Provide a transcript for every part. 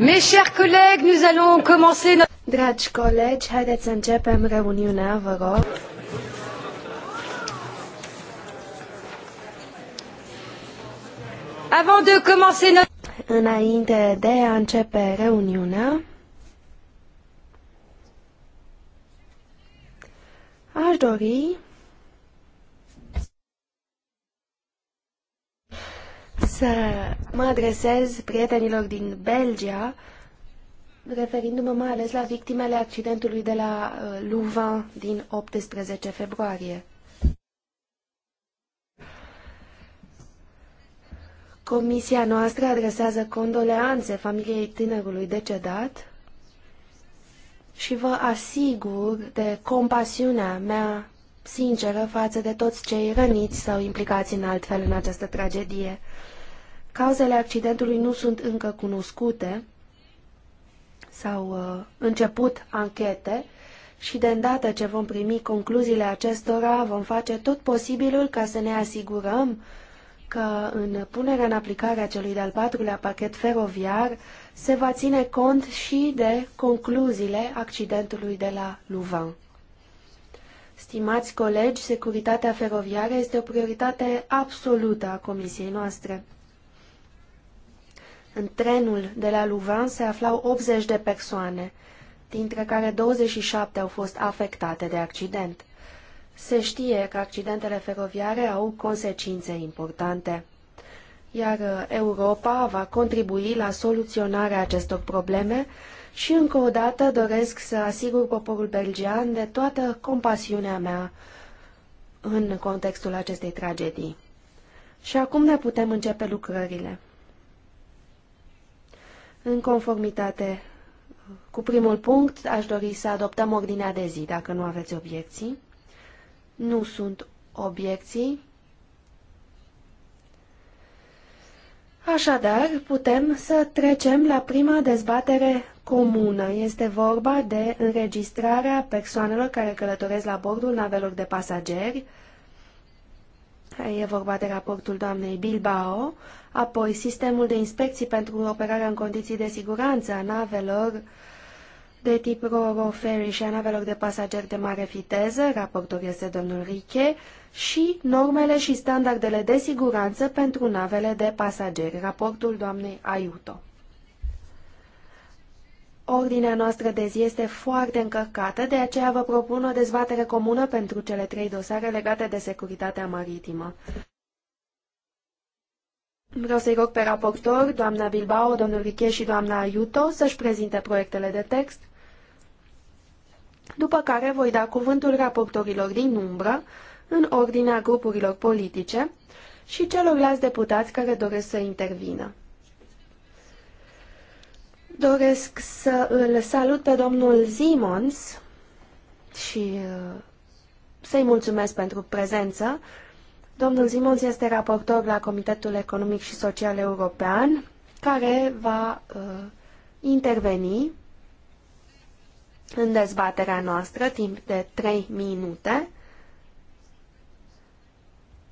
Mes chers collègues, nous allons commencer notre... Dragi colegi, haideți să începem reuniunea, vă rog. Avant de commencer notre... Înainte de a începe reuniunea, aș dori să mă adresez prietenilor din Belgia, referindu-mă mai ales la victimele accidentului de la uh, Louvain din 18 februarie. Comisia noastră adresează condoleanțe familiei tânărului decedat și vă asigur de compasiunea mea sinceră față de toți cei răniți sau implicați în altfel în această tragedie. Cauzele accidentului nu sunt încă cunoscute, s-au uh, început anchete și de îndată ce vom primi concluziile acestora, vom face tot posibilul ca să ne asigurăm că în punerea în aplicare a celui de-al patrulea pachet feroviar se va ține cont și de concluziile accidentului de la Louvain. Stimați colegi, securitatea feroviară este o prioritate absolută a comisiei noastre. În trenul de la Louvain se aflau 80 de persoane, dintre care 27 au fost afectate de accident. Se știe că accidentele feroviare au consecințe importante, iar Europa va contribui la soluționarea acestor probleme și încă o dată doresc să asigur poporul belgian de toată compasiunea mea în contextul acestei tragedii. Și acum ne putem începe lucrările. În conformitate cu primul punct, aș dori să adoptăm ordinea de zi, dacă nu aveți obiecții. Nu sunt obiecții. Așadar, putem să trecem la prima dezbatere comună. Este vorba de înregistrarea persoanelor care călătoresc la bordul navelor de pasageri. E vorba de raportul doamnei Bilbao apoi sistemul de inspecții pentru operarea în condiții de siguranță a navelor de tip ro ferry și a navelor de pasageri de mare viteză, raportor este domnul Riche, și normele și standardele de siguranță pentru navele de pasageri, raportul doamnei Aiuto. Ordinea noastră de zi este foarte încărcată, de aceea vă propun o dezbatere comună pentru cele trei dosare legate de securitatea maritimă. Vreau să-i rog pe raportor, doamna Bilbao, domnul Riche și doamna Iuto, să-și prezinte proiectele de text, după care voi da cuvântul raportorilor din umbră, în ordinea grupurilor politice, și celorlalți deputați care doresc să intervină. Doresc să îl salut pe domnul Simons și uh, să-i mulțumesc pentru prezență. Domnul Simons este raportor la Comitetul Economic și Social European, care va uh, interveni în dezbaterea noastră timp de 3 minute.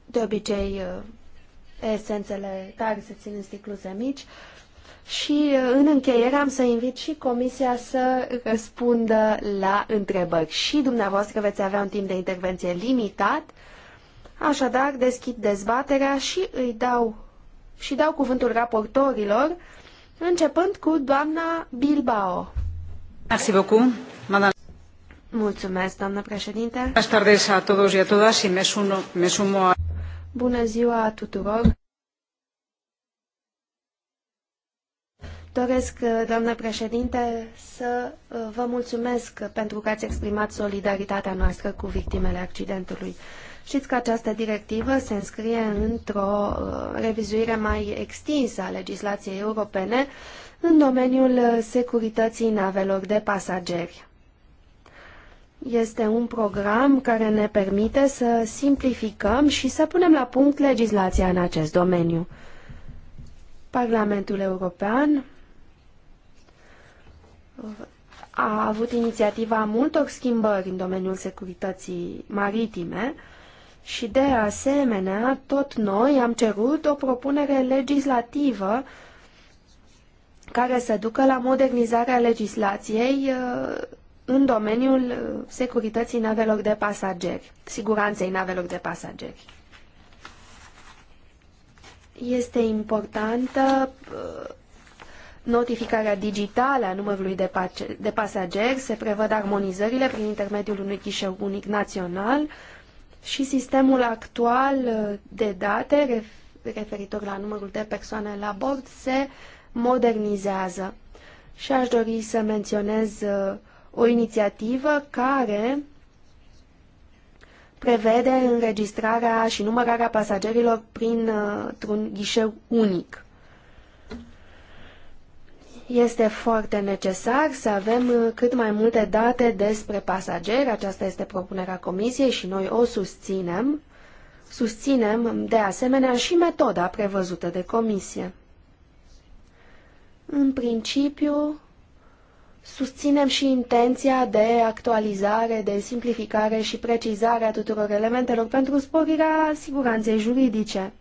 De obicei, uh, esențele tare se țin în sticluze mici. Și uh, în încheiere am să invit și comisia să răspundă la întrebări. Și dumneavoastră veți avea un timp de intervenție limitat, Așadar, deschid dezbaterea și îi dau și dau cuvântul raportorilor, începând cu doamna Bilbao. Merci beaucoup, madame. Mulțumesc, doamnă președinte. Buenas tardes a todos y a todas y me, suno, me sumo a... Bună ziua tuturor. Doresc, doamnă președinte, să vă mulțumesc pentru că ați exprimat solidaritatea noastră cu victimele accidentului Știți că această directivă se înscrie într-o uh, revizuire mai extinsă a legislației europene în domeniul uh, securității navelor de pasageri. Este un program care ne permite să simplificăm și să punem la punct legislația în acest domeniu. Parlamentul European uh, a avut inițiativa multor schimbări în domeniul securității maritime și de asemenea, tot noi am cerut o propunere legislativă care să ducă la modernizarea legislației uh, în domeniul uh, securității navelor de pasageri, siguranței navelor de pasageri. Este importantă uh, notificarea digitală a numărului de, de pasageri, se prevăd armonizările prin intermediul unui ghișeu unic național, și sistemul actual uh, de date referitor la numărul de persoane la bord se modernizează. Și aș dori să menționez uh, o inițiativă care prevede înregistrarea și numărarea pasagerilor printr-un uh, ghișeu unic. Este foarte necesar să avem uh, cât mai multe date despre pasageri. Aceasta este propunerea Comisiei și noi o susținem. Susținem, um, de asemenea, și metoda prevăzută de Comisie. În principiu, susținem și intenția de actualizare, de simplificare și precizare a tuturor elementelor pentru sporirea siguranței juridice.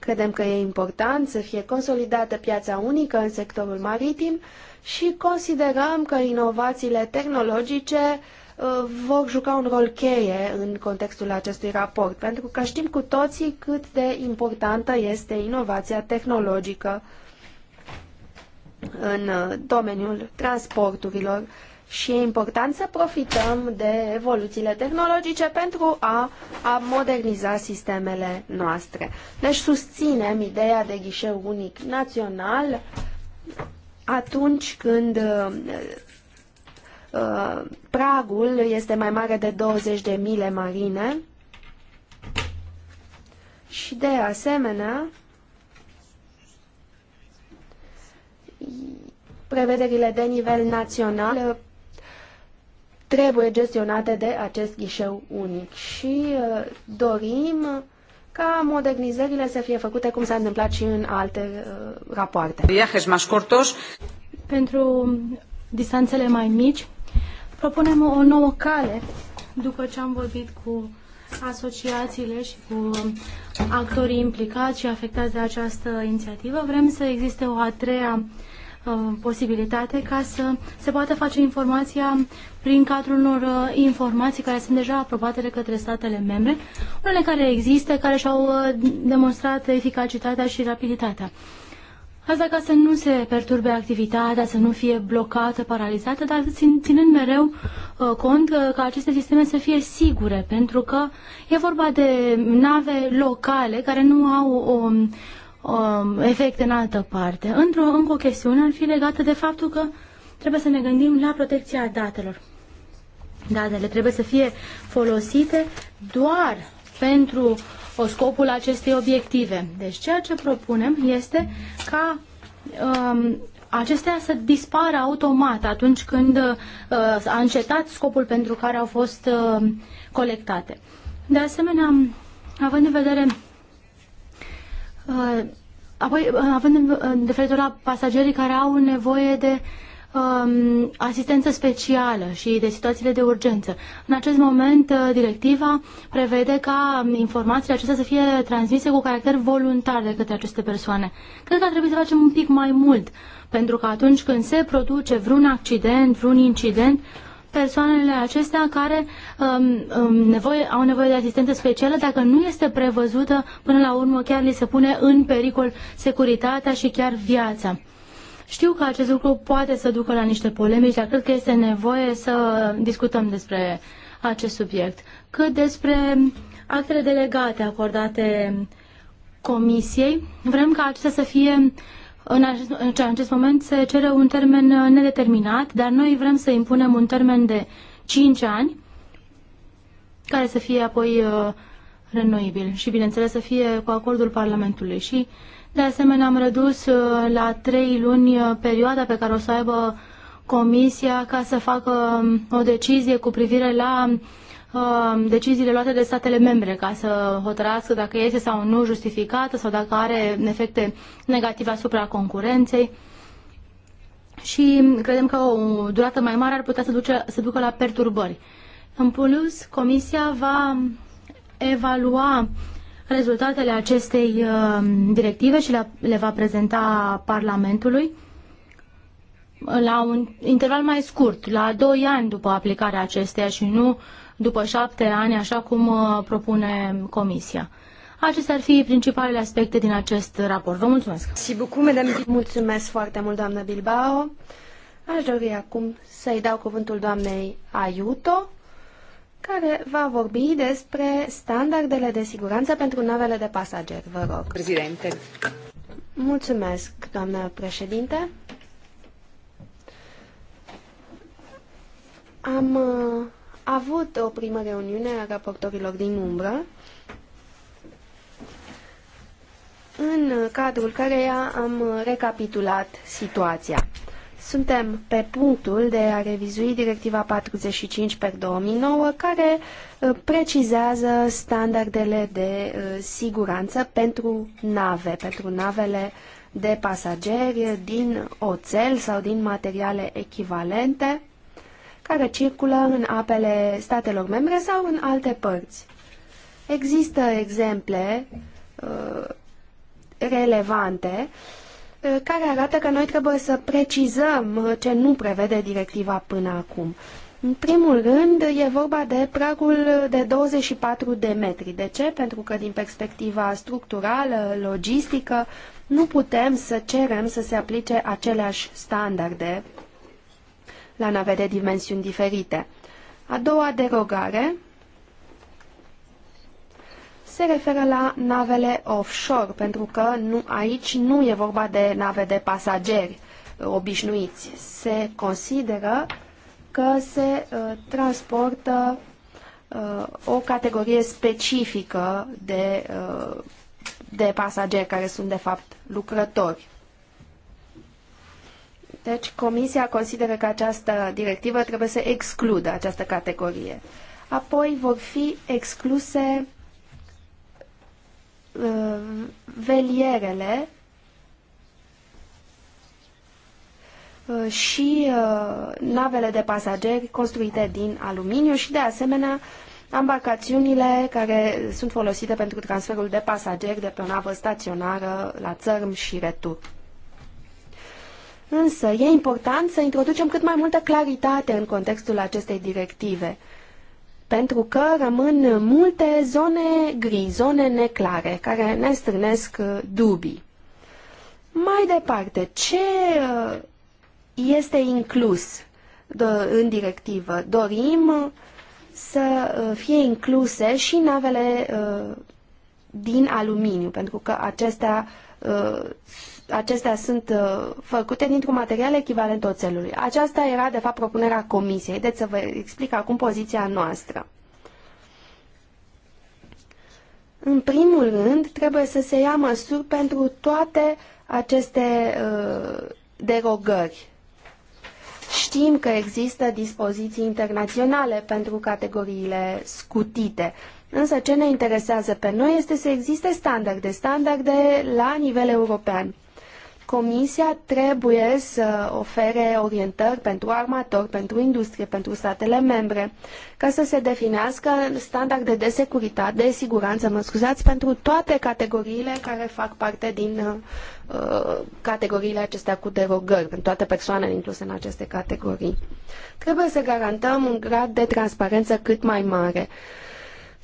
Credem că e important să fie consolidată piața unică în sectorul maritim și considerăm că inovațiile tehnologice uh, vor juca un rol cheie în contextul acestui raport, pentru că știm cu toții cât de importantă este inovația tehnologică în uh, domeniul transporturilor și e important să profităm de evoluțiile tehnologice pentru a, a moderniza sistemele noastre. Deci susținem ideea de ghișeu unic național atunci când uh, uh pragul este mai mare de 20 de mile marine și de asemenea prevederile de nivel național trebuie gestionate de acest ghișeu unic și uh, dorim ca modernizările să fie făcute cum s-a întâmplat și în alte uh, rapoarte. Pentru distanțele mai mici, propunem o nouă cale după ce am vorbit cu asociațiile și cu actorii implicați și afectați de această inițiativă. Vrem să existe o a treia uh, Uh, posibilitate ca să se poată face informația prin cadrul unor uh, informații care sunt deja aprobate de către statele membre, unele care există, care și-au uh, demonstrat eficacitatea și rapiditatea. Asta ca să nu se perturbe activitatea, să nu fie blocată, paralizată, dar țin, ținând mereu uh, cont că, că aceste sisteme să fie sigure, pentru că e vorba de nave locale care nu au o um, efect în altă parte. Într-o încă o chestiune ar fi legată de faptul că trebuie să ne gândim la protecția datelor. Datele trebuie să fie folosite doar pentru o scopul acestei obiective. Deci ceea ce propunem este ca um, acestea să dispară automat atunci când uh, a încetat scopul pentru care au fost uh, colectate. De asemenea, având în vedere Uh, apoi, uh, având în referitor la pasagerii care au nevoie de um, asistență specială și de situațiile de urgență. În acest moment, uh, directiva prevede ca um, informațiile acestea să fie transmise cu caracter voluntar de către aceste persoane. Cred că ar trebui să facem un pic mai mult, pentru că atunci când se produce vreun accident, vreun incident, persoanele acestea care um, um, nevoie, au nevoie de asistență specială, dacă nu este prevăzută, până la urmă chiar li se pune în pericol securitatea și chiar viața. Știu că acest lucru poate să ducă la niște polemici, dar cred că este nevoie să discutăm despre acest subiect. Cât despre actele delegate acordate Comisiei, vrem ca acestea să fie uh, în acest, în acest moment se cere un termen uh, nedeterminat, dar noi vrem să impunem un termen de 5 ani, care să fie apoi uh, renoibil și, bineînțeles, să fie cu acordul Parlamentului. Și, de asemenea, am redus uh, la 3 luni uh, perioada pe care o să aibă Comisia ca să facă um, o decizie cu privire la Uh, deciziile luate de statele membre ca să hotărască dacă este sau nu justificată sau dacă are efecte negative asupra concurenței. Și credem că o durată mai mare ar putea să, duce, să ducă la perturbări. În plus, Comisia va evalua rezultatele acestei uh, directive și le va prezenta Parlamentului la un interval mai scurt, la 2 ani după aplicarea acesteia și nu uh, după șapte ani, așa cum uh, propune Comisia. Acestea ar fi principalele aspecte din acest raport. Vă mulțumesc! Si Mulțumesc foarte mult, doamnă Bilbao! Aș dori acum să-i dau cuvântul doamnei Aiuto, care va vorbi despre standardele de siguranță pentru navele de pasager. Vă rog. Prezidente! Mulțumesc, doamnă președinte. Am uh, avut o primă reuniune a raportorilor din umbră, în cadrul căreia am recapitulat situația. Suntem pe punctul de a revizui Directiva 45 per 2009, care uh, precizează standardele de uh, siguranță pentru nave, pentru navele de pasageri din oțel sau din materiale echivalente, care circulă în apele statelor membre sau în alte părți. Există exemple uh, relevante uh, care arată că noi trebuie să precizăm uh, ce nu prevede directiva până acum. În primul rând, e vorba de pragul de 24 de metri. De ce? Pentru că din perspectiva structurală, logistică, nu putem să cerem să se aplice aceleași standarde la nave de dimensiuni diferite. A doua derogare se referă la navele offshore, pentru că nu, aici nu e vorba de nave de pasageri uh, obișnuiți. Se consideră că se uh, transportă uh, o categorie specifică de, uh, de pasageri care sunt de fapt lucrători. Deci Comisia consideră că această directivă trebuie să excludă această categorie. Apoi vor fi excluse uh, velierele uh, și uh, navele de pasageri construite din aluminiu și de asemenea ambarcațiunile care sunt folosite pentru transferul de pasageri de pe o navă staționară la țărm și retur. Însă, e important să introducem cât mai multă claritate în contextul acestei directive, pentru că rămân multe zone gri, zone neclare, care ne strânesc uh, dubii. Mai departe, ce uh, este inclus în directivă? Dorim uh, să fie incluse și navele din aluminiu, pentru că acestea acestea sunt uh, făcute dintr-un material echivalent oțelului. Aceasta era, de fapt, propunerea comisiei. Deci să vă explic acum poziția noastră. În primul rând, trebuie să se ia măsuri pentru toate aceste uh, derogări. Știm că există dispoziții internaționale pentru categoriile scutite, însă ce ne interesează pe noi este să existe standarde, standarde la nivel european. Comisia trebuie să ofere orientări pentru armatori, pentru industrie, pentru statele membre, ca să se definească standarde de securitate, de siguranță, mă scuzați, pentru toate categoriile care fac parte din uh, categoriile acestea cu derogări, pentru toate persoanele incluse în aceste categorii. Trebuie să garantăm un grad de transparență cât mai mare. Uh,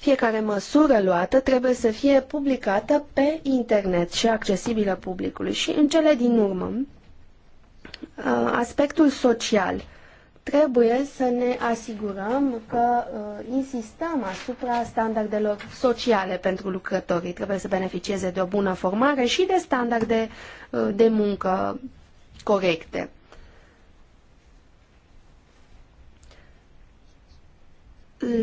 fiecare măsură luată trebuie să fie publicată pe internet și accesibilă publicului. Și în cele din urmă, uh, aspectul social. Trebuie să ne asigurăm că uh, insistăm asupra standardelor sociale pentru lucrătorii. Trebuie să beneficieze de o bună formare și de standarde uh, de muncă corecte.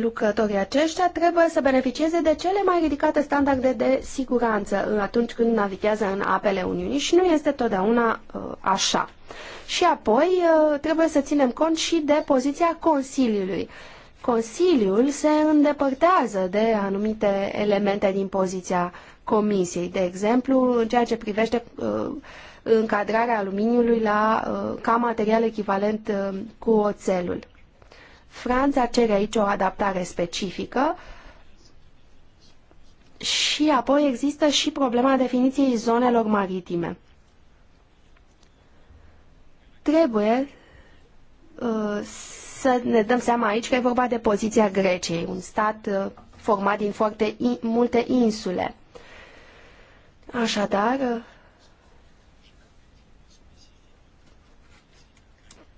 lucrătorii aceștia trebuie să beneficieze de cele mai ridicate standarde de siguranță atunci când navighează în apele Uniunii și nu este totdeauna uh, așa. Și apoi uh, trebuie să ținem cont și de poziția Consiliului. Consiliul se îndepărtează de anumite elemente din poziția Comisiei, de exemplu, în ceea ce privește uh, încadrarea aluminiului la, ca material echivalent cu oțelul. Franța cere aici o adaptare specifică și apoi există și problema definiției zonelor maritime. Trebuie uh, să ne dăm seama aici că e vorba de poziția Greciei, un stat uh, format din foarte in, multe insule. Așadar, uh,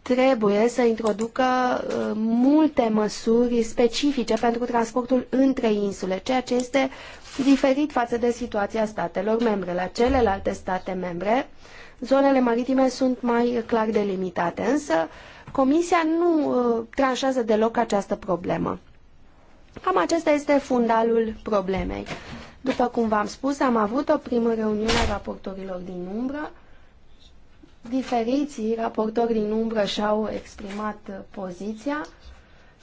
trebuie să introducă uh, multe măsuri specifice pentru transportul între insule, ceea ce este diferit față de situația statelor membre. La celelalte state membre, zonele maritime sunt mai clar delimitate, însă Comisia nu uh, tranșează deloc această problemă. Cam acesta este fundalul problemei. După cum v-am spus, am avut o primă reuniune a raportorilor din umbră, diferiții raportori din umbră și-au exprimat uh, poziția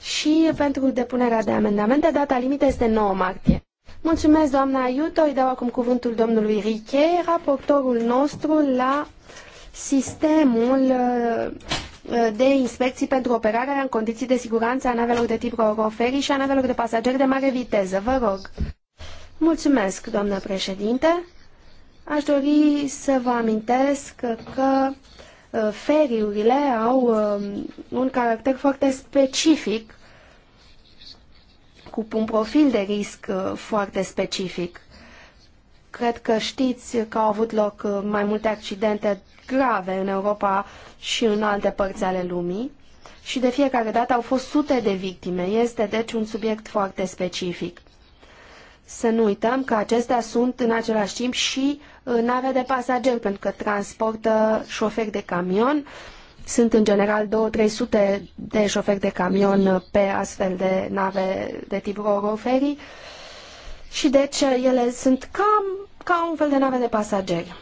și pentru depunerea de amendamente data limită este 9 martie. Mulțumesc, doamna Iuto, Îi dau acum cuvântul domnului Riche, raportorul nostru la sistemul uh, uh, de inspecții pentru operarea în condiții de siguranță a navelor de tip roroferii și a navelor de pasageri de mare viteză. Vă rog. Mulțumesc, doamnă președinte. Aș dori să vă amintesc că uh, feriurile au um, un caracter foarte specific, cu un profil de risc uh, foarte specific. Cred că știți că au avut loc uh, mai multe accidente grave în Europa și în alte părți ale lumii și de fiecare dată au fost sute de victime. Este deci un subiect foarte specific. Să nu uităm că acestea sunt în același timp și uh, nave de pasageri, pentru că transportă șoferi de camion. Sunt în general 2-300 de șoferi de camion pe astfel de nave de tip roroferii și deci uh, ele sunt cam ca un fel de nave de pasageri.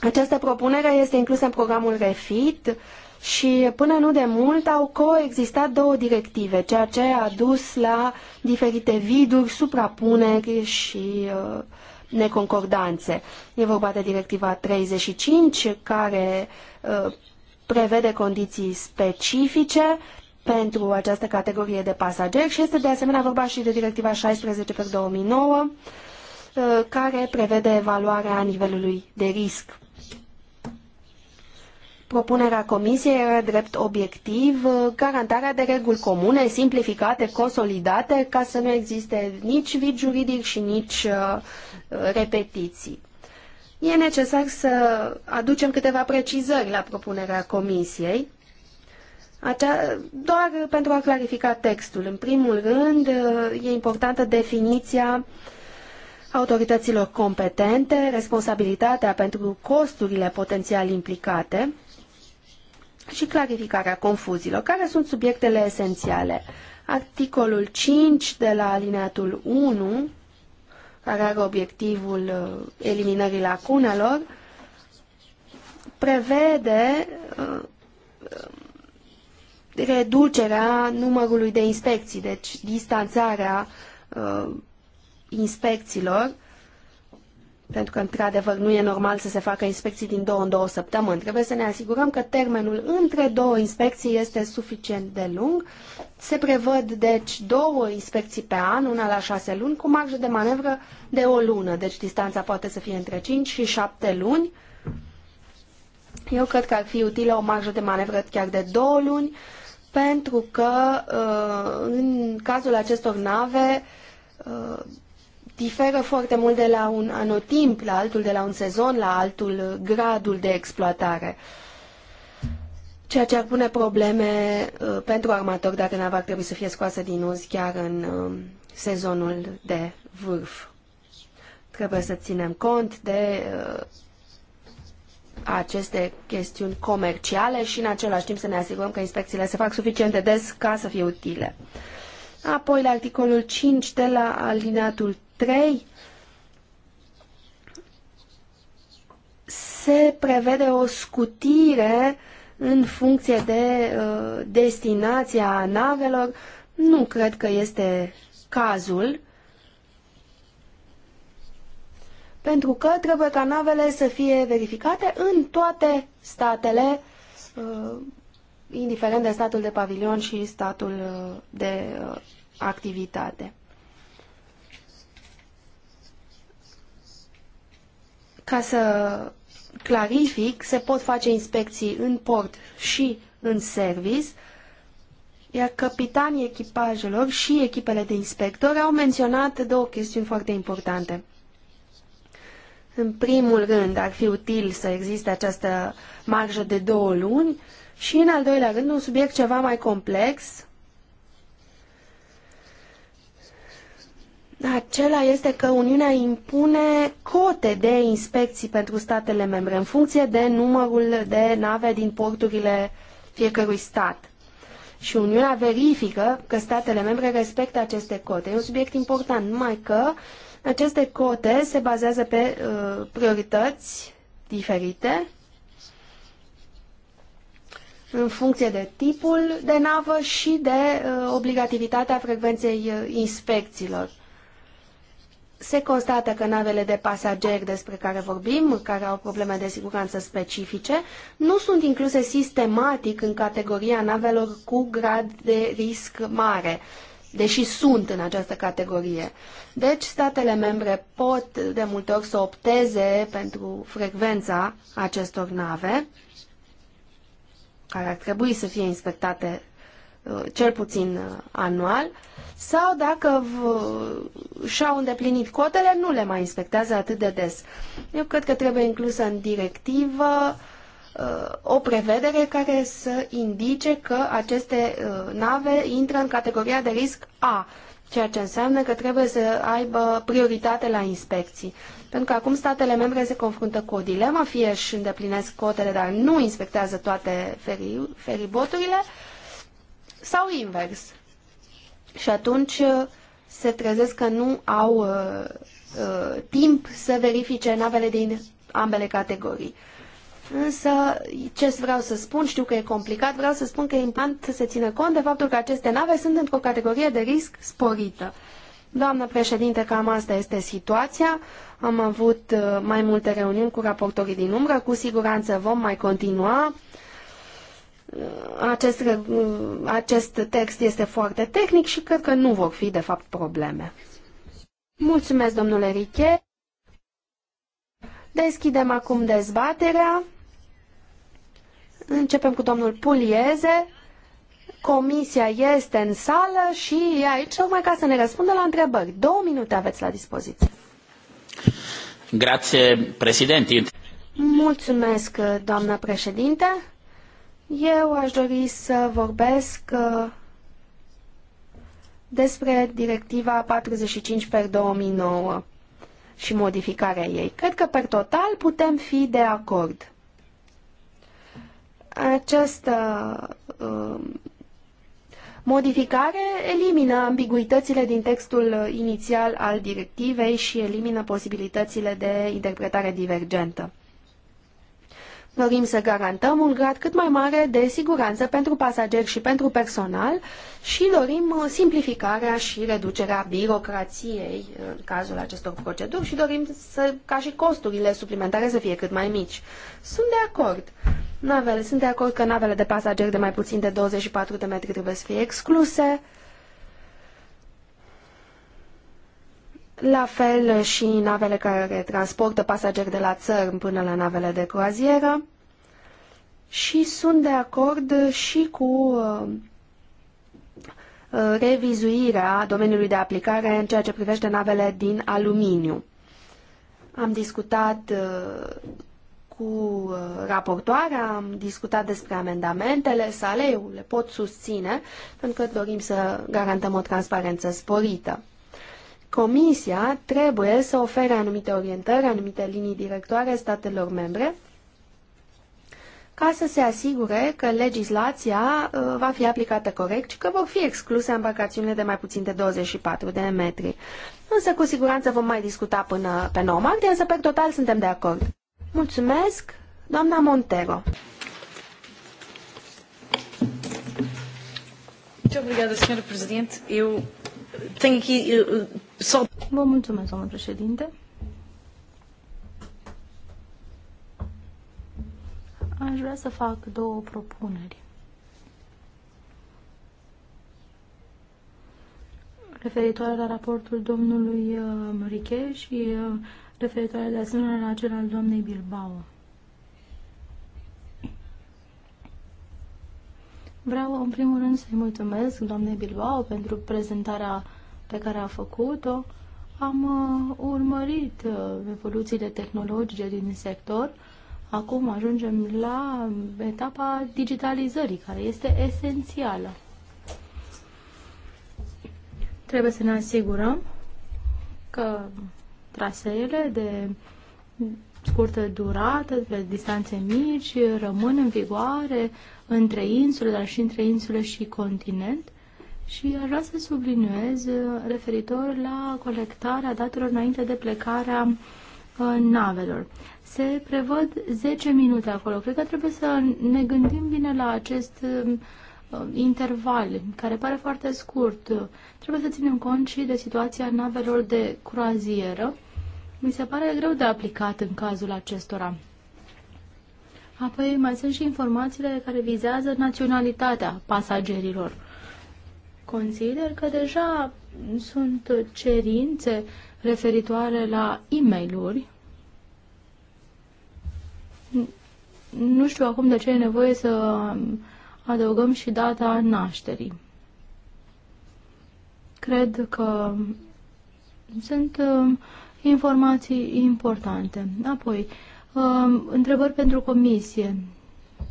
Această propunere este inclusă în programul REFIT și până nu de mult au coexistat două directive, ceea ce a dus la diferite viduri, suprapuneri și uh, neconcordanțe. E vorba de directiva 35 care uh, prevede condiții specifice pentru această categorie de pasageri și este de asemenea vorba și de directiva 16 pe 2009 uh, care prevede evaluarea nivelului de risc Propunerea Comisiei era drept obiectiv uh, garantarea de reguli comune, simplificate, consolidate, ca să nu existe nici vid juridic și nici uh, repetiții. E necesar să aducem câteva precizări la propunerea Comisiei, acea, doar pentru a clarifica textul. În primul rând, uh, e importantă definiția autorităților competente, responsabilitatea pentru costurile potențial implicate și clarificarea confuziilor, care sunt subiectele esențiale. Articolul 5 de la alineatul 1, care are obiectivul uh, eliminării lacunelor, prevede uh, reducerea numărului de inspecții, deci distanțarea uh, inspecțiilor pentru că, într-adevăr, nu e normal să se facă inspecții din două în două săptămâni. Trebuie să ne asigurăm că termenul între două inspecții este suficient de lung. Se prevăd, deci, două inspecții pe an, una la șase luni, cu marjă de manevră de o lună. Deci, distanța poate să fie între cinci și 7 luni. Eu cred că ar fi utilă o marjă de manevră chiar de două luni, pentru că, uh, în cazul acestor nave, uh, diferă foarte mult de la un anotimp la altul, de la un sezon la altul, gradul de exploatare. Ceea ce ar pune probleme uh, pentru armatori dacă nava ar trebui să fie scoasă din uz chiar în uh, sezonul de vârf. Trebuie să ținem cont de uh, aceste chestiuni comerciale și în același timp să ne asigurăm că inspecțiile se fac suficient de des ca să fie utile. Apoi, la articolul 5 de la alineatul 3 se prevede o scutire în funcție de uh, destinația navelor. Nu cred că este cazul, pentru că trebuie ca navele să fie verificate în toate statele, uh, indiferent de statul de pavilion și statul uh, de uh, activitate. Ca să clarific, se pot face inspecții în port și în service, iar capitanii echipajelor și echipele de inspectori au menționat două chestiuni foarte importante. În primul rând, ar fi util să existe această marjă de două luni și, în al doilea rând, un subiect ceva mai complex, Acela este că Uniunea impune cote de inspecții pentru statele membre în funcție de numărul de nave din porturile fiecărui stat. Și Uniunea verifică că statele membre respectă aceste cote. E un subiect important, numai că aceste cote se bazează pe uh, priorități diferite în funcție de tipul de navă și de uh, obligativitatea frecvenței uh, inspecțiilor se constată că navele de pasageri despre care vorbim, care au probleme de siguranță specifice, nu sunt incluse sistematic în categoria navelor cu grad de risc mare, deși sunt în această categorie. Deci, statele membre pot de multe ori să opteze pentru frecvența acestor nave, care ar trebui să fie inspectate Uh, cel puțin uh, anual, sau dacă și-au îndeplinit cotele, nu le mai inspectează atât de des. Eu cred că trebuie inclusă în directivă uh, o prevedere care să indice că aceste nave intră în categoria de risc A, ceea ce înseamnă că trebuie să aibă prioritate la inspecții. Pentru că acum statele membre se confruntă cu o dilemă, fie își îndeplinesc cotele, dar nu inspectează toate feriboturile, sau invers. Și atunci uh, se trezesc că nu au uh, uh, timp să verifice navele din ambele categorii. Însă, ce vreau să spun, știu că e complicat, vreau să spun că e important să țină cont de faptul că aceste nave sunt într-o categorie de risc sporită. Doamnă președinte, cam asta este situația. Am avut uh, mai multe reuniuni cu raportorii din umbră, cu siguranță vom mai continua. Uh, acest, acest text este foarte tehnic și cred că nu vor fi, de fapt, probleme. Mulțumesc, domnule Riche. Deschidem acum dezbaterea. Începem cu domnul Pulieze. Comisia este în sală și e aici tocmai ca să ne răspundă la întrebări. Două minute aveți la dispoziție. Grație, președinte. Mulțumesc, doamnă președinte. Eu aș dori să vorbesc uh, despre directiva 45 per 2009 și modificarea ei. Cred că, per total, putem fi de acord. Această uh, modificare elimină ambiguitățile din textul inițial al directivei și elimină posibilitățile de interpretare divergentă. Dorim să garantăm un grad cât mai mare de siguranță pentru pasageri și pentru personal și dorim uh, simplificarea și reducerea birocrației uh, în cazul acestor proceduri și dorim să, ca și costurile suplimentare să fie cât mai mici. Sunt de acord. Navele, sunt de acord că navele de pasageri de mai puțin de 24 de metri trebuie să fie excluse. La fel și navele care transportă pasageri de la țări până la navele de croazieră. Și sunt de acord și cu uh, uh, revizuirea domeniului de aplicare în ceea ce privește navele din aluminiu. Am discutat uh, cu raportoarea, am discutat despre amendamentele sale, eu le pot susține, pentru că dorim să garantăm o transparență sporită. Comisia trebuie să ofere anumite orientări, anumite linii directoare statelor membre, ca să se asigure că legislația uh, va fi aplicată corect și că vor fi excluse embarcațiunile de mai puțin de 24 de metri. Însă cu siguranță vom mai discuta până pe 9 martie, însă pe total suntem de acord. Mulțumesc, doamna Montero. Muito obrigada, Sra. Presidente. Eu tenho aqui, eh, eh, Vă mulțumesc, domnul președinte. Aș vrea să fac două propuneri. Referitoare la raportul domnului uh, Riche și uh, referitoare de asemenea la cel al doamnei Bilbao. Vreau, în primul rând, să-i mulțumesc doamnei Bilbao pentru prezentarea pe care a făcut-o, am uh, urmărit uh, evoluțiile tehnologice din sector. Acum ajungem la etapa digitalizării, care este esențială. Trebuie să ne asigurăm că traseele de scurtă durată, pe distanțe mici, rămân în vigoare între insule, dar și între insule și continent și aș vrea să subliniez uh, referitor la colectarea datelor înainte de plecarea uh, navelor. Se prevăd 10 minute acolo. Cred că trebuie să ne gândim bine la acest uh, interval, care pare foarte scurt. Trebuie să ținem cont și de situația navelor de croazieră. Mi se pare greu de aplicat în cazul acestora. Apoi mai sunt și informațiile care vizează naționalitatea pasagerilor consider că deja sunt cerințe referitoare la e mail Nu știu acum de ce e nevoie să adăugăm și data nașterii. Cred că sunt uh, informații importante. Apoi, uh, întrebări pentru comisie.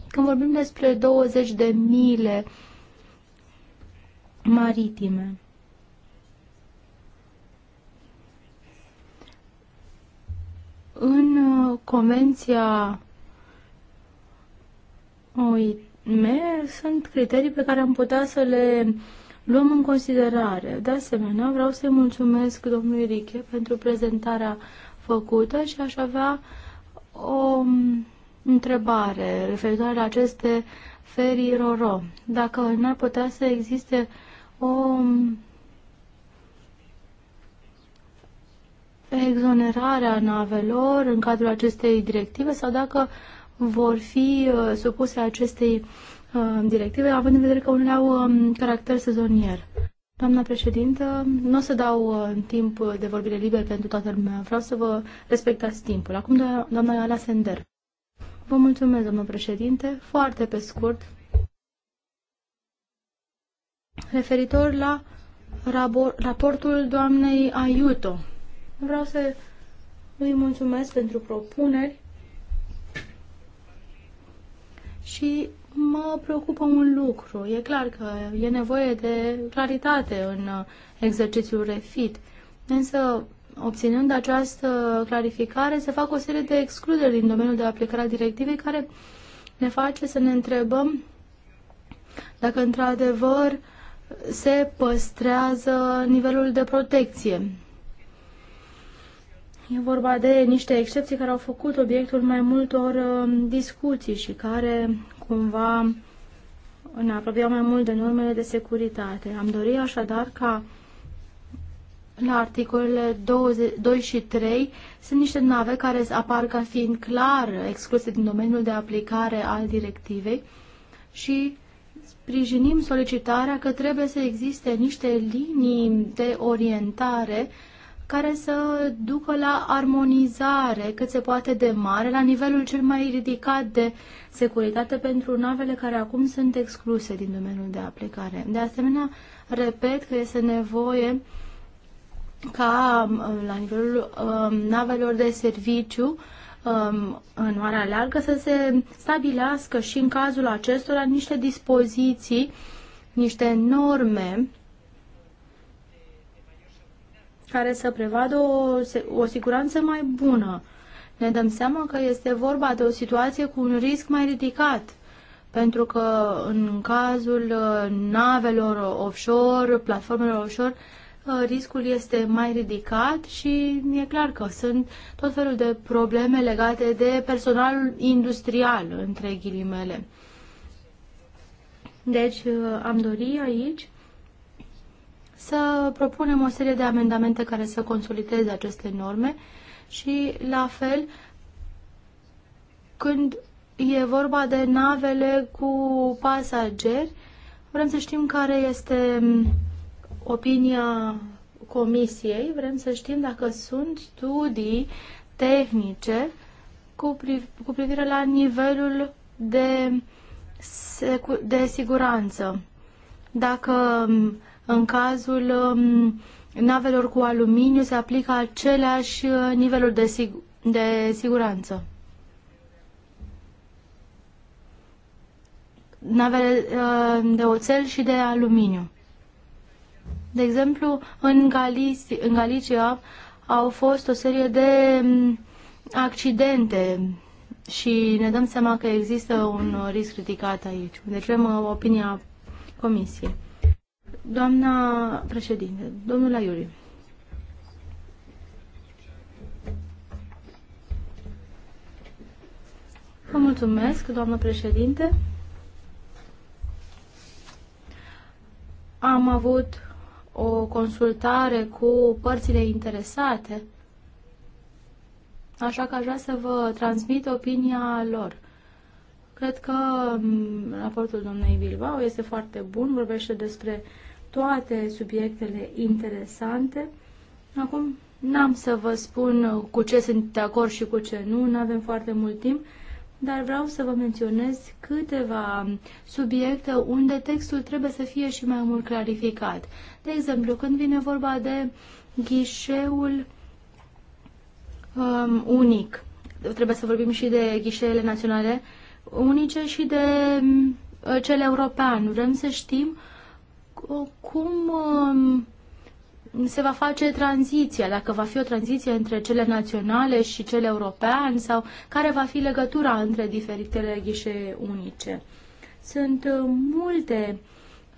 Când vorbim despre 20 de mile maritime. În uh, Convenția OIM sunt criterii pe care am putea să le luăm în considerare. De asemenea, vreau să-i mulțumesc domnului Riche pentru prezentarea făcută și aș avea o um, întrebare referitoare la aceste ferii RORO. Dacă n-ar putea să existe o um, exonerarea navelor în cadrul acestei directive sau dacă vor fi uh, supuse acestei uh, directive, având în vedere că unele au um, caracter sezonier. Doamna președintă, nu o să dau uh, timp de vorbire liber pentru toată lumea. Vreau să vă respectați timpul. Acum, doamna Ala Sender. Vă mulțumesc, domnul președinte. Foarte pe scurt, referitor la raportul doamnei Aiuto. Vreau să îi mulțumesc pentru propuneri și mă preocupă un lucru. E clar că e nevoie de claritate în exercițiul refit, însă obținând această clarificare se fac o serie de excluderi din domeniul de aplicare a directivei care ne face să ne întrebăm dacă într-adevăr uh, se păstrează nivelul de protecție. E vorba de niște excepții care au făcut obiectul mai multor um, discuții și care cumva ne apropiau mai mult de normele de securitate. Am dorit așadar ca la articolele 20, 2 și 3 sunt niște nave care apar ca fiind clar excluse din domeniul de aplicare al directivei și sprijinim solicitarea că trebuie să existe niște linii de orientare care să ducă la armonizare cât se poate de mare la nivelul cel mai ridicat de securitate pentru navele care acum sunt excluse din domeniul de aplicare. De asemenea, repet că este nevoie ca la nivelul um, navelor de serviciu Um, în Marea Largă să se stabilească și în cazul acestora niște dispoziții, niște norme care să prevadă o, o siguranță mai bună. Ne dăm seama că este vorba de o situație cu un risc mai ridicat, pentru că în cazul uh, navelor offshore, platformelor offshore, riscul este mai ridicat și e clar că sunt tot felul de probleme legate de personalul industrial, între ghilimele. Deci uh, am dori aici să propunem o serie de amendamente care să consolideze aceste norme și la fel când e vorba de navele cu pasageri, vrem să știm care este mm, opinia Comisiei, vrem să știm dacă sunt studii tehnice cu, priv cu privire la nivelul de, de siguranță. Dacă mm, în cazul mm, navelor cu aluminiu se aplică aceleași uh, niveluri de, sig- de siguranță. Navele uh, de oțel și de aluminiu. De exemplu, în, Galici, în Galicia au fost o serie de mm, accidente și ne dăm seama că există un risc ridicat aici. Deci vrem uh, opinia Comisiei. Doamna președinte, domnul Iuri. Vă mulțumesc, doamnă președinte. Am avut o consultare cu părțile interesate, așa că aș vrea să vă transmit opinia lor. Cred că mm, raportul domnei Bilbao este foarte bun, vorbește despre toate subiectele interesante. Acum n-am să vă spun cu ce sunt de acord și cu ce nu, nu avem foarte mult timp, dar vreau să vă menționez câteva subiecte unde textul trebuie să fie și mai mult clarificat. De exemplu, când vine vorba de ghișeul um, unic, trebuie să vorbim și de ghișeele naționale unice și de um, cel european. Vrem să știm cum um, se va face tranziția, dacă va fi o tranziție între cele naționale și cele europeane sau care va fi legătura între diferitele ghișe unice. Sunt uh, multe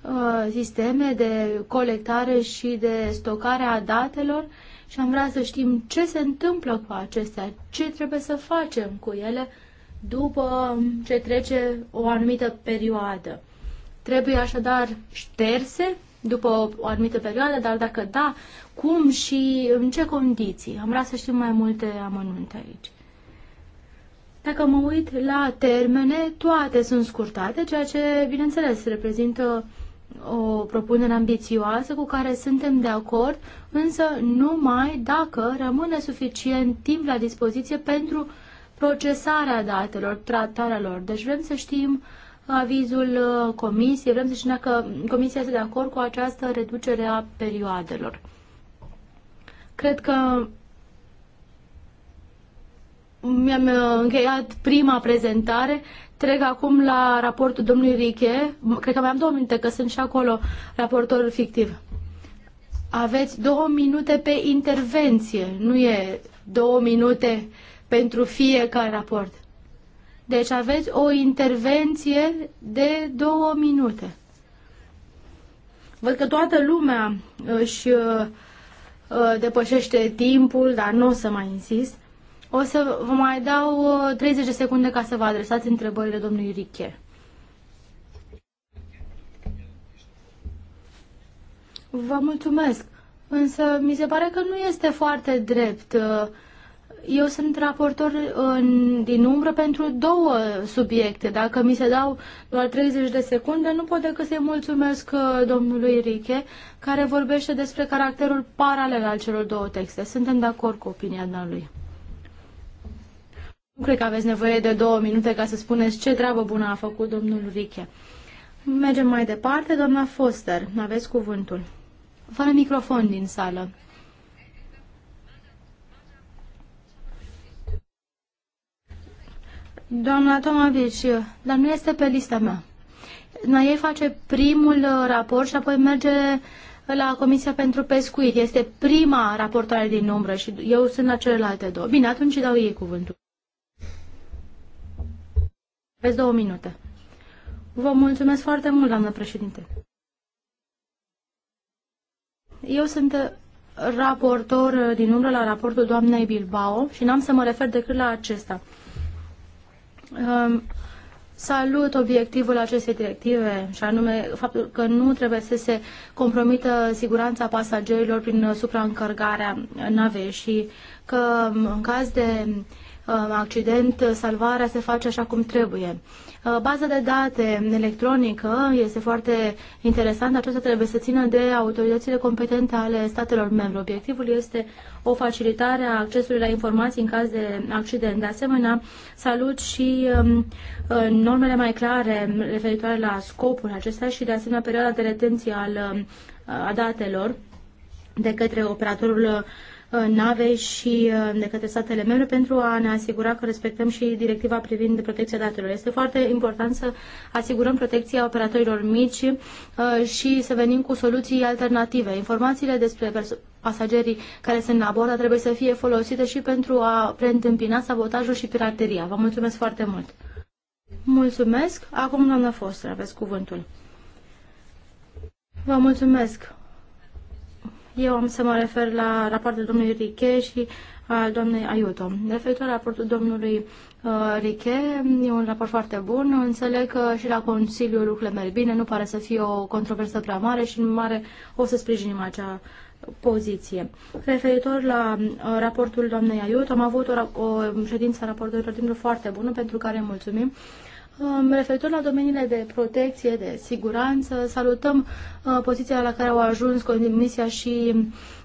uh, sisteme de colectare și de stocare a datelor și am vrea să știm ce se întâmplă cu acestea, ce trebuie să facem cu ele după ce trece o anumită perioadă. Trebuie așadar șterse după o anumită perioadă, dar dacă da, cum și în ce condiții? Am vrea să știm mai multe amănunte aici. Dacă mă uit la termene, toate sunt scurtate, ceea ce, bineînțeles, reprezintă o propunere ambițioasă cu care suntem de acord, însă numai dacă rămâne suficient timp la dispoziție pentru procesarea datelor, tratarea lor. Deci vrem să știm uh, avizul uh, comisiei. Vrem să știm dacă comisia este de acord cu această reducere a perioadelor. Cred că mi-am uh, încheiat prima prezentare. Trec acum la raportul domnului Riche. Cred că mai am două minute, că sunt și acolo raportor fictiv. Aveți două minute pe intervenție, nu e două minute pentru fiecare raport. Deci aveți o intervenție de două minute. Văd că toată lumea își uh, uh, depășește timpul, dar nu o să mai insist. O să vă mai dau 30 uh, de secunde ca să vă adresați întrebările domnului Riche. Vă mulțumesc, însă mi se pare că nu este foarte drept eu sunt raportor uh, în, din umbră pentru două subiecte. Dacă mi se dau doar 30 de secunde, nu pot decât să-i mulțumesc uh, domnului Riche, care vorbește despre caracterul paralel al celor două texte. Suntem de acord cu opinia lui. Nu cred că aveți nevoie de două minute ca să spuneți ce treabă bună a făcut domnul Riche. Mergem mai departe, doamna Foster. Aveți cuvântul. Fără microfon din sală. Doamna Tomavici, dar nu este pe lista mea. Noi ei face primul uh, raport și apoi merge la Comisia pentru Pescuit. Este prima raportare din umbră și eu sunt la celelalte două. Bine, atunci dau ei cuvântul. Aveți două minute. Vă mulțumesc foarte mult, doamnă președinte. Eu sunt uh, raportor uh, din umbră la raportul doamnei Bilbao și n-am să mă refer decât la acesta salut obiectivul acestei directive și anume faptul că nu trebuie să se compromită siguranța pasagerilor prin supraîncărcarea navei și că în caz de Um, accident, salvarea se face așa cum trebuie. Uh, baza de date electronică este foarte interesantă, aceasta trebuie să țină de autoritățile competente ale statelor membre. Obiectivul este o facilitare a accesului la informații în caz de accident. De asemenea, salut și um, uh, normele mai clare referitoare la scopul acesta și de asemenea perioada de retenție al, uh, a datelor de către operatorul Uh, nave și uh, de către statele membre pentru a ne asigura că respectăm și directiva privind protecția datelor. Este foarte important să asigurăm protecția operatorilor mici uh, și să venim cu soluții alternative. Informațiile despre pasagerii care sunt la bord trebuie să fie folosite și pentru a preîntâmpina sabotajul și pirateria. Vă mulțumesc foarte mult! Mulțumesc! Acum, doamna Foster, aveți cuvântul. Vă mulțumesc! Eu am să mă refer la raportul domnului Riche și al doamnei Aiuto. Referitor la raportul domnului uh, Riche, e un raport foarte bun. Înțeleg că și la Consiliu lucrurile merg bine, nu pare să fie o controversă prea mare și în mare o să sprijinim acea poziție. Referitor la uh, raportul doamnei Aiut, am avut o, o ședință a raportului timpul foarte bună pentru care mulțumim Referitor la domeniile de protecție, de siguranță, salutăm uh, poziția la care au ajuns Comisia și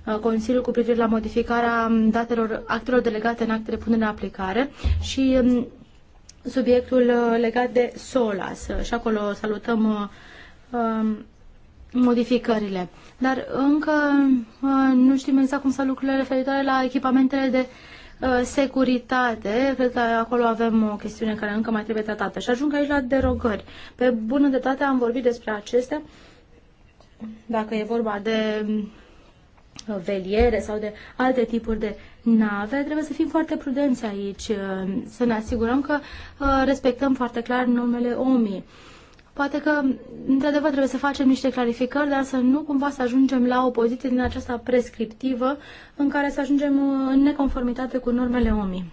uh, Consiliul cu privire la modificarea um, datelor, actelor delegate în actele punere în aplicare și um, subiectul uh, legat de SOLAS. Și acolo salutăm um, modificările. Dar încă nu știm exact cum sunt lucrurile referitoare la echipamentele de uh, Uh, securitate, cred că acolo avem o chestiune care încă mai trebuie tratată. Și ajung aici la derogări. Pe bună dreptate am vorbit despre acestea, dacă e vorba de uh, veliere sau de alte tipuri de nave, trebuie să fim foarte prudenți aici, uh, să ne asigurăm că respectăm foarte clar numele OMI. Poate că, într-adevăr, trebuie să facem niște clarificări, dar să nu cumva să ajungem la o poziție din aceasta prescriptivă în care să ajungem uh, în neconformitate cu normele OMI.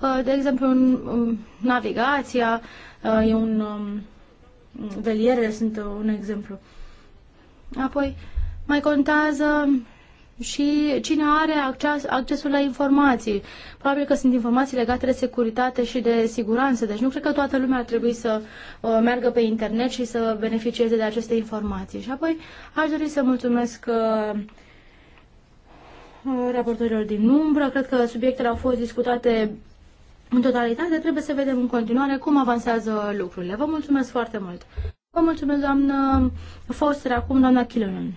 Uh, de exemplu, um, navigația uh, e un... Um, Velierele sunt un exemplu. Apoi, mai contează și cine are acces, accesul la informații. Probabil că sunt informații legate de securitate și de siguranță, deci nu cred că toată lumea ar trebui să uh, meargă pe internet și să beneficieze de aceste informații. Și apoi aș dori să mulțumesc uh, uh raportorilor din umbră. Cred că subiectele au fost discutate în totalitate. Trebuie să vedem în continuare cum avansează lucrurile. Vă mulțumesc foarte mult! Vă mulțumesc, doamnă Foster, acum doamna Chilonen.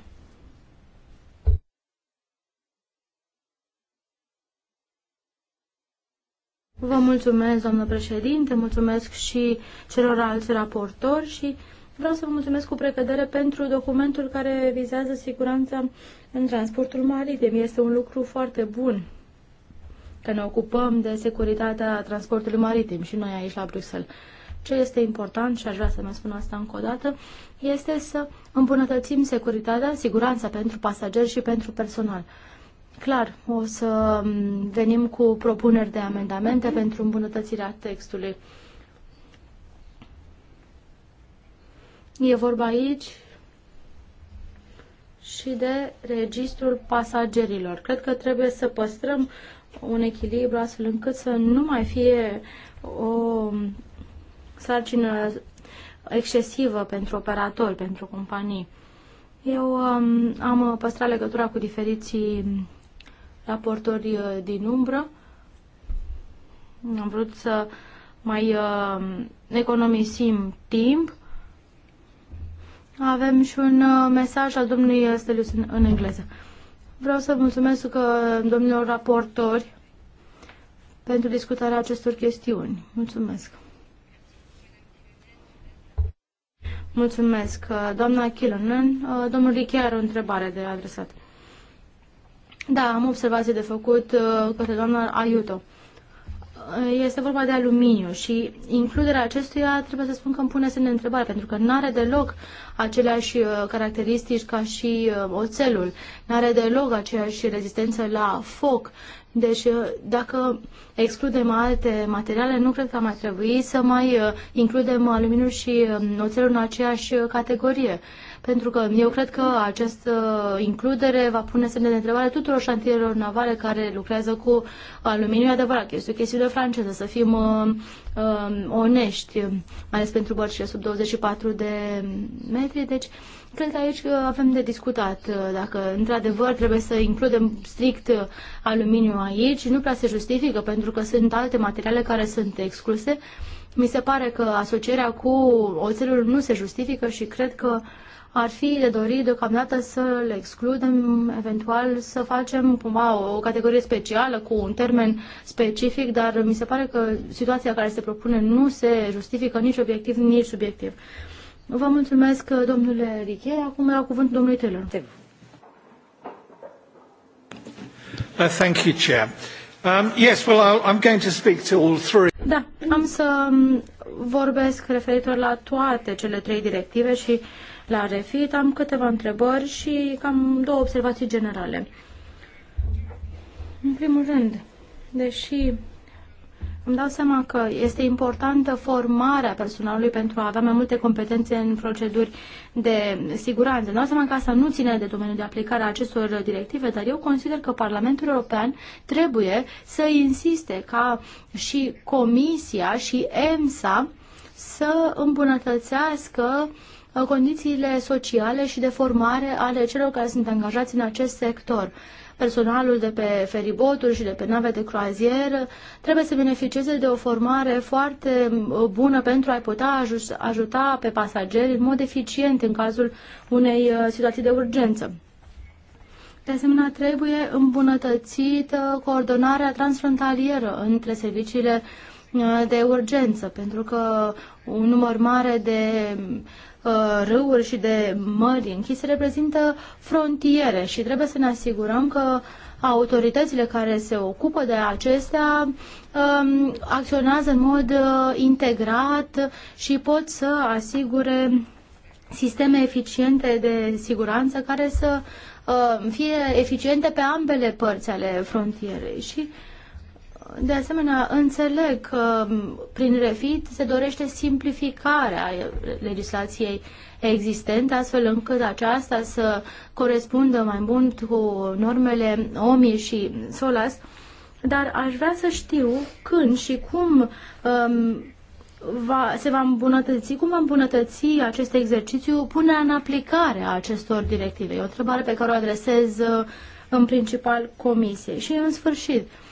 Vă mulțumesc, doamnă președinte, mulțumesc și celorlalți raportori și vreau să vă mulțumesc cu precădere pentru documentul care vizează siguranța în transportul maritim. Este un lucru foarte bun că ne ocupăm de securitatea transportului maritim și noi aici la Bruxelles. Ce este important, și aș vrea să mă spun asta încă o dată, este să îmbunătățim securitatea, siguranța pentru pasageri și pentru personal. Clar, o să mm, venim cu propuneri de amendamente pentru îmbunătățirea textului. E vorba aici și de registrul pasagerilor. Cred că trebuie să păstrăm un echilibru astfel încât să nu mai fie o sarcină excesivă pentru operatori, pentru companii. Eu mm, am păstrat legătura cu diferiții raportori uh, din umbră. Am vrut să mai uh, economisim timp. Avem și un uh, mesaj al domnului Stelius în, în engleză. Vreau să mulțumesc că uh, domnilor raportori pentru discutarea acestor chestiuni. Mulțumesc. Mulțumesc, uh, doamna Chilonen. Domnul are o întrebare de adresat. Da, am observații de făcut uh, către doamna Aiuto. Este vorba de aluminiu și includerea acestuia trebuie să spun că îmi pune semne de întrebare, pentru că nu are deloc aceleași uh, caracteristici ca și uh, oțelul, nu are deloc aceeași rezistență la foc. Deci, dacă excludem alte materiale, nu cred că ar mai trebui să mai includem aluminiul și oțelul în aceeași categorie pentru că eu cred că această includere va pune semne de întrebare tuturor șantierilor navale care lucrează cu aluminiu. E adevărat, este o chestiune franceză, să fim uh, uh, onești, mai ales pentru bărcile sub 24 de metri, deci Cred că aici avem de discutat dacă într-adevăr trebuie să includem strict aluminiu aici. Nu prea se justifică pentru că sunt alte materiale care sunt excluse. Mi se pare că asocierea cu oțelul nu se justifică și cred că ar fi de dorit deocamdată să le excludem, eventual să facem cumva o categorie specială cu un termen specific, dar mi se pare că situația care se propune nu se justifică nici obiectiv, nici subiectiv. Vă mulțumesc, domnule Riche. Acum la cuvântul domnului Taylor. Uh, thank you, Chair. Um, yes, well, I'm going to speak to all three. Da, am să um, vorbesc referitor la toate cele trei directive și uh, la Refit. Am câteva întrebări și cam două observații generale. În primul rând, deși îmi dau seama că este importantă formarea personalului pentru a avea mai multe competențe în proceduri de siguranță. Îmi dau seama că asta nu ține de domeniul de aplicare a acestor directive, dar eu consider că Parlamentul European trebuie să insiste ca și Comisia și EMSA să îmbunătățească uh, Uh, condițiile sociale și de formare ale celor care sunt angajați în acest sector. Personalul de pe feriboturi și de pe nave de croazieră trebuie să beneficieze de o formare foarte uh, bună pentru a putea ajuta pe pasageri în mod eficient în cazul unei uh, situații de urgență. De asemenea, trebuie îmbunătățită coordonarea transfrontalieră între serviciile de urgență, pentru că un număr mare de Uh, râuri și de mări închise reprezintă frontiere și trebuie să ne asigurăm că autoritățile care se ocupă de acestea um, acționează în mod uh, integrat și pot să asigure sisteme eficiente de siguranță care să uh, fie eficiente pe ambele părți ale frontierei. Și uh, de asemenea, înțeleg că prin refit se dorește simplificarea legislației existente, astfel încât aceasta să corespundă mai mult cu normele OMI și SOLAS, dar aș vrea să știu când și cum um, va, se va îmbunătăți, cum va îmbunătăți acest exercițiu punerea în aplicare a acestor directive. E o întrebare pe care o adresez uh, în principal comisiei. Și în sfârșit, uh,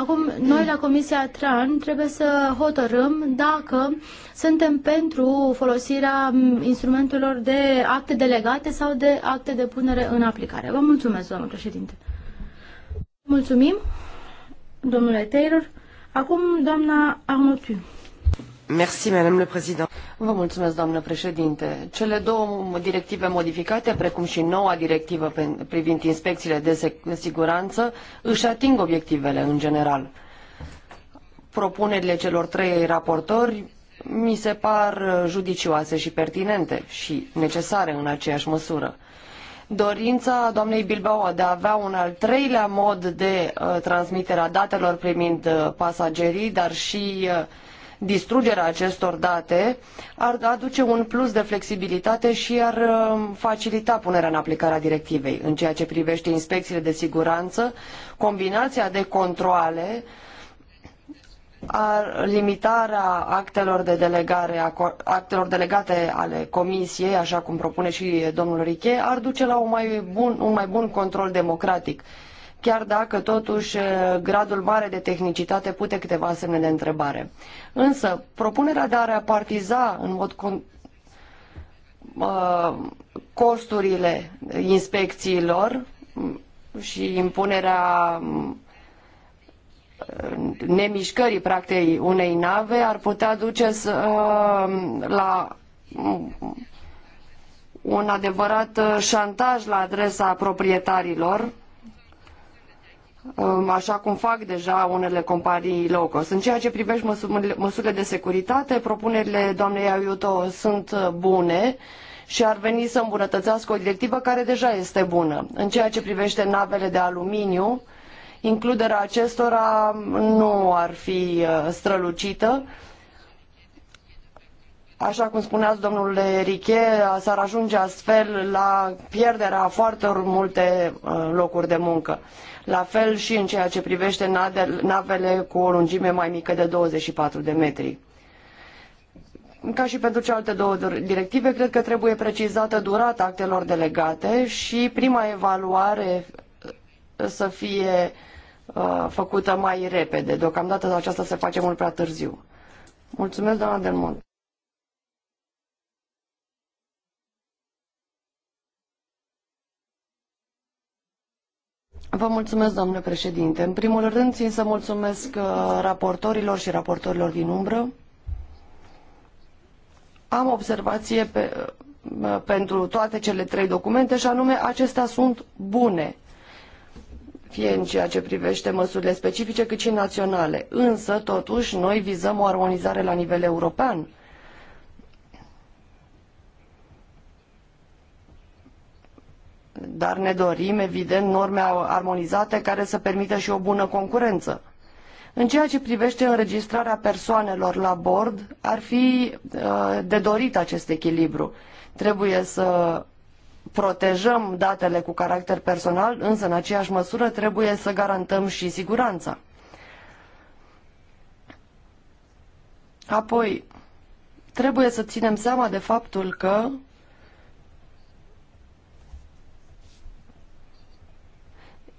acum noi la Comisia TRAN trebuie să hotărâm dacă suntem pentru folosirea instrumentelor de acte delegate sau de acte de punere în aplicare. Vă mulțumesc, doamnă președinte. Mulțumim, domnule Taylor. Acum, doamna Arnotiu. Merci, le Président. Vă mulțumesc, doamnă președinte. Cele două directive modificate, precum și noua directivă privind inspecțiile de siguranță, își ating obiectivele în general. Propunerile celor trei raportori mi se par judicioase și pertinente și necesare în aceeași măsură. Dorința doamnei Bilbao de a avea un al treilea mod de uh, transmitere a datelor primind uh, pasagerii, dar și uh, distrugerea acestor date ar aduce un plus de flexibilitate și ar uh, facilita punerea în aplicare a directivei. În ceea ce privește inspecțiile de siguranță, combinația de controale ar limitarea actelor, de delegare, actelor delegate ale Comisiei, așa cum propune și domnul Riche, ar duce la un mai bun, un mai bun control democratic. Uh, chiar dacă totuși gradul mare de tehnicitate pute câteva semne de întrebare. Însă, propunerea de a repartiza în mod costurile inspecțiilor și impunerea mm, nemișcării practei unei nave ar putea duce să, mm, la mm, un adevărat șantaj la adresa proprietarilor Um, așa cum fac deja unele companii low cost. În ceea ce privește măsurile de securitate, propunerile doamnei Aiuto sunt uh, bune și ar veni să îmbunătățească o directivă care deja este bună. În ceea ce privește navele de aluminiu, includerea acestora nu ar fi uh, strălucită. Așa cum spuneați, domnule Riche, s-ar ajunge astfel la pierderea foarte multe uh, locuri de muncă la fel și în ceea ce privește navele cu o lungime mai mică de 24 de metri. Ca și pentru celelalte două directive, cred că trebuie precizată durata actelor delegate și prima evaluare uh, să fie uh, făcută mai repede. Deocamdată aceasta se face mult prea târziu. Mulțumesc, doamna Delmont. Vă mulțumesc, domnule președinte. În primul rând, țin să mulțumesc uh, raportorilor și raportorilor din umbră. Am observație pe, uh, uh, pentru toate cele trei documente și anume acestea sunt bune, fie în ceea ce privește măsurile specifice, cât și naționale. Însă, totuși, noi vizăm o armonizare la nivel european dar ne dorim, evident, norme armonizate care să permită și o bună concurență. În ceea ce privește înregistrarea persoanelor la bord, ar fi uh, de dorit acest echilibru. Trebuie să protejăm datele cu caracter personal, însă în aceeași măsură trebuie să garantăm și siguranța. Apoi, trebuie să ținem seama de faptul că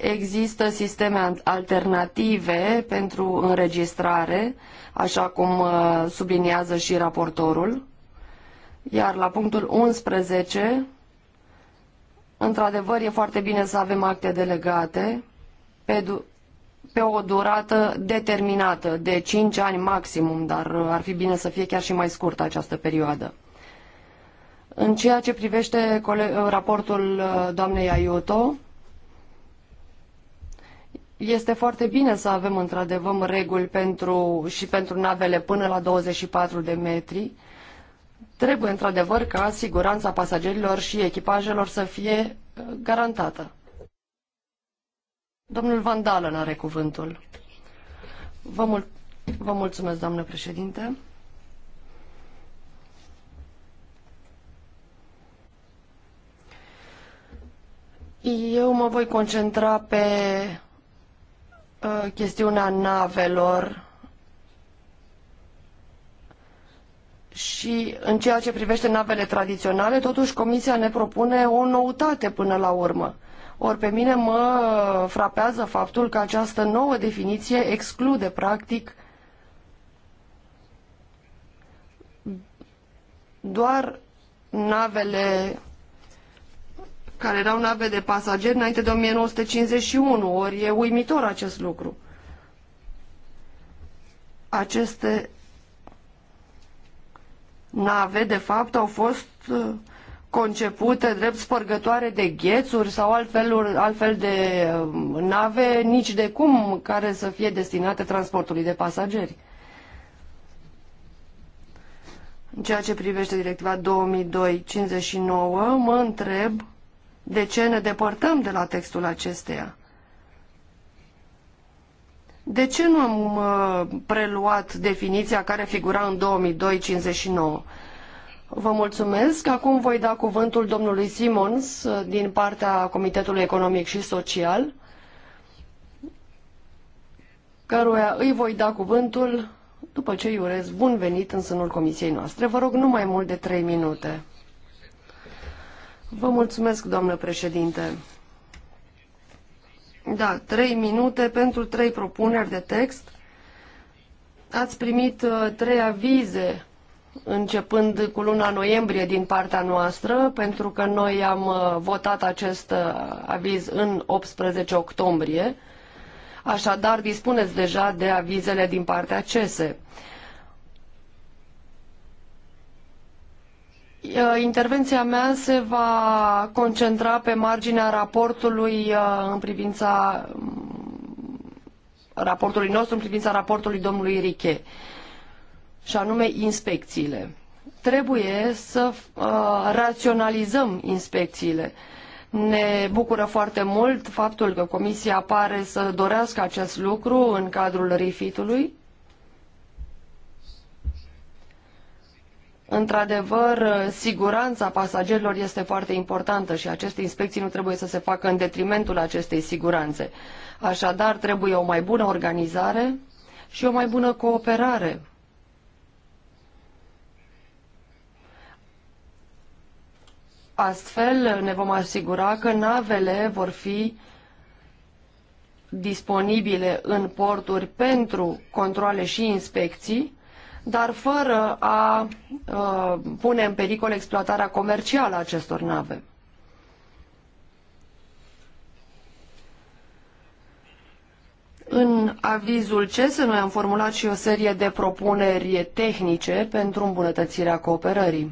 Există sisteme alternative pentru înregistrare, așa cum uh, subliniază și raportorul. Iar la punctul 11, într-adevăr, e foarte bine să avem acte delegate pe, pe o durată determinată, de 5 ani maximum, dar uh, ar fi bine să fie chiar și mai scurtă această perioadă. În ceea ce privește raportul uh, doamnei Aiuto, este foarte bine să avem într-adevăr reguli pentru, și pentru navele până la 24 de metri. Trebuie într-adevăr ca siguranța pasagerilor și echipajelor să fie uh, garantată. Domnul Van Dalen are cuvântul. Vă, mul- vă mulțumesc, doamnă președinte. Eu mă voi concentra pe Uh, chestiunea navelor și în ceea ce privește navele tradiționale, totuși Comisia ne propune o noutate până la urmă. Ori pe mine mă frapează faptul că această nouă definiție exclude practic doar navele care erau nave de pasageri înainte de 1951, ori e uimitor acest lucru. Aceste nave, de fapt, au fost uh, concepute drept spărgătoare de ghețuri sau altfeluri, altfel de uh, nave, nici de cum, care să fie destinate transportului de pasageri. În ceea ce privește directiva 2002-59, mă întreb de ce ne depărtăm de la textul acesteia. De ce nu am uh, preluat definiția care figura în 2002-59? Vă mulțumesc. Acum voi da cuvântul domnului Simons uh, din partea Comitetului Economic și Social, căruia îi voi da cuvântul după ce îi urez bun venit în sânul comisiei noastre. Vă rog nu mai mult de trei minute. Vă mulțumesc, doamnă președinte. Da, trei minute pentru trei propuneri de text. Ați primit uh, trei avize începând cu luna noiembrie din partea noastră, pentru că noi am uh, votat acest uh, aviz în 18 octombrie. Așadar, dispuneți deja de avizele din partea CESE. Uh, intervenția mea se va concentra pe marginea raportului uh, în privința mm, raportului nostru, în privința raportului domnului Riche, și anume inspecțiile. Trebuie să uh, raționalizăm inspecțiile. Ne bucură foarte mult faptul că Comisia pare să dorească acest lucru în cadrul refitului Într-adevăr, siguranța pasagerilor este foarte importantă și aceste inspecții nu trebuie să se facă în detrimentul acestei siguranțe. Așadar, trebuie o mai bună organizare și o mai bună cooperare. Astfel ne vom asigura că navele vor fi disponibile în porturi pentru controle și inspecții, dar fără a pune în pericol exploatarea comercială a acestor nave. În avizul CES, noi am formulat și o serie de propuneri tehnice pentru îmbunătățirea cooperării.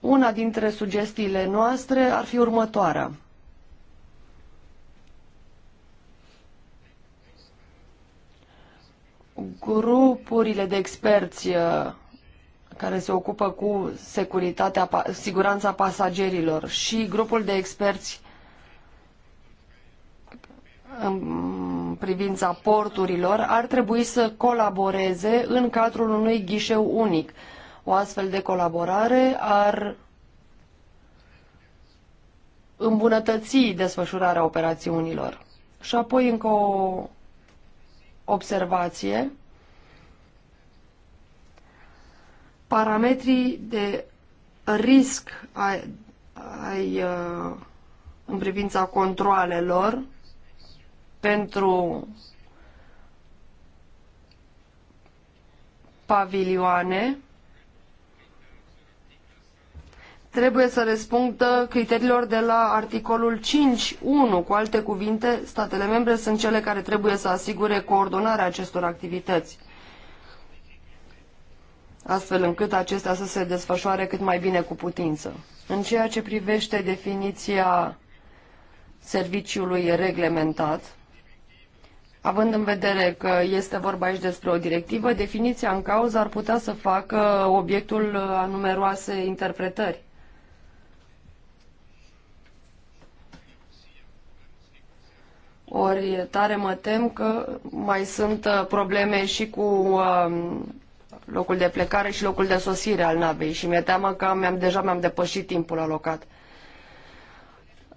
Una dintre sugestiile noastre ar fi următoarea. grupurile de experți uh, care se ocupă cu securitatea, siguranța pasagerilor și grupul de experți în privința porturilor ar trebui să colaboreze în cadrul unui ghișeu unic. O astfel de colaborare ar îmbunătăți desfășurarea operațiunilor. Și apoi încă o observație. Parametrii de risc ai, ai, uh, în privința controalelor pentru pavilioane trebuie să răspundă criteriilor de la articolul 5.1. Cu alte cuvinte, statele membre sunt cele care trebuie să asigure coordonarea acestor activități, astfel încât acestea să se desfășoare cât mai bine cu putință. În ceea ce privește definiția serviciului reglementat, Având în vedere că este vorba aici despre o directivă, definiția în cauză ar putea să facă obiectul a numeroase interpretări. Ori tare mă tem că mai sunt uh, probleme și cu um, locul de plecare și locul de sosire al navei și mi-e teamă că mi-am, deja mi-am depășit timpul alocat.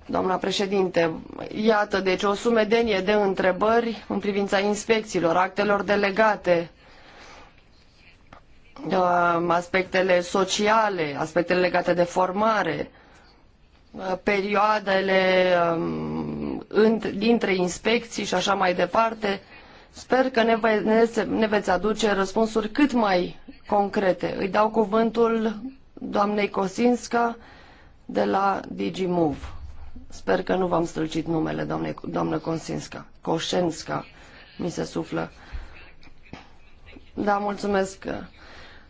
Doamna președinte, iată deci o sumedenie de întrebări în privința inspecțiilor, actelor delegate, uh, aspectele sociale, aspectele legate de formare, uh, perioadele um, dintre inspecții și așa mai departe. Sper că ne, ve- ne, veți aduce răspunsuri cât mai concrete. Îi dau cuvântul doamnei Cosinska de la DigiMove. Sper că nu v-am strălcit numele, doamne, doamnă Consinska. Coșenska, mi se suflă. Da, mulțumesc,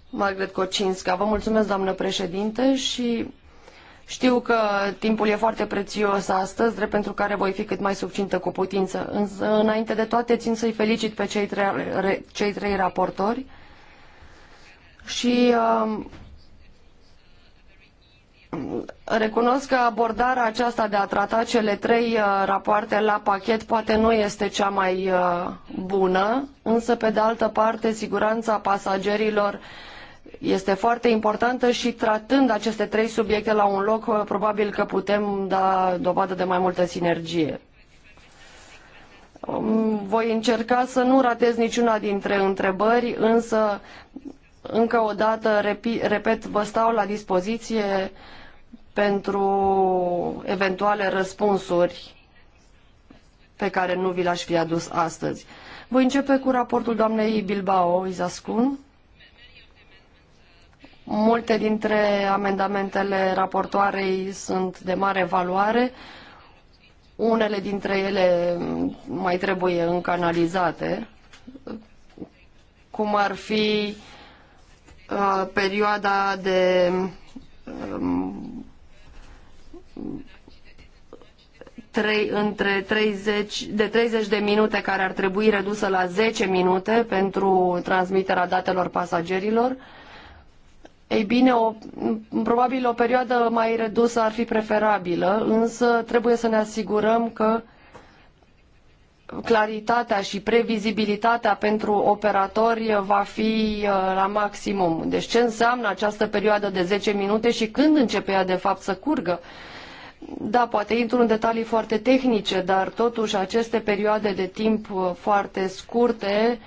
Margaret Cocinska. Vă mulțumesc, doamnă președinte, și știu că timpul e foarte prețios astăzi, drept pentru care voi fi cât mai succintă cu putință. Însă, înainte de toate, țin să-i felicit pe cei trei, re, cei trei raportori și uh, recunosc că abordarea aceasta de a trata cele trei uh, rapoarte la pachet poate nu este cea mai uh, bună, însă, pe de altă parte, siguranța pasagerilor este foarte importantă și tratând aceste trei subiecte la un loc, probabil că putem da dovadă de mai multă sinergie. Um, voi încerca să nu ratez niciuna dintre întrebări, însă încă o dată, repet, vă stau la dispoziție pentru eventuale răspunsuri pe care nu vi le-aș fi adus astăzi. Voi începe cu raportul doamnei Bilbao Izascun. Multe dintre amendamentele raportoarei sunt de mare valoare, unele dintre ele mai trebuie încanalizate, cum ar fi uh, perioada de um, trei, între 30, de 30 de minute care ar trebui redusă la 10 minute pentru transmiterea datelor pasagerilor, uh, ei bine, o, probabil o perioadă mai redusă ar fi preferabilă, însă trebuie să ne asigurăm că claritatea și previzibilitatea pentru operatori va fi uh, la maximum. Deci ce înseamnă această perioadă de 10 minute și când începe ea de fapt să curgă? Da, poate intru în detalii foarte tehnice, dar totuși aceste perioade de timp uh, foarte scurte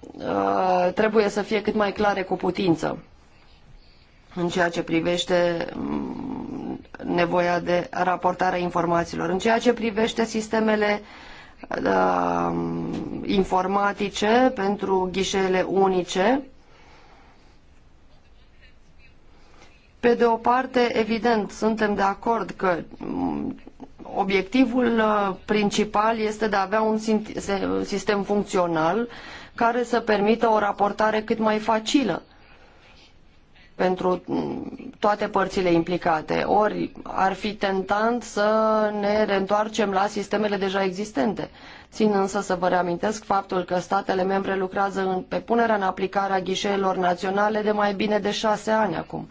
uh, trebuie să fie cât mai clare cu putință în ceea ce privește mm, nevoia de raportare a informațiilor. În ceea ce privește sistemele uh, informatice pentru ghișele unice, pe de o parte, evident, suntem de acord că mm, obiectivul uh, principal este de a avea un sistem funcțional care să permită o raportare cât mai facilă pentru toate părțile implicate. Ori ar fi tentant să ne reîntoarcem la sistemele deja existente. Țin însă să vă reamintesc faptul că statele membre lucrează în, pe punerea în aplicare a ghișeelor naționale de mai bine de șase ani acum.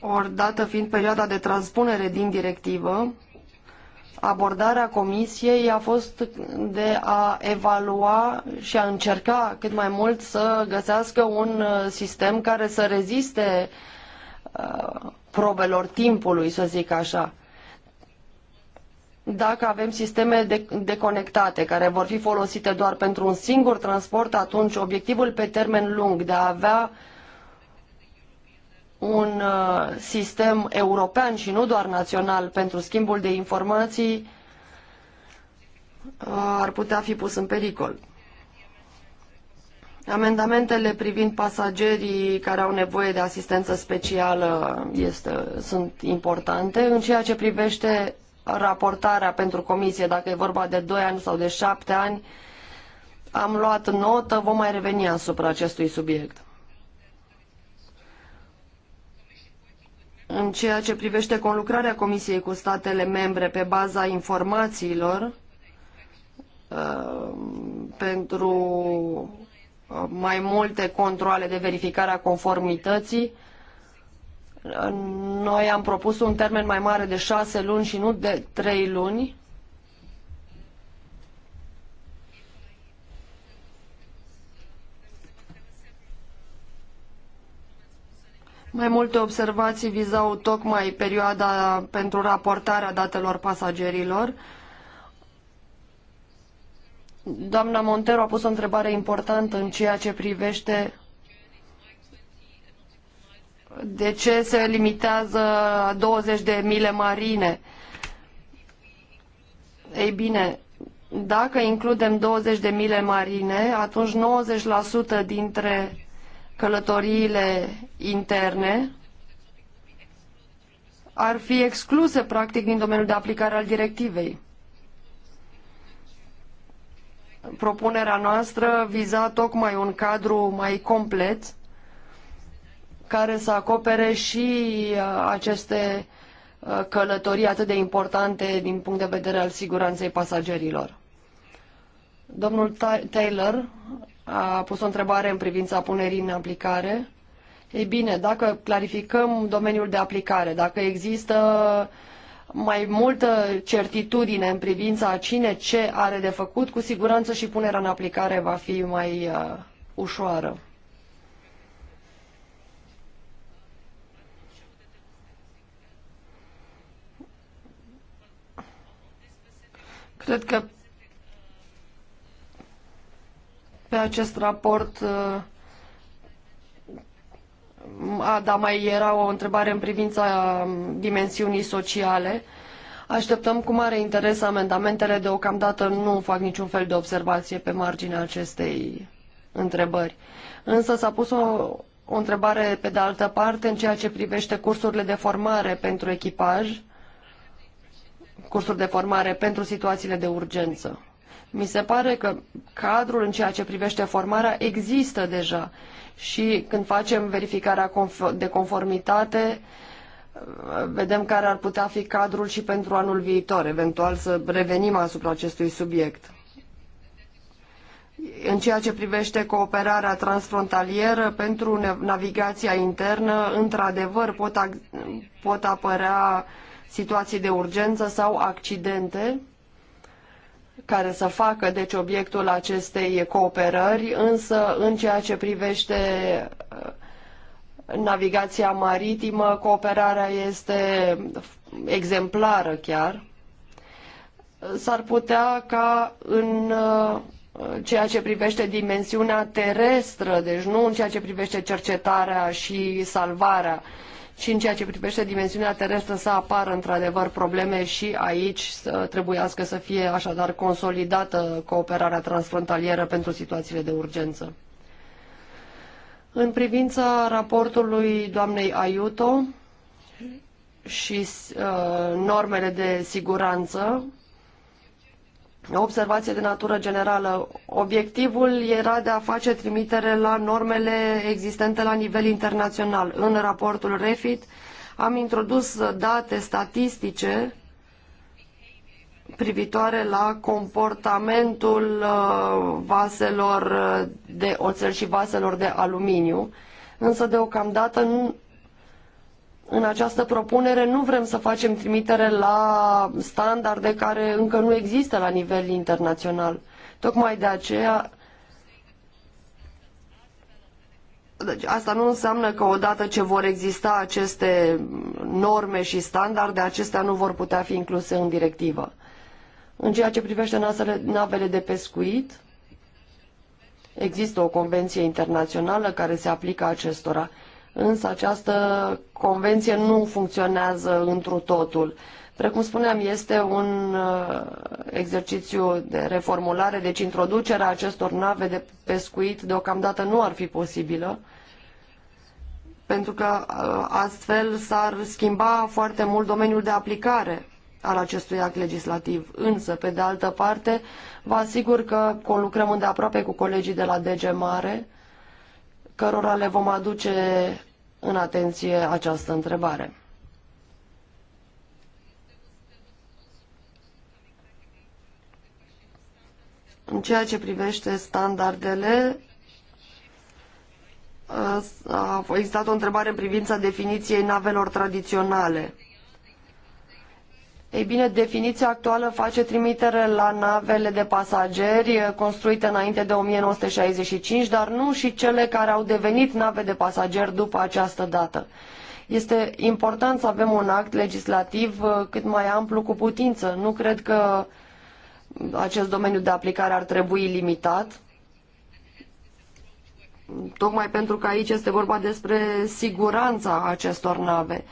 Ori dată fiind perioada de transpunere din directivă, abordarea comisiei a fost de a evalua și a încerca cât mai mult să găsească un uh, sistem care să reziste uh, probelor timpului, să zic așa. Dacă avem sisteme de deconectate care vor fi folosite doar pentru un singur transport, atunci obiectivul pe termen lung de a avea uh, un uh, sistem european și nu doar național pentru schimbul de informații uh, ar putea fi pus în pericol. Amendamentele privind pasagerii care au nevoie de asistență specială este, sunt importante. În ceea ce privește raportarea pentru comisie, dacă e vorba de 2 ani sau de 7 ani, am luat notă, vom mai reveni asupra acestui subiect. În ceea ce privește conlucrarea Comisiei cu statele membre pe baza informațiilor uh, pentru uh, mai multe controle de verificare a conformității, uh, noi am propus un termen mai mare de șase luni și nu de trei luni Mai multe observații vizau tocmai perioada pentru raportarea datelor pasagerilor. Doamna Montero a pus o întrebare importantă în ceea ce privește de ce se limitează 20 de mile marine. Ei bine, dacă includem 20 de mile marine, atunci 90% dintre călătoriile interne ar fi excluse practic din domeniul de aplicare al directivei. Propunerea noastră viza tocmai un cadru mai complet care să acopere și uh, aceste uh, călătorii atât de importante din punct de vedere al siguranței pasagerilor. Domnul Taylor a pus o întrebare în privința punerii în aplicare. Ei bine, dacă clarificăm domeniul de aplicare, dacă există mai multă certitudine în privința cine ce are de făcut, cu siguranță și punerea în aplicare va fi mai uh, ușoară. Cred că pe acest raport. Uh, a, da, mai era o întrebare în privința um, dimensiunii sociale. Așteptăm cu mare interes amendamentele. Deocamdată nu fac niciun fel de observație pe marginea acestei întrebări. Însă s-a pus o, o întrebare pe de altă parte în ceea ce privește cursurile de formare pentru echipaj, cursuri de formare pentru situațiile de urgență. Mi se pare că cadrul în ceea ce privește formarea există deja și când facem verificarea de conformitate, vedem care ar putea fi cadrul și pentru anul viitor, eventual să revenim asupra acestui subiect. În ceea ce privește cooperarea transfrontalieră pentru navigația internă, într-adevăr pot, pot apărea situații de urgență sau accidente care să facă deci obiectul acestei cooperări, însă în ceea ce privește uh, navigația maritimă, cooperarea este exemplară chiar. S-ar putea ca în uh, ceea ce privește dimensiunea terestră, deci nu în ceea ce privește cercetarea și salvarea, și în ceea ce privește dimensiunea terestră să apară într-adevăr probleme și aici să trebuiască să fie așadar consolidată cooperarea transfrontalieră pentru situațiile de urgență. În privința raportului doamnei Aiuto și uh, normele de siguranță, o observație de natură generală. Obiectivul era de a face trimitere la normele existente la nivel internațional. În raportul REFIT am introdus date statistice privitoare la comportamentul uh, vaselor de oțel și vaselor de aluminiu, însă deocamdată în această propunere nu vrem să facem trimitere la standarde care încă nu există la nivel internațional. Tocmai de aceea Deci asta nu înseamnă că odată ce vor exista aceste norme și standarde, acestea nu vor putea fi incluse în directivă. În ceea ce privește navele de pescuit, există o convenție internațională care se aplică acestora însă această convenție nu funcționează întru totul. Precum spuneam, este un uh, exercițiu de reformulare, deci introducerea acestor nave de pescuit deocamdată nu ar fi posibilă, pentru că uh, astfel s-ar schimba foarte mult domeniul de aplicare al acestui act legislativ. Însă, pe de altă parte, vă asigur că conlucrăm îndeaproape cu colegii de la DG Mare, cărora le vom aduce în atenție această întrebare. În ceea ce privește standardele, a existat o întrebare în privința definiției navelor tradiționale. Ei bine, definiția actuală face trimitere la navele de pasageri eh, construite înainte de 1965, dar nu și cele care au devenit nave de pasageri după această dată. Este important să avem un act legislativ eh, cât mai amplu cu putință. Nu cred că acest domeniu de aplicare ar trebui limitat, tocmai pentru că aici este vorba despre siguranța acestor nave.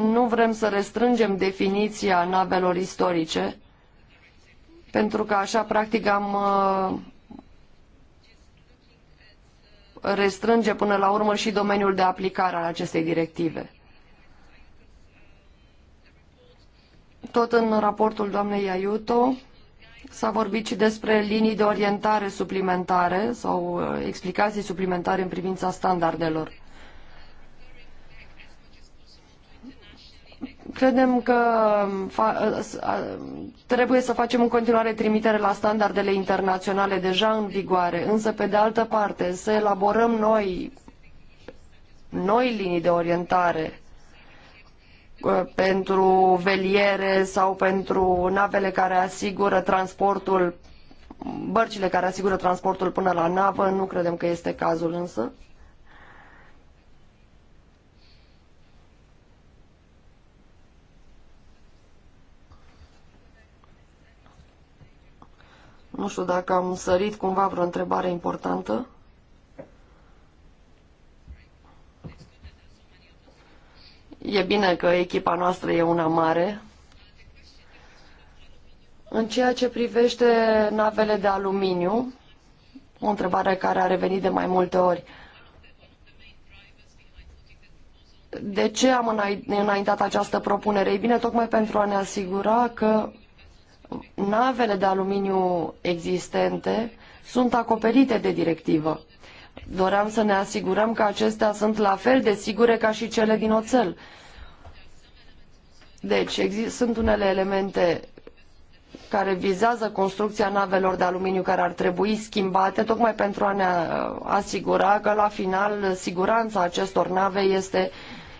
nu vrem să restrângem definiția navelor istorice, pentru că așa practic am uh, restrânge până la urmă și domeniul de aplicare al acestei directive. Tot în raportul doamnei Aiuto s-a vorbit și despre linii de orientare suplimentare sau uh, explicații suplimentare în privința standardelor. Credem că trebuie să facem în continuare trimitere la standardele internaționale deja în vigoare, însă pe de altă parte să elaborăm noi, noi linii de orientare ă, pentru veliere sau pentru navele care asigură transportul, bărcile care asigură transportul până la navă, nu credem că este cazul însă. Nu știu dacă am sărit cumva vreo întrebare importantă. E bine că echipa noastră e una mare. În ceea ce privește navele de aluminiu, o întrebare care a revenit de mai multe ori, de ce am înaintat această propunere? Ei bine, tocmai pentru a ne asigura că navele de aluminiu existente sunt acoperite de directivă. Doream să ne asigurăm că acestea sunt la fel de sigure ca și cele din oțel. Deci, exist, sunt unele elemente care vizează construcția navelor de aluminiu care ar trebui schimbate, tocmai pentru a ne uh, asigura că la final siguranța acestor nave este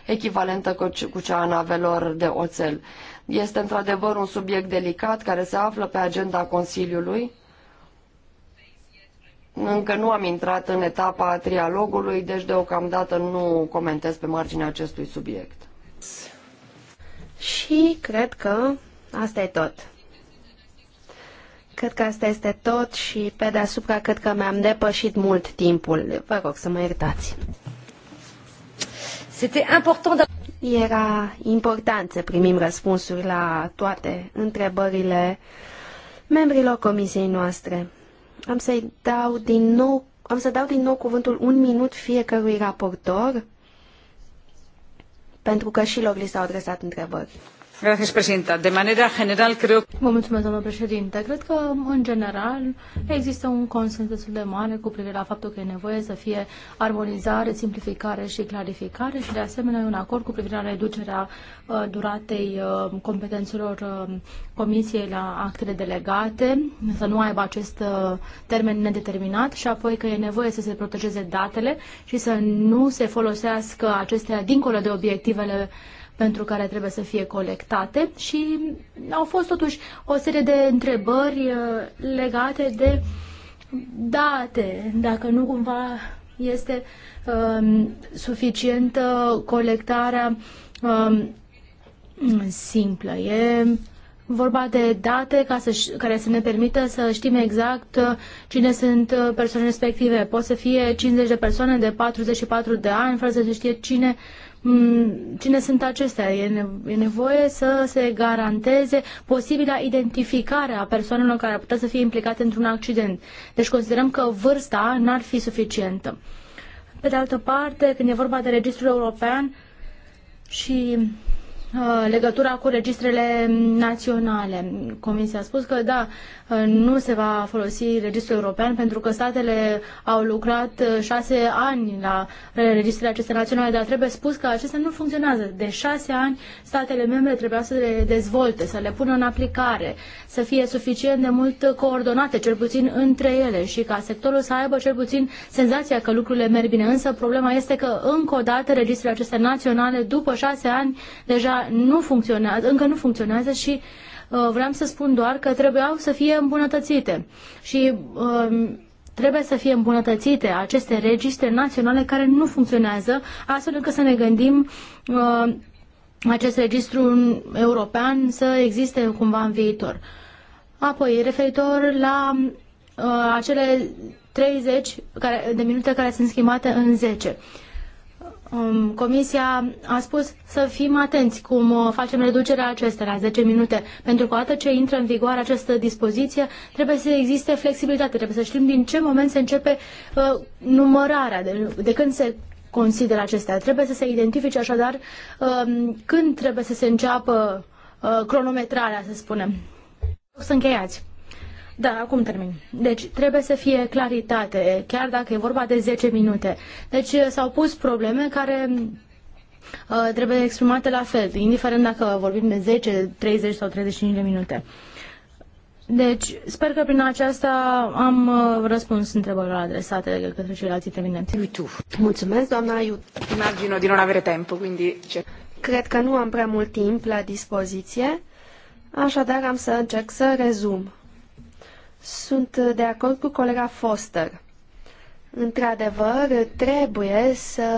echivalentă cu cea a navelor de oțel. Este într-adevăr un subiect delicat care se află pe agenda Consiliului. Încă nu am intrat în etapa trialogului, deci deocamdată nu comentez pe marginea acestui subiect. Și cred că asta e tot. Cred că asta este tot și pe deasupra cred că mi-am depășit mult timpul. Vă rog să mă iertați. C'était important d'a- era important să primim răspunsuri la toate întrebările membrilor comisiei noastre. Am să-i dau din nou, am să dau din nou cuvântul un minut fiecărui raportor, pentru că și lor li s-au adresat întrebări mulțumesc, doamnă președinte. Cred că, în general, există un consens destul de mare cu privire la faptul că e nevoie să fie armonizare, simplificare și clarificare și, de asemenea, un acord cu privire la reducerea uh, duratei uh, competențelor uh, Comisiei la actele delegate, să nu aibă acest uh, termen nedeterminat și apoi că e nevoie să se protejeze datele și să nu se folosească acestea dincolo de obiectivele uh, pentru care trebuie să fie colectate și au fost totuși o serie de întrebări uh, legate de date, dacă nu cumva este um, suficientă colectarea um, simplă. E vorba de date ca să, care să ne permită să știm exact uh, cine sunt uh, persoanele respective. Pot să fie 50 de persoane de 44 de ani, fără să se știe cine uh, Mm, cine sunt acestea. E, nevoie să se garanteze posibila identificare a persoanelor care ar putea să fie implicate într-un accident. Deci considerăm că vârsta n-ar fi suficientă. Pe de altă parte, când e vorba de registrul european și Uh, legătura cu registrele naționale. Comisia a spus că da, uh, nu se va folosi registrul european pentru că statele au lucrat uh, șase ani la registrele acestea naționale, dar trebuie spus că acestea nu funcționează. De șase ani statele membre trebuia să le dezvolte, să le pună în aplicare, să fie suficient de mult coordonate, cel puțin între ele și ca sectorul să aibă cel puțin senzația că lucrurile merg bine. Însă problema este că încă o dată registrele acestea naționale după șase ani deja nu funcționează, încă nu funcționează și uh, vreau să spun doar că trebuiau să fie îmbunătățite. Și uh, trebuie să fie îmbunătățite aceste registre naționale care nu funcționează, astfel încât să ne gândim uh, acest registru european să existe cumva în viitor. Apoi, referitor la uh, acele 30 care, de minute care sunt schimbate în 10. Uh, Um, comisia a spus să fim atenți cum uh, facem reducerea acestea la 10 minute, pentru că odată ce intră în vigoare această dispoziție, trebuie să existe flexibilitate, trebuie să știm din ce moment se începe uh, numărarea, de, de când se consideră acestea. Trebuie să se identifice așadar uh, când trebuie să se înceapă uh, cronometrarea, să spunem. Să încheiați. Da, acum termin. Deci trebuie să fie claritate, chiar dacă e vorba de 10 minute. Deci eh, s-au pus probleme care uh, trebuie exprimate la fel, indiferent dacă vorbim de 10, 30 sau 35 de minute. Deci, sper că prin aceasta am uh, răspuns întrebările adresate de către ceilalți intervenienți. Mulțumesc, doamna Aiut. Imagino din nu avere timp, quindi... Cred că nu am prea mult timp la dispoziție, așadar am să încerc să rezum. Sunt de acord cu colega Foster. Într-adevăr, trebuie să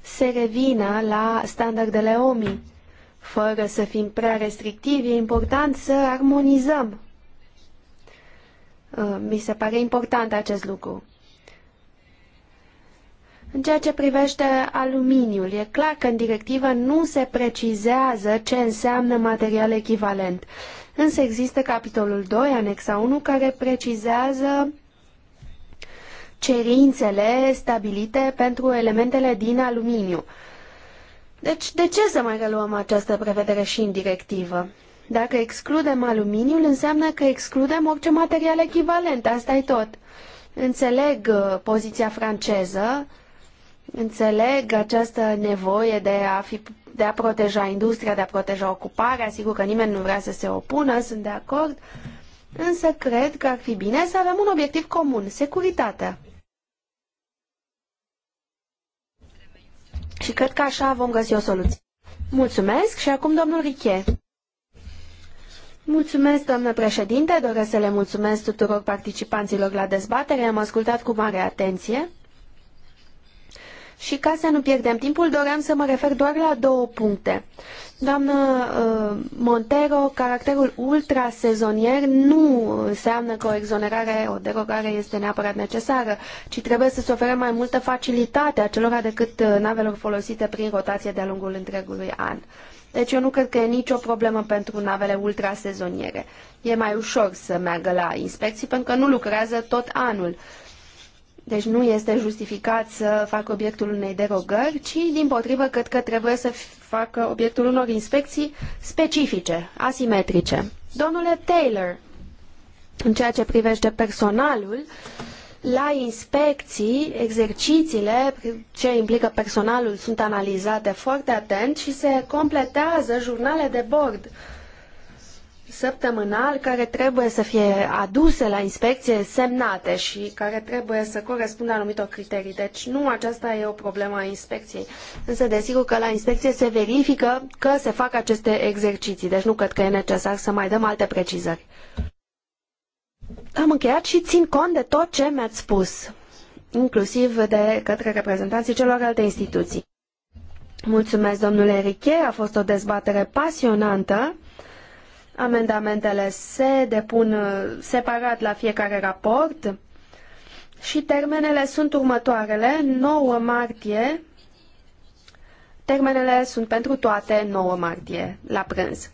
se revină la standardele OMI. Fără să fim prea restrictivi, e important să armonizăm. Uh, mi se pare important acest lucru. În ceea ce privește aluminiul, e clar că în directivă nu se precizează ce înseamnă material echivalent. Însă există capitolul 2, anexa 1, care precizează cerințele stabilite pentru elementele din aluminiu. Deci, de ce să mai reluăm această prevedere și în directivă? Dacă excludem aluminiul, înseamnă că excludem orice material echivalent, asta e tot. Înțeleg uh, poziția franceză, înțeleg această nevoie de a fi de a proteja industria, de a proteja ocuparea. Sigur că nimeni nu vrea să se opună, sunt de acord, însă cred că ar fi bine să avem un obiectiv comun, securitatea. Și cred că așa vom găsi o soluție. Mulțumesc și acum domnul Riche. Mulțumesc, doamnă președinte, doresc să le mulțumesc tuturor participanților la dezbatere, am ascultat cu mare atenție. Și ca să nu pierdem timpul, doream să mă refer doar la două puncte. Doamnă uh, Montero, caracterul ultrasezonier nu înseamnă că o exonerare, o derogare este neapărat necesară, ci trebuie să se ofere mai multă facilitate acelora decât uh, navelor folosite prin rotație de-a lungul întregului an. Deci eu nu cred că e nicio problemă pentru navele ultrasezoniere. E mai ușor să meargă la inspecții pentru că nu lucrează tot anul. Deci nu este justificat să facă obiectul unei derogări, ci din potrivă cred că trebuie să facă obiectul unor inspecții specifice, asimetrice. Domnule Taylor, în ceea ce privește personalul, la inspecții, exercițiile ce implică personalul sunt analizate foarte atent și se completează jurnale de bord săptămânal care trebuie să fie aduse la inspecție, semnate și care trebuie să corespundă anumitor criterii. Deci nu aceasta e o problemă a inspecției. Însă desigur că la inspecție se verifică că se fac aceste exerciții, deci nu cred că e necesar să mai dăm alte precizări. Am încheiat și țin cont de tot ce mi-ați spus, inclusiv de către reprezentanții celorlalte instituții. Mulțumesc, domnule Riche, a fost o dezbatere pasionantă Amendamentele se depun uh, separat la fiecare raport și termenele sunt următoarele. 9 martie, termenele sunt pentru toate 9 martie la prânz.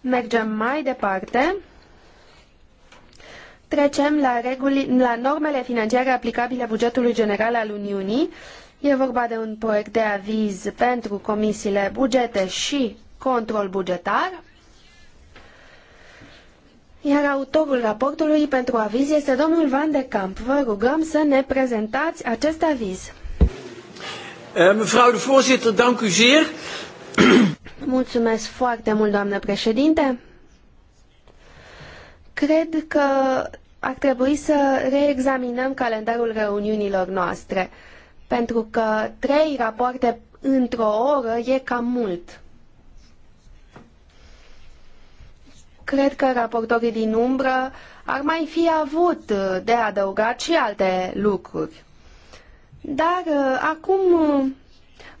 Mergem mai departe. Trecem la, reguli, la normele financiare aplicabile bugetului general al Uniunii. E vorba de un proiect de aviz pentru comisiile bugete și control bugetar. Iar autorul raportului pentru aviz este domnul Van de Camp. Vă rugăm să ne prezentați acest aviz. Eh, mevrouw de voorzitter, dank u zeer. Mulțumesc foarte mult, doamnă președinte. Cred că ar trebui să reexaminăm calendarul reuniunilor noastre, pentru că trei rapoarte într-o oră e cam mult. Cred că raportorii din umbră ar mai fi avut uh, de adăugat și alte lucruri. Dar uh, acum uh,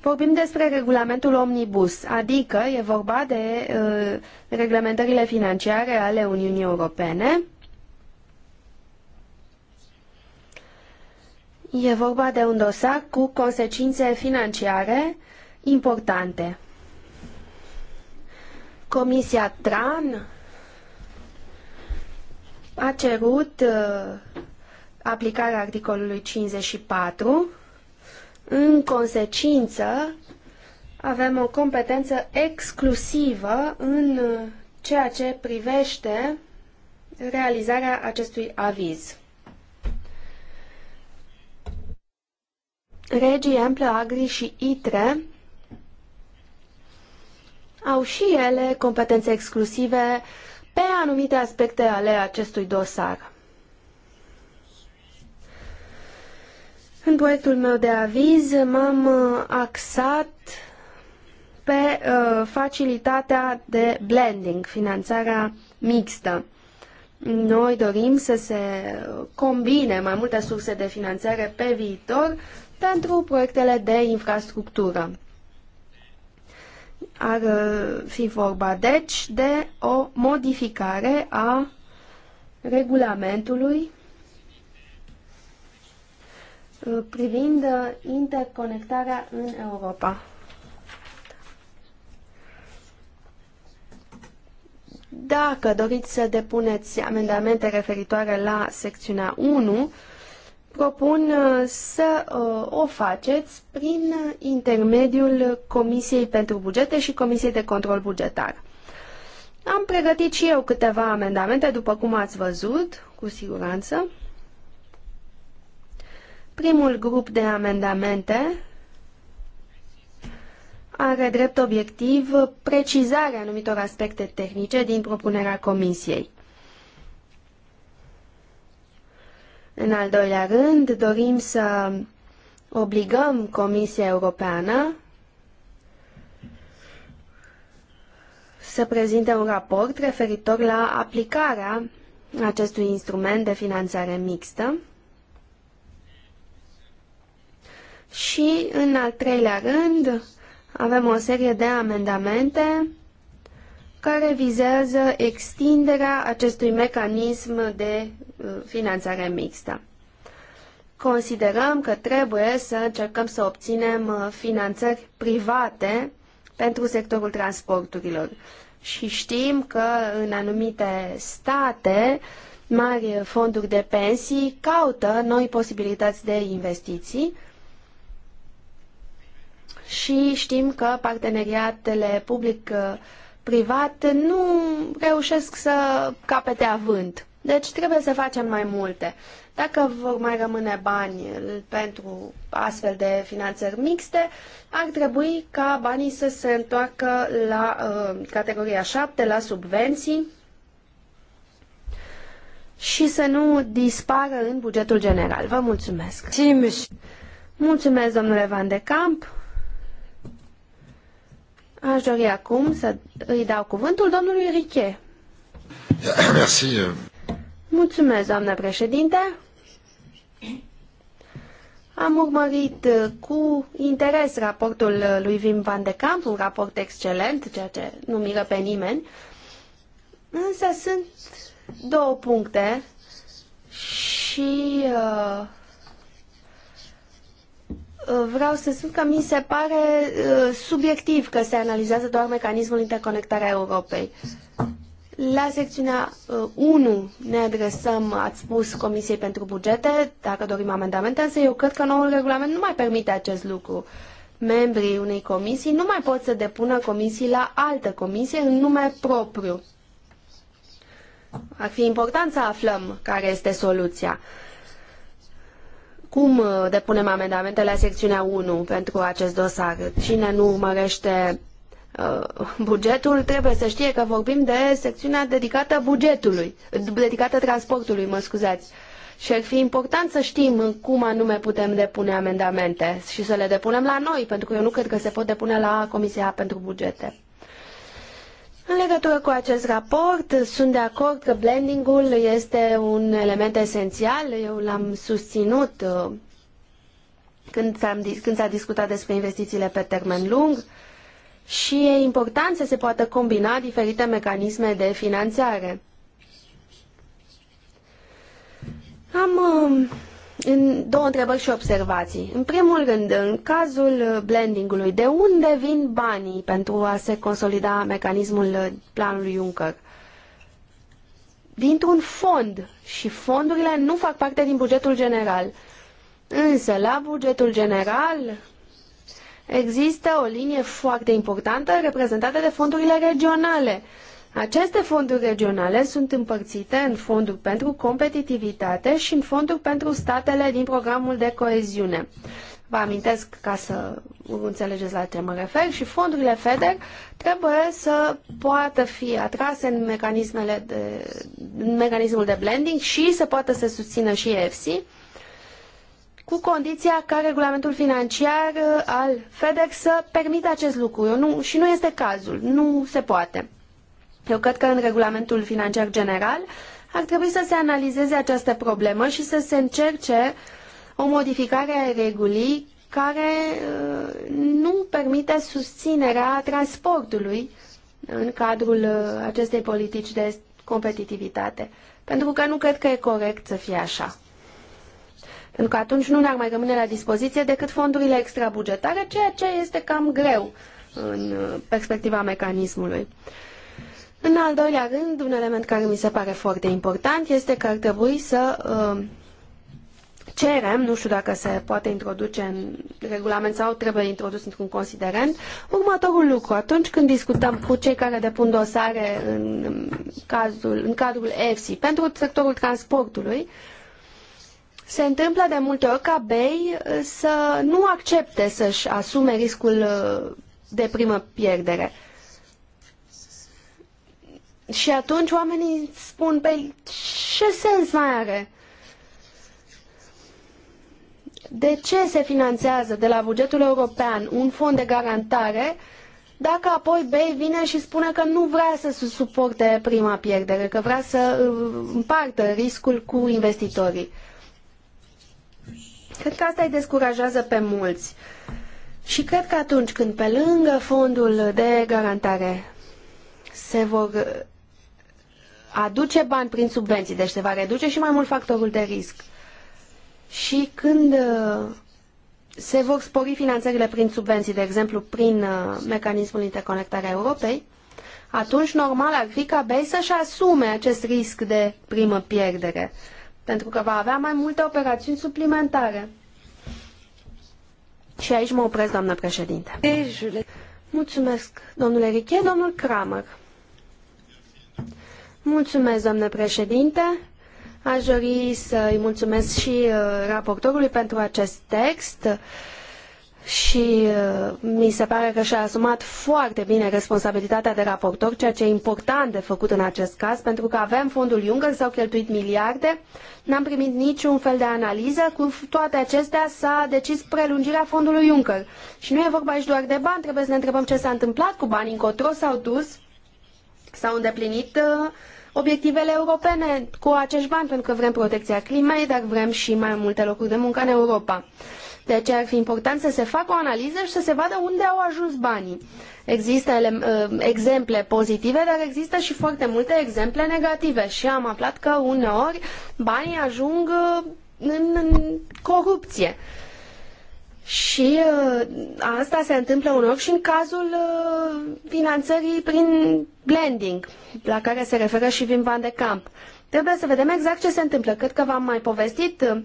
vorbim despre regulamentul omnibus, adică e vorba de reglementările financiare ale Uniunii Europene. E vorba de un dosar cu consecințe financiare importante. Comisia TRAN a cerut uh, aplicarea articolului 54. În consecință, avem o competență exclusivă în uh, ceea ce privește realizarea acestui aviz. Regii Emplă, Agri și ITRE au și ele competențe exclusive uh, pe anumite aspecte ale acestui dosar. În proiectul meu de aviz m-am uh, axat pe uh, facilitatea de blending, finanțarea mixtă. Noi dorim să se combine mai multe surse de finanțare pe viitor pentru proiectele de infrastructură ar uh, fi vorba, deci, de o modificare a regulamentului uh, privind uh, interconectarea în Europa. Dacă doriți să depuneți amendamente referitoare la secțiunea 1, propun uh, să uh, o faceți prin intermediul Comisiei pentru Bugete și Comisiei de Control Bugetar. Am pregătit și eu câteva amendamente, după cum ați văzut, cu siguranță. Primul grup de amendamente are drept obiectiv precizarea anumitor aspecte tehnice din propunerea Comisiei. În al doilea rând, dorim să obligăm Comisia Europeană să prezinte un raport referitor la aplicarea acestui instrument de finanțare mixtă. Și, în al treilea rând, avem o serie de amendamente care vizează extinderea acestui mecanism de uh, finanțare mixtă. Considerăm că trebuie să încercăm să obținem uh, finanțări private pentru sectorul transporturilor. Și știm că în anumite state mari fonduri de pensii caută noi posibilități de investiții și știm că parteneriatele public-private uh, privat nu reușesc să capete avânt. Deci trebuie să facem mai multe. Dacă vor mai rămâne bani pentru astfel de finanțări mixte, ar trebui ca banii să se întoarcă la uh, categoria 7, la subvenții și să nu dispară în bugetul general. Vă mulțumesc! Mulțumesc, domnule Van de Camp! Aș dori acum să îi dau cuvântul domnului Riche. Merci. Mulțumesc, doamnă președinte. Am urmărit cu interes raportul lui Wim van de Camp, un raport excelent, ceea ce nu miră pe nimeni, însă sunt două puncte și uh, vreau să spun că mi se pare uh, subiectiv că se analizează doar mecanismul interconectarea Europei. La secțiunea 1 uh, ne adresăm, ați spus, Comisiei pentru Bugete, dacă dorim amendamente, însă eu cred că noul regulament nu mai permite acest lucru. Membrii unei comisii nu mai pot să depună comisii la altă comisie în nume propriu. Ar fi important să aflăm care este soluția. Uh, cum uh, depunem amendamente la secțiunea 1 pentru acest dosar. Cine nu urmărește uh, bugetul trebuie să știe că vorbim de secțiunea dedicată bugetului, dedicată transportului, mă scuzați. Și ar fi important să știm cum anume putem depune amendamente și să le depunem la noi, pentru că eu nu cred că se pot depune la Comisia pentru Bugete. În legătură cu acest raport, sunt de acord că blendingul este un element esențial. Eu l-am susținut uh, când s-a discutat despre investițiile pe termen lung și e important să se poată combina diferite mecanisme de finanțare. Am uh, în două întrebări și observații. În primul rând, în cazul blendingului, de unde vin banii pentru a se consolida mecanismul planului Juncker? Dintr-un fond și fondurile nu fac parte din bugetul general. Însă, la bugetul general există o linie foarte importantă reprezentată de fondurile regionale. Uh, aceste fonduri regionale sunt împărțite în fonduri pentru competitivitate și în fonduri pentru statele din programul de coeziune. Vă amintesc ca să înțelegeți la ce mă refer și fondurile FEDER trebuie să poată fi atrase în, mecanismele de, în mecanismul de blending și să poată să susțină și EFSI cu condiția ca regulamentul financiar uh, al FEDER să permită acest lucru. nu, și nu este cazul, nu se poate. Eu cred că în regulamentul financiar general ar trebui să se analizeze această problemă și să se încerce o modificare a regulii care uh, nu permite susținerea transportului în cadrul uh, acestei politici de competitivitate. Pentru că nu cred că e corect să fie așa. Pentru că atunci nu ne-ar mai rămâne la dispoziție decât fondurile extrabugetare, ceea ce este cam greu în uh, perspectiva mecanismului. Uh, în al doilea rând, un element care mi se pare foarte important este că ar trebui să uh, cerem, nu știu dacă se poate introduce în regulament sau trebuie introdus într-un considerent, următorul lucru. Atunci când discutăm cu cei care depun dosare în, cazul, în cadrul EFSI pentru sectorul transportului, se întâmplă de multe ori ca BEI uh, să nu accepte să-și asume riscul uh, de primă pierdere. Și atunci oamenii spun, pe păi, ce sens mai are? De ce se finanțează de la bugetul european un fond de garantare dacă apoi BEI vine și spune că nu vrea să suporte prima pierdere, că vrea să uh, împartă riscul cu investitorii? Cred că asta îi descurajează pe mulți. Și cred că atunci când pe lângă fondul de garantare se vor aduce bani prin subvenții, deci se va reduce și mai mult factorul de risc. Și când uh, se vor spori finanțările prin subvenții, de exemplu prin uh, mecanismul interconectarea Europei, atunci normal ar fi ca BEI să-și asume acest risc de primă pierdere, pentru că va avea mai multe operațiuni suplimentare. Și aici mă opresc, doamnă președinte. Mulțumesc, domnule Riche, domnul Kramer. Mulțumesc, doamnă președinte. Aș dori să-i mulțumesc și uh, raportorului pentru acest text și uh, mi se pare că și-a asumat foarte bine responsabilitatea de raportor, ceea ce e important de făcut în acest caz, pentru că avem fondul Juncker, s-au cheltuit miliarde, n-am primit niciun fel de analiză, cu toate acestea s-a decis prelungirea fondului Juncker. Și nu e vorba aici doar de bani, trebuie să ne întrebăm ce s-a întâmplat cu banii, încotro s-au dus, s-au îndeplinit uh, obiectivele europene cu acești bani, pentru că vrem protecția climei, dar vrem și mai multe locuri de muncă în Europa. De aceea ar fi important să se facă o analiză și să se vadă unde au ajuns banii. Există uh, exemple pozitive, dar există și foarte multe exemple negative și am aflat că uneori banii ajung uh, în corupție. Și uh, asta se întâmplă uneori și în cazul uh, finanțării prin blending, la care se referă și Vin Van de Camp. Trebuie să vedem exact ce se întâmplă. Cred că v-am mai povestit uh,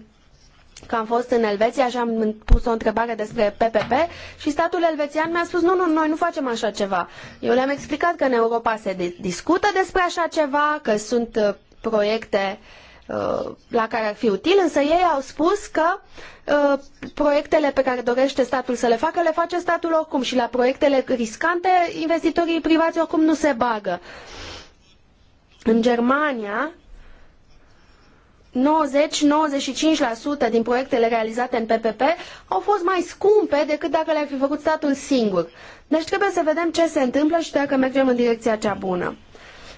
că am fost în Elveția și am pus o întrebare despre PPP și statul elvețian mi-a spus nu, nu, noi nu facem așa ceva. Eu le-am explicat că în Europa se discută despre așa ceva, că sunt uh, proiecte uh, Uh, la care ar fi util, însă ei au spus că uh, proiectele pe care dorește statul să le facă, le face statul oricum și la proiectele riscante investitorii privați oricum nu se bagă. În Germania, 90-95% din proiectele realizate în PPP au fost mai scumpe decât dacă le-ar fi făcut statul singur. Deci trebuie să vedem ce se întâmplă și dacă mergem în direcția cea bună.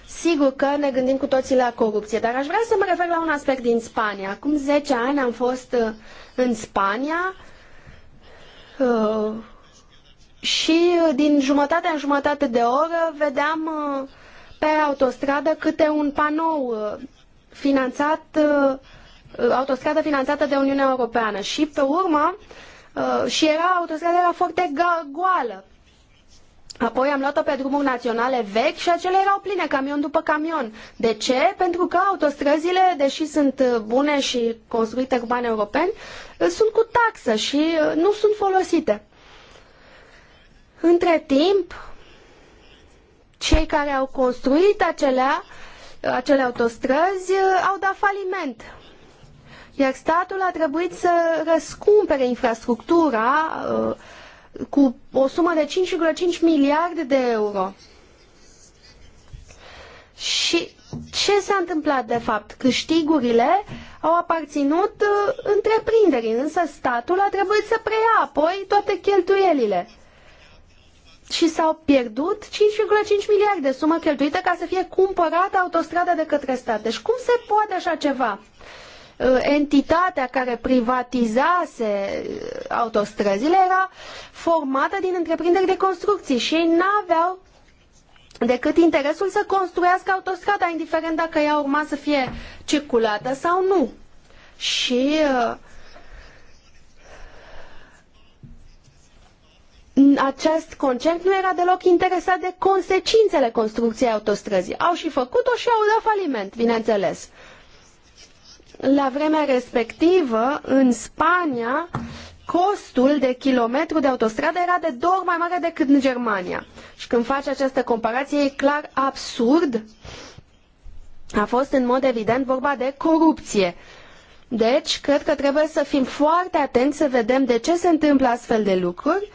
Sigur că ne gândim cu toții la corupție, dar aș vrea să mă refer la un aspect din Spania. Acum 10 ani am fost uh, în Spania uh, și uh, din jumătate în jumătate de oră vedeam pe autostradă câte un panou finanțat, autostradă finanțată de Uniunea Europeană și pe urmă și era autostrada era foarte goală Apoi am luat-o pe drumuri naționale vechi și acele erau pline camion după camion. De ce? Pentru că autostrăzile, deși sunt uh, bune și construite cu bani europeni, uh, sunt cu taxă și uh, nu sunt folosite. Între timp, cei care au construit acelea, acele autostrăzi au dat faliment. Iar statul a trebuit să răscumpere infrastructura uh, cu o sumă de 5,5 miliarde de euro. Și ce s-a întâmplat de fapt? Câștigurile au aparținut uh, întreprinderii, însă statul a trebuit să preia apoi toate cheltuielile. Și s-au pierdut 5,5 miliarde, de sumă cheltuită ca să fie cumpărată autostrada de către stat. Deci cum se poate așa ceva? Uh, entitatea care privatizase uh, autostrăzile era formată din întreprinderi de construcții și ei n-aveau decât interesul să construiască autostrada, indiferent dacă ea urma să fie circulată sau nu. Și uh, acest concert nu era deloc interesat de consecințele construcției autostrăzii. Au și făcut-o și au dat faliment, bineînțeles. Uh, la vremea respectivă, în Spania, costul de kilometru de autostradă era de două ori mai mare decât în Germania. Și când faci această comparație, e clar absurd. A fost în mod evident vorba de corupție. Deci, cred că trebuie să fim foarte atenți să vedem de ce se întâmplă astfel de lucruri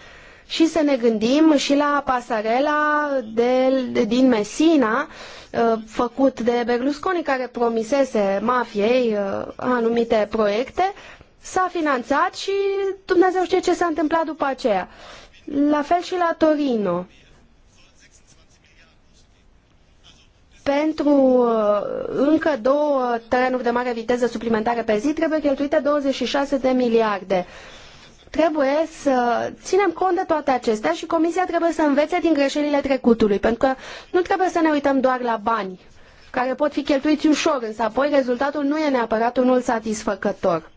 și să ne gândim și la pasarela de, de, din Messina, uh, Uh, făcut de Berlusconi, care promisese mafiei uh, anumite proiecte, s-a finanțat și Dumnezeu știe ce s-a întâmplat după aceea. La fel și la Torino. Pentru uh, încă două trenuri de mare viteză suplimentare pe zi trebuie cheltuite 26 de miliarde. Uh, Trebuie să ținem cont de toate acestea și Comisia trebuie să învețe din greșelile trecutului, pentru că nu trebuie să ne uităm doar la bani, care pot fi cheltuiți ușor, însă apoi rezultatul nu e neapărat unul satisfăcător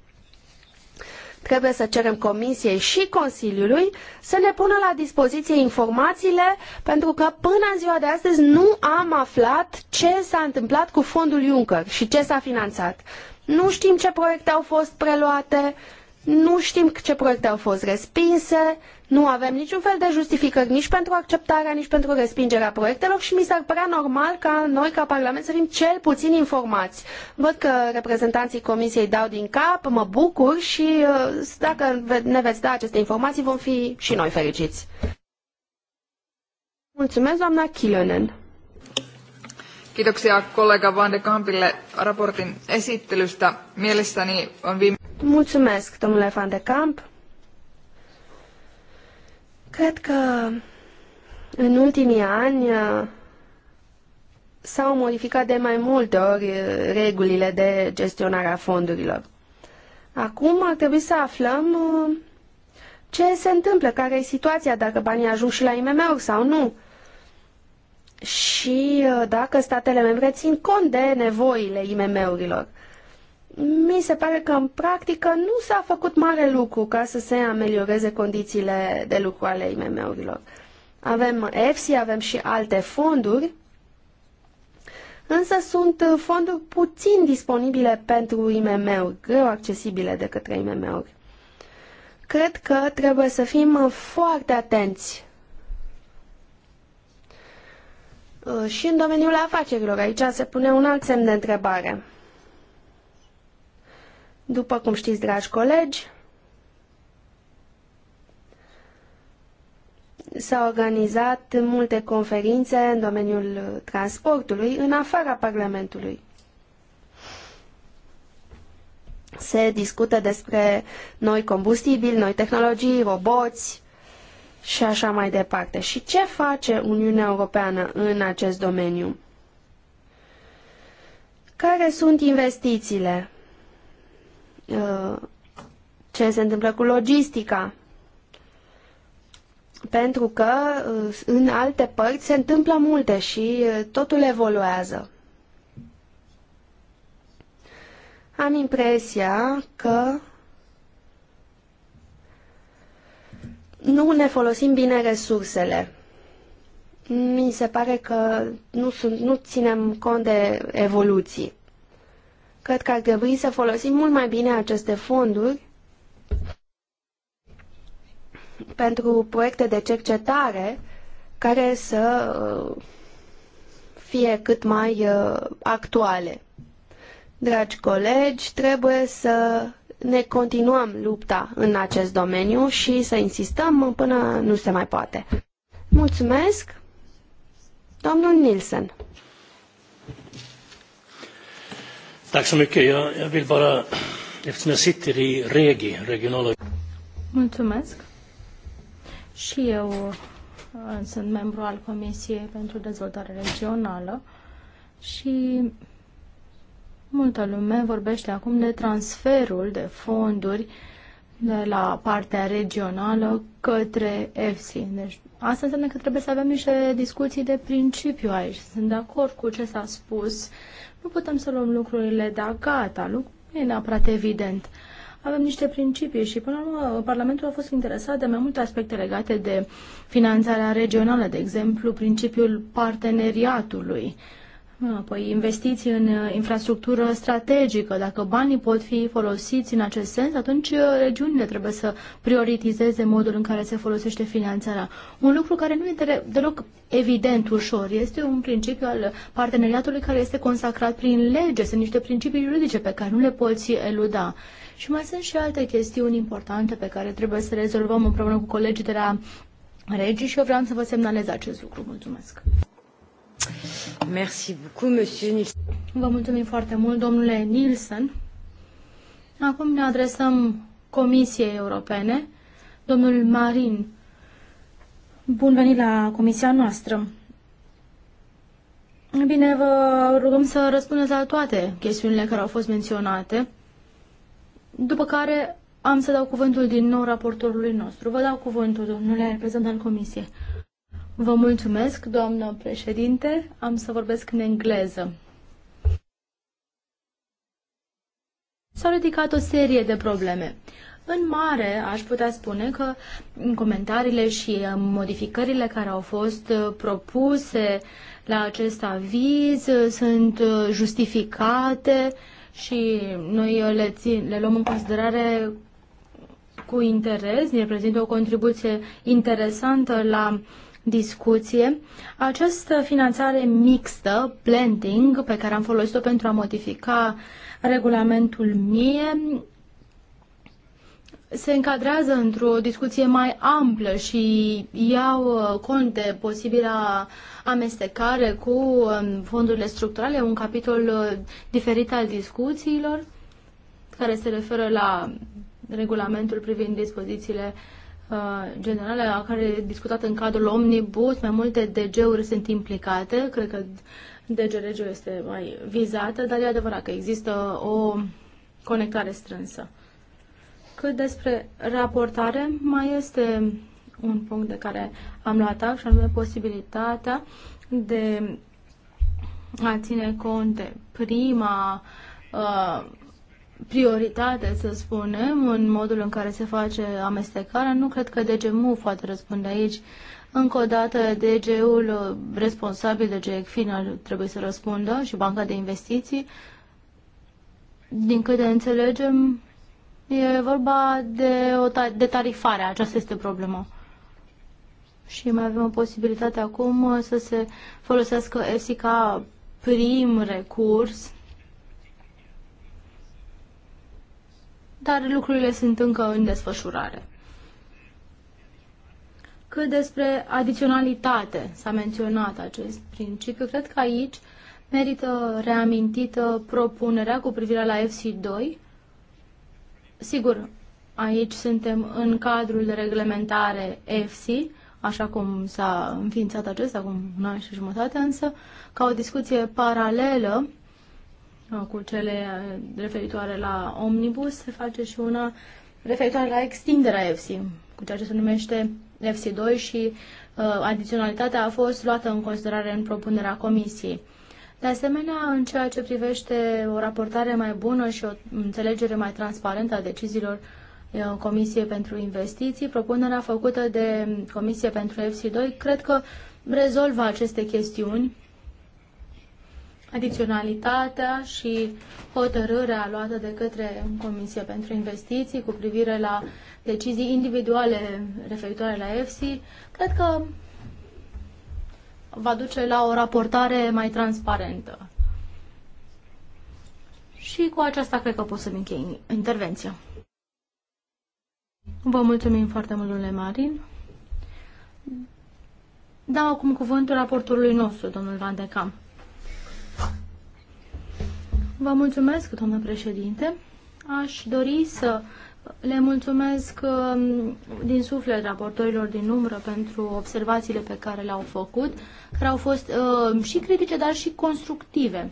trebuie să cerem Comisiei și Consiliului să ne pună la dispoziție informațiile, pentru că până în ziua de astăzi nu am aflat ce s-a întâmplat cu fondul Juncker și ce s-a finanțat. Nu știm ce proiecte au fost preluate, nu știm ce proiecte au fost respinse, nu avem niciun fel de justificări nici pentru acceptarea, nici pentru respingerea proiectelor și mi s-ar părea normal ca noi, ca Parlament, să fim cel puțin informați. Văd că reprezentanții Comisiei dau din cap, mă bucur și uh, dacă ne veți da aceste informații, vom fi și noi fericiți. Mulțumesc, doamna Kilonen. Kiitoksia kollega Van de Kampille raportin esittelystä. Mielestäni on viime... Mulțumesc, domnule Van de Camp. Cred că în ultimii ani uh, s-au modificat de mai multe ori uh, regulile de gestionare a fondurilor. Acum ar trebui să aflăm uh, ce se întâmplă, care e situația, dacă banii ajung și la IMM-uri sau nu și uh, dacă statele membre țin cont de nevoile IMM-urilor. Mi se pare că în practică nu s-a făcut mare lucru ca să se amelioreze condițiile de lucru ale IMM-urilor. Avem EFSI, avem și alte fonduri, însă sunt uh, fonduri puțin disponibile pentru IMM-uri, greu accesibile de către IMM-uri. Cred că trebuie să fim uh, foarte atenți Uh, și în domeniul afacerilor. Aici se pune un alt semn de întrebare. După cum știți, dragi colegi, s-au organizat multe conferințe în domeniul transportului în afara Parlamentului. Se discută despre noi combustibili, noi tehnologii, roboți, și așa mai departe. Și ce face Uniunea Europeană în acest domeniu? Care sunt investițiile? Uh, ce se întâmplă cu logistica? Pentru că uh, în alte părți se întâmplă multe și uh, totul evoluează. Am impresia că nu ne folosim bine resursele. Mi se pare că nu, sunt, nu ținem cont de evoluții. Cred că ar trebui să folosim mult mai bine aceste fonduri pentru proiecte de cercetare care să uh, fie cât mai uh, actuale. Dragi colegi, trebuie să ne continuăm lupta în acest domeniu și să insistăm până nu se mai poate. Mulțumesc, domnul Nilsen. Mulțumesc. Și eu uh, sunt membru al Comisiei pentru Dezvoltare Regională și Multă lume vorbește acum de transferul de fonduri de la partea regională către EFSI. Deci asta înseamnă că trebuie să avem niște discuții de principiu aici. Sunt de acord cu ce s-a spus. Nu putem să luăm lucrurile de gata. Lucru nu e neapărat evident. Avem niște principii și, până la urmă, Parlamentul a fost interesat de mai multe aspecte legate de finanțarea regională, de exemplu, principiul parteneriatului Ah, păi investiții în uh, infrastructură strategică. Dacă banii pot fi folosiți în acest sens, atunci uh, regiunile trebuie să prioritizeze modul în care se folosește finanțarea. Un lucru care nu este deloc evident ușor. Este un principiu al parteneriatului care este consacrat prin lege. Sunt niște principii juridice pe care nu le poți eluda. Și mai sunt și alte chestiuni importante pe care trebuie să rezolvăm împreună cu colegii de la Regii și eu vreau să vă semnalez acest lucru. Mulțumesc! Merci beaucoup, monsieur Nielsen. Vă mulțumim foarte mult, domnule Nielsen. Acum ne adresăm Comisiei Europene. Domnul Marin, bun venit la comisia noastră. Bine, vă rugăm să răspundeți la toate chestiunile care au fost menționate, după care am să dau cuvântul din nou raportorului nostru. Vă dau cuvântul, domnule reprezentant al comisiei. Vă mulțumesc, doamnă președinte. Am să vorbesc în engleză. S-au ridicat o serie de probleme. În mare, aș putea spune că comentariile și uh, modificările care au fost uh, propuse la acest aviz uh, sunt justificate și noi le, țin, le luăm în considerare cu interes, ne reprezintă o contribuție interesantă la discuție. Această finanțare mixtă, blending, pe care am folosit-o pentru a modifica regulamentul mie, se încadrează într-o discuție mai amplă și iau uh, cont de posibila amestecare cu um, fondurile structurale, un capitol uh, diferit al discuțiilor care se referă la regulamentul privind dispozițiile Uh, generale, a care e discutat în cadrul Omnibus, mai multe DG-uri sunt implicate, cred că DG Regio este mai vizată, dar e adevărat că există o conectare strânsă. Cât despre raportare, mai este un punct de care am luat act și anume posibilitatea de a ține cont de prima uh, prioritate, să spunem, în modul în care se face amestecarea. Nu cred că DGMU poate răspunde aici. Încă o dată, DG-ul uh, responsabil de final trebuie să răspundă și Banca de Investiții. Din câte înțelegem, e vorba de, o ta- de tarifare. Aceasta este problema. Și mai avem o posibilitate acum uh, să se folosească ESI ca prim recurs dar lucrurile sunt încă în desfășurare. Cât despre adiționalitate, s-a menționat acest principiu, cred că aici merită reamintită propunerea cu privire la FC2. Sigur, aici suntem în cadrul de reglementare FC, așa cum s-a înființat acesta acum un an și jumătate, însă ca o discuție paralelă Ah, cu cele eh, referitoare la omnibus, se face și una referitoare la extinderea EFSI, cu ceea ce se numește EFSI2 și uh, adiționalitatea a fost luată în considerare în propunerea comisiei. De asemenea, în ceea ce privește o raportare mai bună și o înțelegere mai transparentă a deciziilor eh, Comisiei pentru Investiții, propunerea făcută de Comisie pentru EFSI2 cred că rezolvă aceste chestiuni adiționalitatea și hotărârea luată de către Comisia pentru Investiții cu privire la decizii individuale referitoare la EFSI, cred că va duce la o raportare mai transparentă. Și cu aceasta cred că pot să-mi închei intervenția. Vă mulțumim foarte mult, domnule Marin. Dau acum cuvântul raportorului nostru, domnul Van de Camp. Vă mulțumesc, doamnă președinte. Aș dori să le mulțumesc um, din suflet raportorilor din umbră pentru observațiile pe care le-au făcut, care au fost uh, și critice, dar și constructive.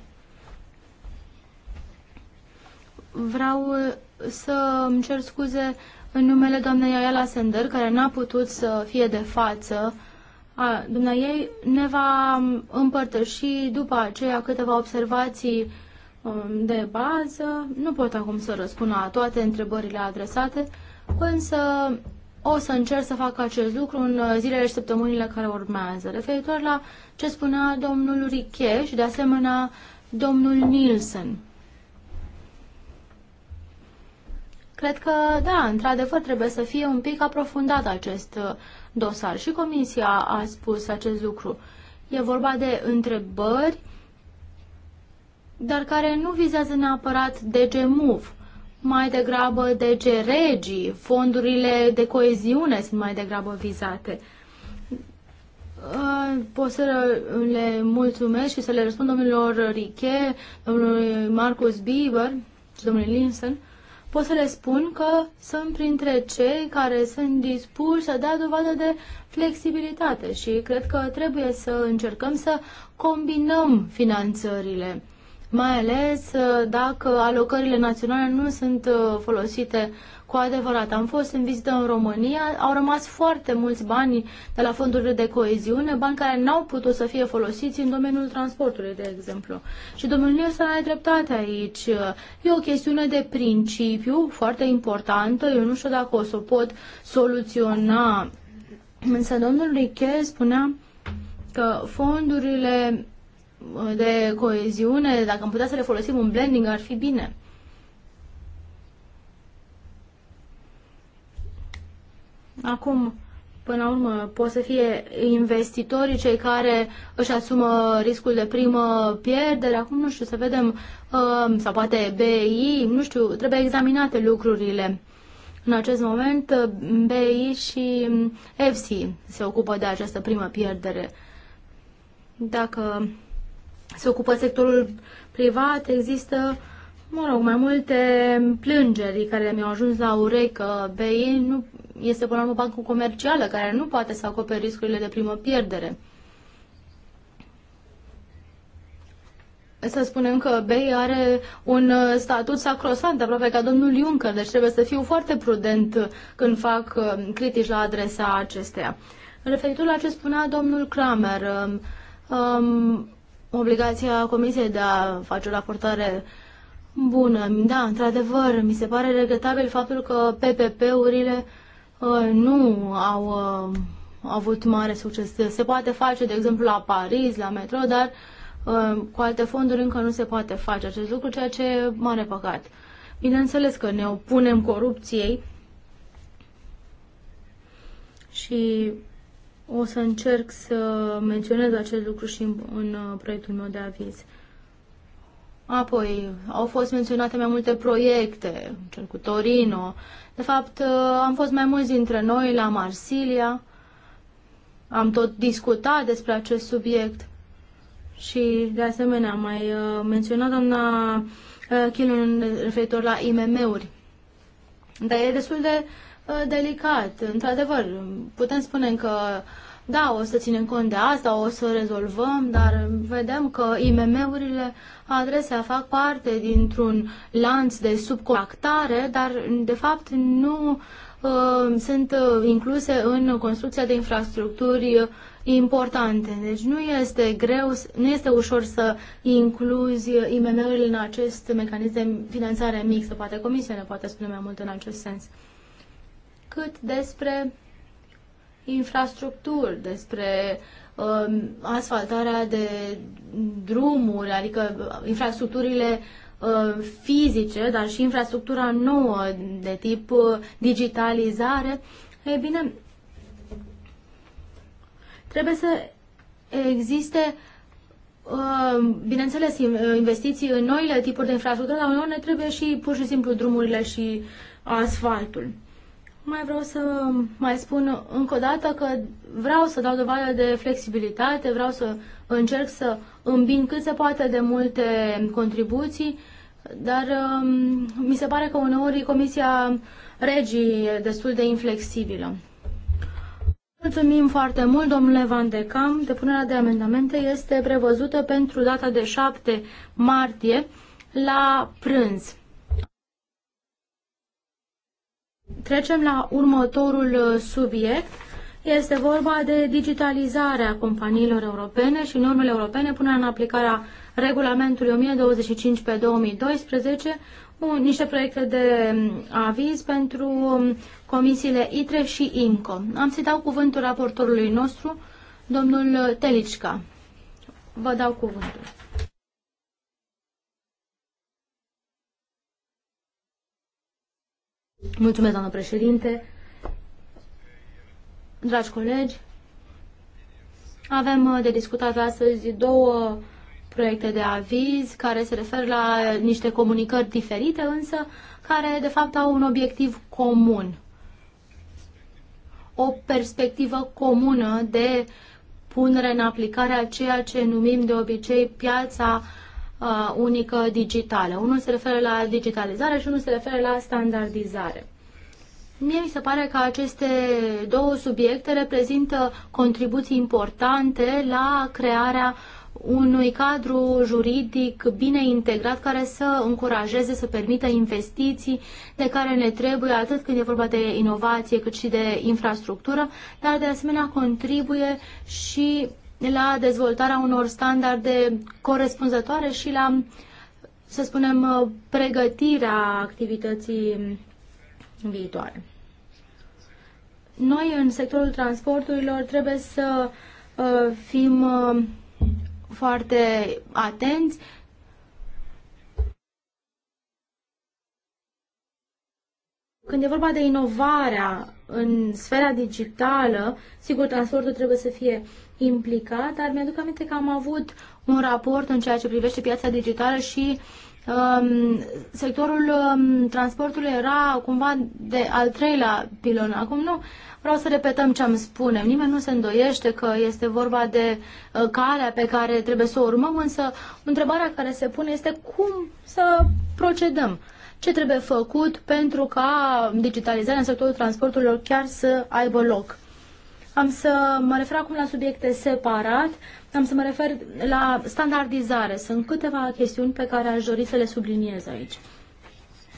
Vreau uh, să îmi cer scuze în numele doamnei Ayala Sender, care n-a putut să fie de față. A, ei ne va um, împărtăși după aceea câteva observații Um, de bază. Nu pot acum să răspund la toate întrebările adresate, însă o să încerc să fac acest lucru în uh, zilele și săptămânile care urmează. Referitor la ce spunea domnul Riche și de asemenea domnul Nielsen. Cred că, da, într-adevăr, trebuie să fie un pic aprofundat acest uh, dosar. Și Comisia a spus acest lucru. E vorba de întrebări dar care nu vizează neapărat DG Move. Mai degrabă DG regi, fondurile de coeziune sunt mai degrabă vizate. Uh, pot să le mulțumesc și să le răspund domnilor Riche, domnului Marcus Bieber și domnului Linsen. Pot să le spun că sunt printre cei care sunt dispuși să dea dovadă de flexibilitate și cred că trebuie să încercăm să combinăm finanțările mai ales uh, dacă alocările naționale nu sunt uh, folosite cu adevărat. Am fost în vizită în România, au rămas foarte mulți bani de la fondurile de coeziune, bani care n-au putut să fie folosiți în domeniul transportului, de exemplu. Și domnul Nielsen are dreptate aici. E o chestiune de principiu foarte importantă, eu nu știu dacă o să o pot soluționa. Însă domnul Riche spunea că fondurile de coeziune, dacă am putea să le folosim un blending, ar fi bine. Acum, până la urmă, pot să fie investitorii cei care își asumă riscul de primă pierdere. Acum, nu știu, să vedem, uh, sau poate BI, nu știu, trebuie examinate lucrurile. În acest moment, uh, BI și EFSI uh, se ocupă de această primă pierdere. Dacă se ocupă sectorul privat, există mă rog, mai multe plângeri care mi-au ajuns la urechi că BI nu este până la urmă bancă comercială care nu poate să acopere riscurile de primă pierdere. Să spunem că BEI are un uh, statut sacrosant, aproape ca domnul Juncker, deci trebuie să fiu foarte prudent când fac uh, critici la adresa acesteia. Referitor la ce spunea domnul Kramer, um, um obligația Comisiei de a face o raportare bună. Da, într-adevăr, mi se pare regretabil faptul că PPP-urile uh, nu au uh, avut mare succes. Se poate face, de exemplu, la Paris, la metro, dar uh, cu alte fonduri încă nu se poate face acest lucru, ceea ce e mare păcat. Bineînțeles că ne opunem corupției și o să încerc să menționez acest lucru și în, în uh, proiectul meu de aviz. Apoi, au fost menționate mai multe proiecte, cel cu Torino. De fapt, uh, am fost mai mulți dintre noi la Marsilia. Am tot discutat despre acest subiect. Și, de asemenea, am mai uh, menționat doamna Chilun referitor la IMM-uri. Dar e destul de uh, Uh, delicat. Într-adevăr, putem spune că da, o să ținem cont de asta, o să rezolvăm, dar vedem că IMM-urile adresea fac parte dintr-un lanț de subcontractare, dar de fapt nu uh, sunt uh, incluse în construcția de infrastructuri importante. Deci nu este greu, nu este ușor să incluzi IMM-urile în acest mecanism de finanțare mixtă. Poate Comisia ne poate spune mai mult în acest sens cât despre infrastructuri, despre uh, asfaltarea de drumuri, adică infrastructurile uh, fizice, dar și infrastructura nouă de tip uh, digitalizare, e bine, trebuie să existe um, bineînțeles, uh, investiții în noile tipuri de infrastructură, dar în ne trebuie și pur și simplu drumurile și asfaltul. Mai vreau să mai spun încă o dată că vreau să dau dovadă de flexibilitate, vreau să încerc să îmbin cât se poate de multe contribuții, dar um, mi se pare că uneori Comisia Regii e destul de inflexibilă. Mulțumim foarte mult, domnule Van de Cam. Depunerea de amendamente este prevăzută pentru data de 7 martie la prânz. Trecem la următorul uh, subiect. Este vorba de digitalizarea companiilor europene și normele europene până în aplicarea regulamentului 1025 pe 2012, un, niște proiecte de um, aviz pentru um, comisiile ITRE și INCO. Am să dau cuvântul raportorului nostru, domnul Telicica. Vă dau cuvântul. Mulțumesc, doamnă președinte. Dragi colegi, avem de discutat astăzi două proiecte de aviz care se referă la niște comunicări diferite, însă care de fapt au un obiectiv comun. O perspectivă comună de punere în aplicare a ceea ce numim de obicei piața uh, unică digitală. Unul se referă la digitalizare și unul se referă la standardizare. Mie mi se pare că aceste două subiecte reprezintă contribuții importante la crearea unui cadru juridic bine integrat care să încurajeze, să permită investiții de care ne trebuie atât când e vorba de inovație cât și de infrastructură, dar de asemenea contribuie și la dezvoltarea unor standarde corespunzătoare și la, să spunem, pregătirea activității viitoare. Noi, în sectorul transporturilor, trebuie să uh, fim uh, foarte atenți Când e vorba de inovarea în sfera digitală, sigur, transportul trebuie să fie implicat, dar mi-aduc aminte că am avut un raport în ceea ce privește piața digitală și um, sectorul um, transportului era cumva de al treilea pilon. Acum nu vreau să repetăm ce am spune. Nimeni nu se îndoiește că este vorba de uh, calea pe care trebuie să o urmăm, însă întrebarea care se pune este cum să procedăm ce trebuie făcut pentru ca digitalizarea în sectorul transporturilor chiar să aibă loc. Am să mă refer acum la subiecte separat, am să mă refer la standardizare. Sunt câteva chestiuni pe care aș dori să le subliniez aici.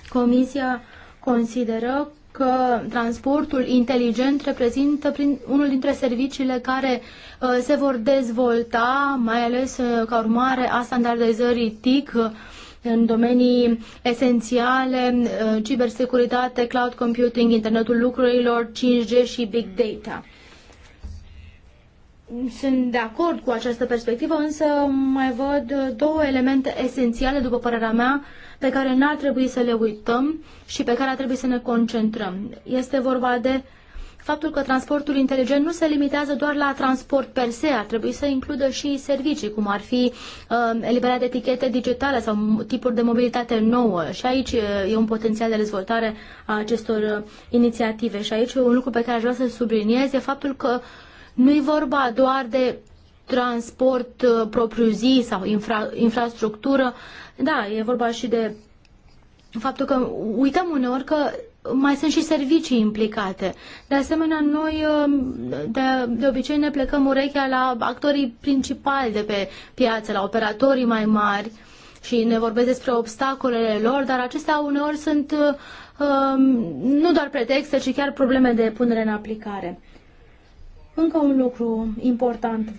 Comisia consideră că transportul inteligent reprezintă prin unul dintre serviciile care uh, se vor dezvolta, mai ales uh, ca urmare a standardizării TIC uh, în domenii esențiale, uh, cibersecuritate, cloud computing, internetul lucrurilor, 5G și big data. Sunt de acord cu această perspectivă, însă mai văd două elemente esențiale, după părerea mea, pe care n-ar trebui să le uităm și pe care ar trebui să ne concentrăm. Este vorba de faptul că transportul inteligent nu se limitează doar la transport per se, ar trebui să includă și servicii, cum ar fi uh, eliberarea de etichete digitale sau tipuri de mobilitate nouă. Și aici uh, e un potențial de dezvoltare a acestor uh, inițiative. Și aici un lucru pe care aș vrea să subliniez e faptul că uh, nu e vorba doar de transport uh, propriu-zis sau infra, infrastructură, da, e vorba și de faptul că uităm uneori că mai sunt și servicii implicate. De asemenea, noi uh, de, de obicei ne plecăm urechea la actorii principali de pe piață, la operatorii mai mari și ne vorbesc despre obstacolele lor, dar acestea uneori sunt uh, um, nu doar pretexte, ci chiar probleme de punere în aplicare. Încă un lucru important.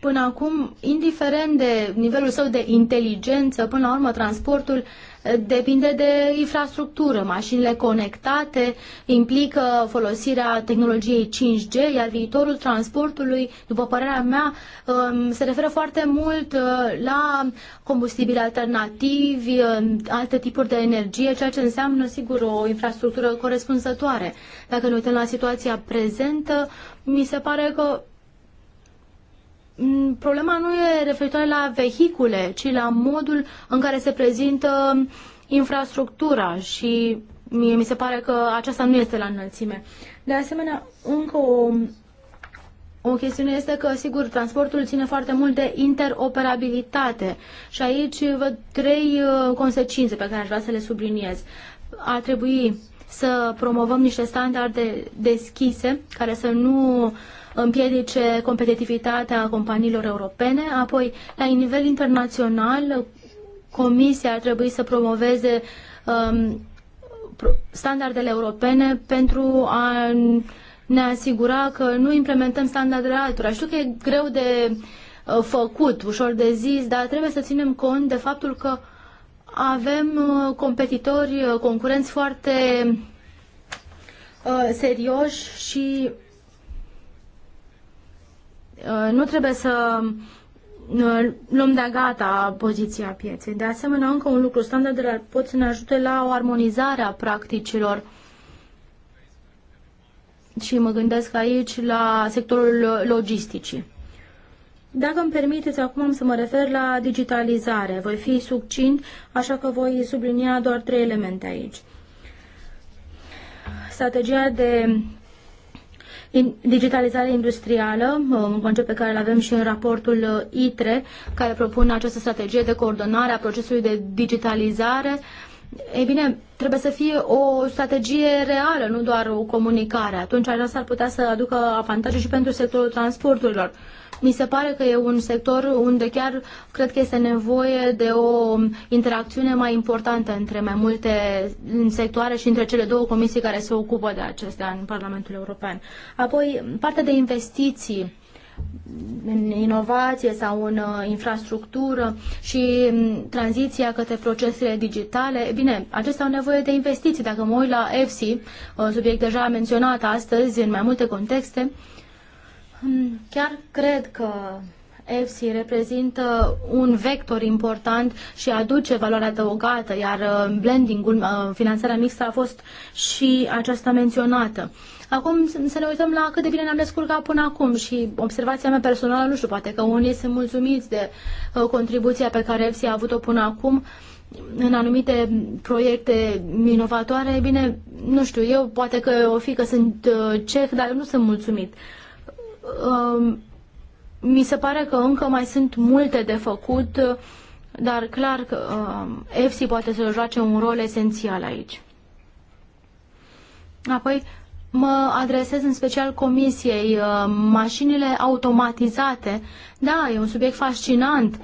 Până acum, indiferent de nivelul său de inteligență, până la urmă transportul depinde de infrastructură. Mașinile conectate implică folosirea tehnologiei 5G, iar viitorul transportului, după părerea mea, um, se referă foarte mult uh, la combustibili alternativi, um, alte tipuri de energie, ceea ce înseamnă, sigur, o infrastructură corespunzătoare. Dacă ne uităm la situația prezentă, mi se pare că Mm, problema nu e referitoare la vehicule, ci la modul în care se prezintă infrastructura și mie mi se pare că aceasta nu este la înălțime. De asemenea, încă o, o chestiune este că, sigur, transportul ține foarte mult de interoperabilitate și aici văd trei uh, consecințe pe care aș vrea să le subliniez. A trebui să promovăm niște standarde deschise care să nu uh, împiedice competitivitatea companiilor europene, apoi la nivel internațional Comisia ar trebui să promoveze um, standardele europene pentru a ne asigura că nu implementăm standardele altora. Știu că e greu de uh, făcut, ușor de zis, dar trebuie să ținem cont de faptul că avem uh, competitori, uh, concurenți foarte uh, serioși și Uh, nu trebuie să uh, luăm de gata poziția pieței. De asemenea, încă un lucru, standardele pot să ne ajute la o armonizare a practicilor și mă gândesc aici la sectorul logisticii. Dacă îmi permiteți, acum am să mă refer la digitalizare. Voi fi succint, așa că voi sublinia doar trei elemente aici. Strategia de digitalizare industrială, um, un concept pe care îl avem și în raportul uh, ITRE, care propune această strategie de coordonare a procesului de digitalizare. Ei bine, trebuie să fie o strategie reală, nu doar o comunicare. Atunci aceasta ar putea să aducă avantaje și pentru sectorul transporturilor. Mi se pare că e un sector unde chiar cred că este nevoie de o interacțiune mai importantă între mai multe sectoare și între cele două comisii care se ocupă de acestea în Parlamentul European. Apoi, partea de investiții în inovație sau în uh, infrastructură și mm, tranziția către procesele digitale. E bine, acestea au nevoie de investiții. Dacă mă uit la EFSI, uh, subiect deja menționat astăzi în mai multe contexte, Hmm, chiar cred că EFSI reprezintă un vector important și aduce valoare adăugată, iar uh, blending-ul, uh, finanțarea mixtă a fost și aceasta menționată. Acum să ne uităm la cât de bine ne-am descurcat până acum și observația mea personală, nu știu, poate că unii sunt mulțumiți de uh, contribuția pe care EFSI a avut-o până acum în anumite proiecte inovatoare, bine, nu știu, eu poate că o fi că sunt ceh, dar eu nu sunt mulțumit um, mi se pare că încă mai sunt multe de făcut, dar clar că um, EFSI poate să joace un rol esențial aici. Apoi, mă adresez în special comisiei, uh, mașinile automatizate. Da, e un subiect fascinant.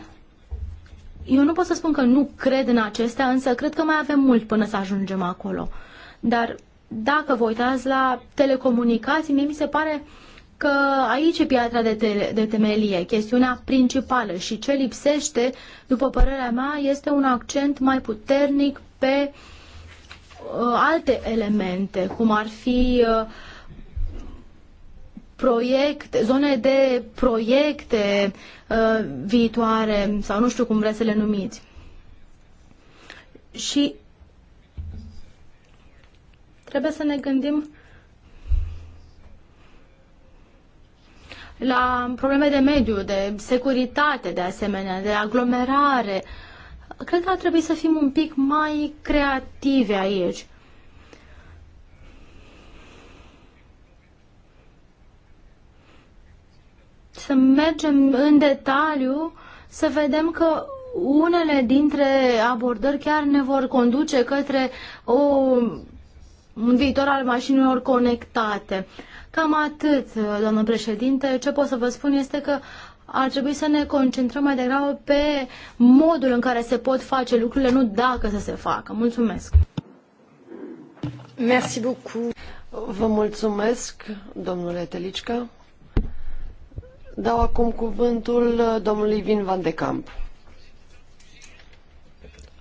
Eu nu pot să spun că nu cred în acestea, însă cred că mai avem mult până să ajungem acolo. Dar dacă vă uitați la telecomunicații, mie mi se pare uh, că aici e piatra de, te- de temelie, chestiunea principală și ce lipsește, după părerea mea, este un accent mai puternic pe uh, alte elemente, cum ar fi uh, proiecte, zone de proiecte uh, viitoare sau nu știu cum vreți să le numiți. Și trebuie să ne gândim la probleme de mediu, de securitate, de asemenea, de aglomerare. Cred că ar trebui să fim un pic mai creative aici. Să mergem în detaliu, să vedem că unele dintre abordări chiar ne vor conduce către o, un viitor al mașinilor conectate. Cam atât, doamnă președinte. Ce pot să vă spun este că ar trebui să ne concentrăm mai degrabă pe modul în care se pot face lucrurile, nu dacă să se facă. Mulțumesc! Merci beaucoup. Vă mulțumesc, domnule Telicica. Dau acum cuvântul domnului Vin Van de Camp.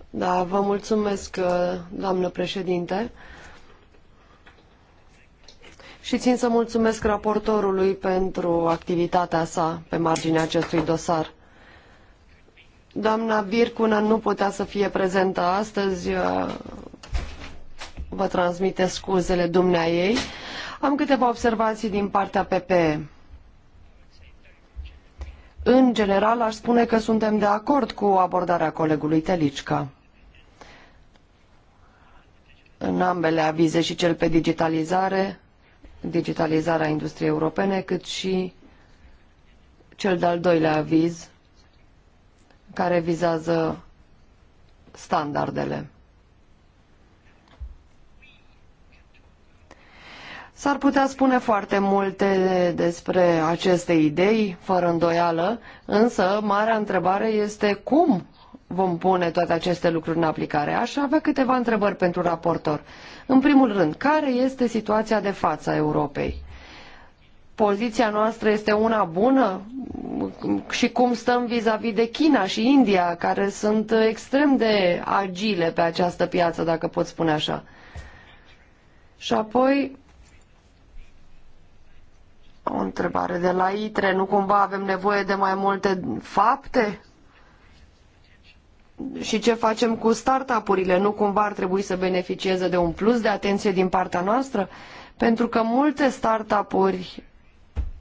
Da, vă mulțumesc, doamnă președinte și țin să mulțumesc raportorului pentru activitatea sa pe marginea acestui dosar. Doamna Vircună nu putea să fie prezentă astăzi, uh, vă transmite scuzele dumnea ei. Am câteva observații din partea PPE. În general, aș spune că suntem de acord cu abordarea colegului Telicca. În ambele avize și cel pe digitalizare, digitalizarea industriei europene, cât și cel de-al doilea aviz care vizează standardele. S-ar putea spune foarte multe despre aceste idei, fără îndoială, însă marea întrebare este cum vom pune toate aceste lucruri în aplicare. Aș avea câteva întrebări pentru raportor. În primul rând, care este situația de față a Europei? Poziția noastră este una bună și cum stăm vis-a-vis -vis de China și India, care sunt extrem de agile pe această piață, dacă pot spune așa. Și apoi, o întrebare de la ITRE. Nu cumva avem nevoie de mai multe fapte? și ce facem cu startup-urile? Nu cumva ar trebui să beneficieze de un plus de atenție din partea noastră? Pentru că multe startup-uri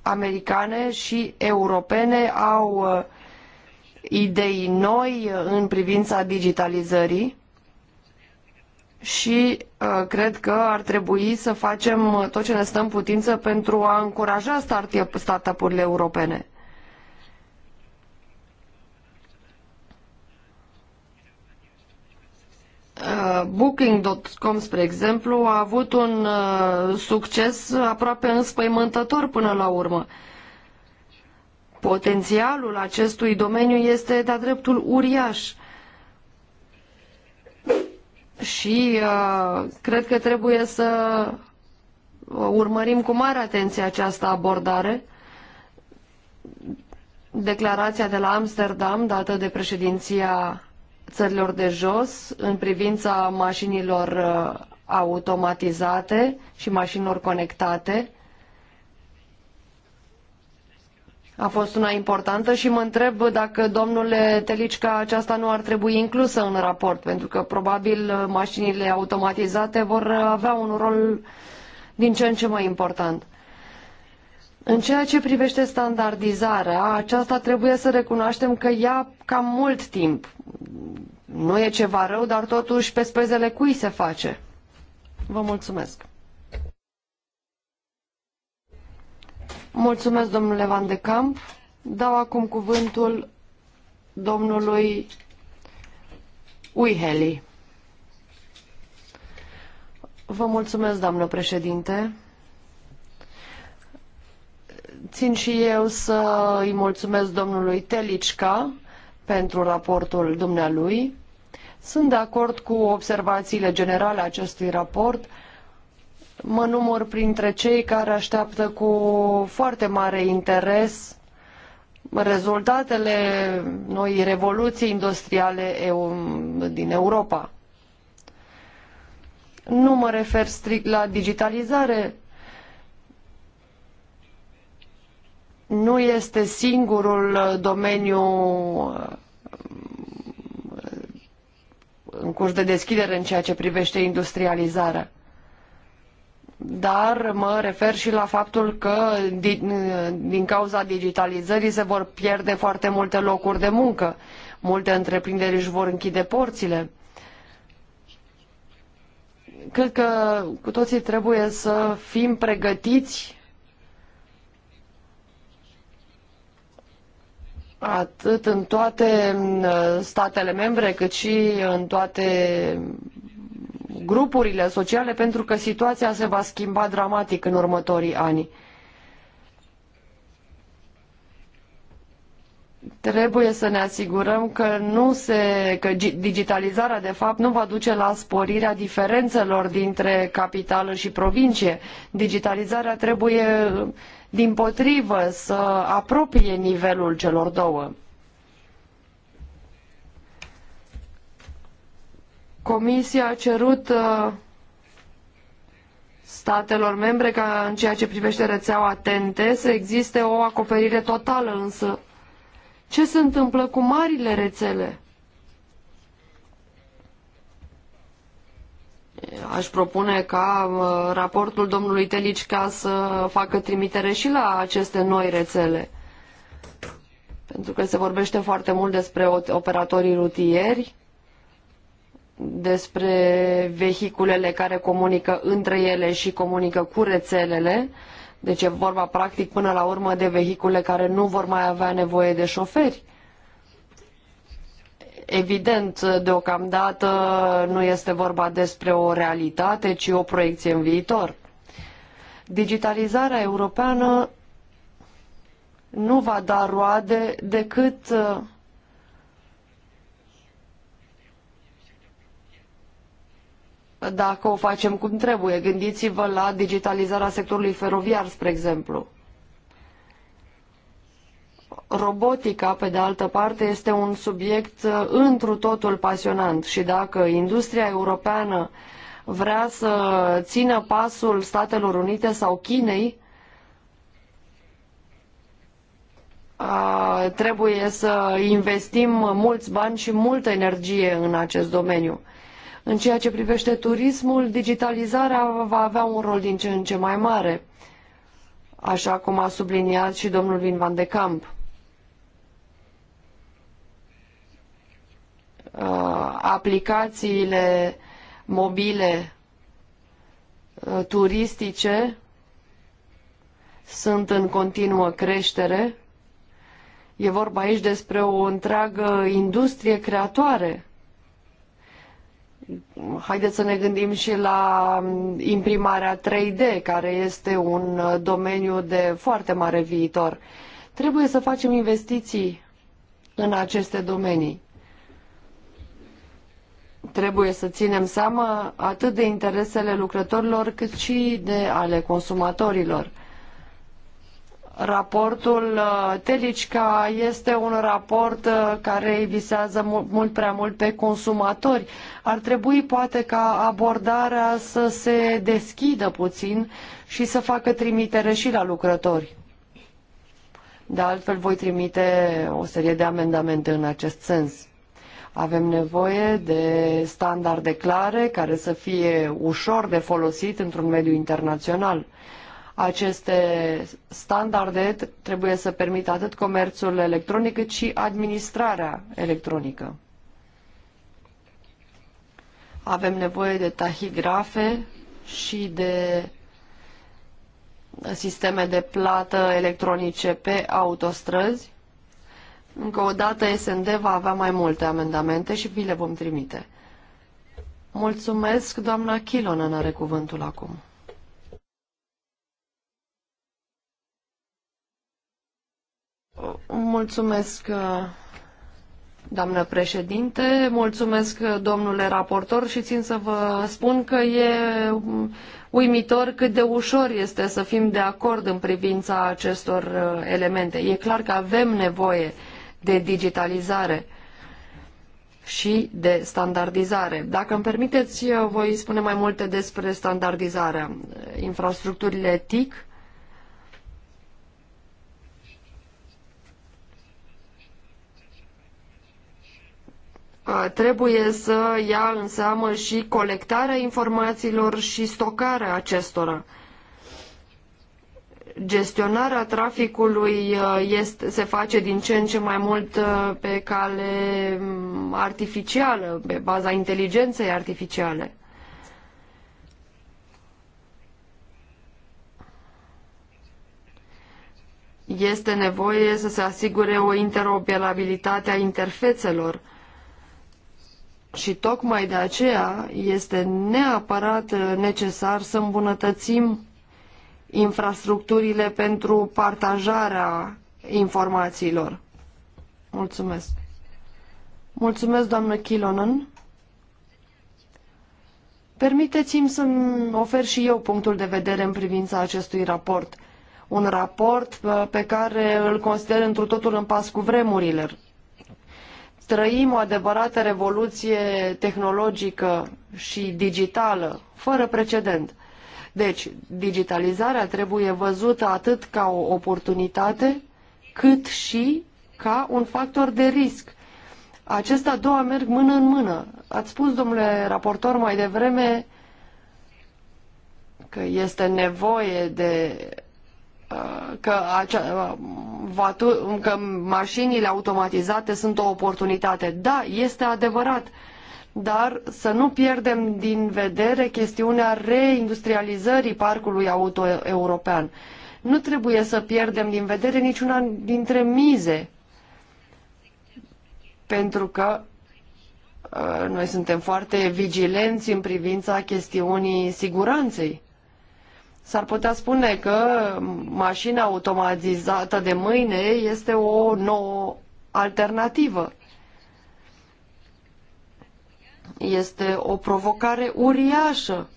americane și europene au uh, idei noi uh, în privința digitalizării și uh, cred că ar trebui să facem tot ce ne stă în putință pentru a încuraja startup-urile europene. Uh, Booking.com, spre exemplu, a avut un uh, succes aproape înspăimântător până la urmă. Potențialul acestui domeniu este de-a dreptul uriaș. Și uh, cred că trebuie să urmărim cu mare atenție această abordare. Declarația de la Amsterdam, dată de președinția țărilor de jos în privința mașinilor uh, automatizate și mașinilor conectate a fost una importantă și mă întreb dacă, domnule Telicca, aceasta nu ar trebui inclusă în raport, pentru că probabil mașinile automatizate vor avea un rol din ce în ce mai important. În ceea ce privește standardizarea, aceasta trebuie să recunoaștem că ia cam mult timp. Nu e ceva rău, dar totuși pe spezele cui se face? Vă mulțumesc. Mulțumesc, domnule Van de Camp. Dau acum cuvântul domnului Uiheli. Vă mulțumesc, doamnă președinte. Țin și eu să îi mulțumesc domnului Telicca pentru raportul dumnealui. Sunt de acord cu observațiile generale acestui raport. Mă număr printre cei care așteaptă cu foarte mare interes rezultatele noii revoluții industriale din Europa. Nu mă refer strict la digitalizare, nu este singurul domeniu uh, în curs de deschidere în ceea ce privește industrializarea. Dar mă refer și la faptul că din, din cauza digitalizării se vor pierde foarte multe locuri de muncă. Multe întreprinderi își vor închide porțile. Cred că cu toții trebuie să fim pregătiți atât în toate uh, statele membre, cât și în toate grupurile sociale, pentru că situația se va schimba dramatic în următorii ani. Trebuie să ne asigurăm că, nu se, că digitalizarea, de fapt, nu va duce la sporirea diferențelor dintre capitală și provincie. Digitalizarea trebuie din potrivă să apropie nivelul celor două. Comisia a cerut uh, statelor membre ca în ceea ce privește rețeaua TNT să existe o acoperire totală însă. Ce se întâmplă cu marile rețele? Aș propune ca uh, raportul domnului Telicca să facă trimitere și la aceste noi rețele. Pentru că se vorbește foarte mult despre operatorii rutieri, despre vehiculele care comunică între ele și comunică cu rețelele. Deci e vorba practic până la urmă de vehicule care nu vor mai avea nevoie de șoferi. Evident, deocamdată nu este vorba despre o realitate, ci o proiecție în viitor. Digitalizarea europeană nu va da roade decât dacă o facem cum trebuie. Gândiți-vă la digitalizarea sectorului feroviar, spre exemplu robotica, pe de altă parte, este un subiect uh, întru totul pasionant și dacă industria europeană vrea să țină pasul Statelor Unite sau Chinei, uh, trebuie să investim mulți bani și multă energie în acest domeniu. În ceea ce privește turismul, digitalizarea va avea un rol din ce în ce mai mare, așa cum a subliniat și domnul Vin van de Camp. Uh, aplicațiile mobile uh, turistice sunt în continuă creștere. E vorba aici despre o întreagă industrie creatoare. Haideți să ne gândim și la um, imprimarea 3D, care este un uh, domeniu de foarte mare viitor. Trebuie să facem investiții în aceste domenii trebuie să ținem seama atât de interesele lucrătorilor cât și de ale consumatorilor. Raportul uh, Telicca este un raport uh, care visează mult prea mult pe consumatori. Ar trebui poate ca abordarea să se deschidă puțin și să facă trimitere și la lucrători. De altfel voi trimite o serie de amendamente în acest sens. Avem nevoie de standarde clare care să fie ușor de folosit într-un mediu internațional. Aceste standarde trebuie să permită atât comerțul electronic cât și administrarea electronică. Avem nevoie de tahigrafe și de sisteme de plată electronice pe autostrăzi încă o dată, SND va avea mai multe amendamente și vi le vom trimite. Mulțumesc, doamna Chilonen are cuvântul acum. Mulțumesc, doamnă președinte, mulțumesc, domnule raportor, și țin să vă spun că e uimitor cât de ușor este să fim de acord în privința acestor uh, elemente. E clar că avem nevoie uh, de digitalizare și de standardizare. Dacă îmi permiteți, eu voi spune mai multe despre standardizarea. Infrastructurile TIC trebuie să ia în seamă și colectarea informațiilor și stocarea acestora gestionarea traficului uh, este, se face din ce în ce mai mult uh, pe cale mm, artificială, pe baza inteligenței artificiale. Este nevoie să se asigure o interoperabilitate a interfețelor. Și tocmai de aceea este neapărat uh, necesar să îmbunătățim infrastructurile pentru partajarea informațiilor. Mulțumesc. Mulțumesc, doamnă Kilonen. Permiteți-mi să-mi ofer și eu punctul de vedere în privința acestui raport. Un raport uh, pe care îl consider într totul în pas cu vremurile. Trăim o adevărată revoluție tehnologică și digitală, fără precedent. Deci, digitalizarea trebuie văzută atât ca o oportunitate, cât și ca un factor de risc. Acestea două merg mână în mână. Ați spus, domnule raportor, mai devreme că este nevoie de uh, că, acea, uh, vatu, că mașinile automatizate sunt o oportunitate. Da, este adevărat dar să nu pierdem din vedere chestiunea reindustrializării parcului auto european. Nu trebuie să pierdem din vedere niciuna dintre mize, pentru că uh, noi suntem foarte vigilenți în privința chestiunii siguranței. S-ar putea spune că mașina automatizată de mâine este o nouă alternativă. Este o provocare uriașă.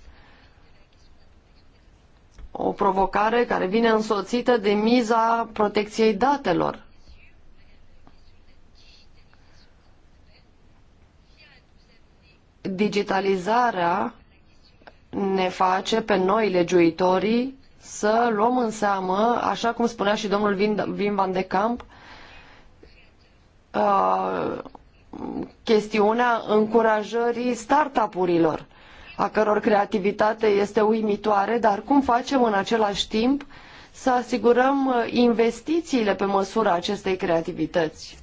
O provocare care vine însoțită de miza protecției datelor. Digitalizarea ne face pe noi legiuitorii să luăm în seamă, așa cum spunea și domnul Vin, Vin Van de Camp, uh, chestiunea încurajării startup-urilor, a căror creativitate este uimitoare, dar cum facem în același timp să asigurăm uh, investițiile pe măsura acestei creativități?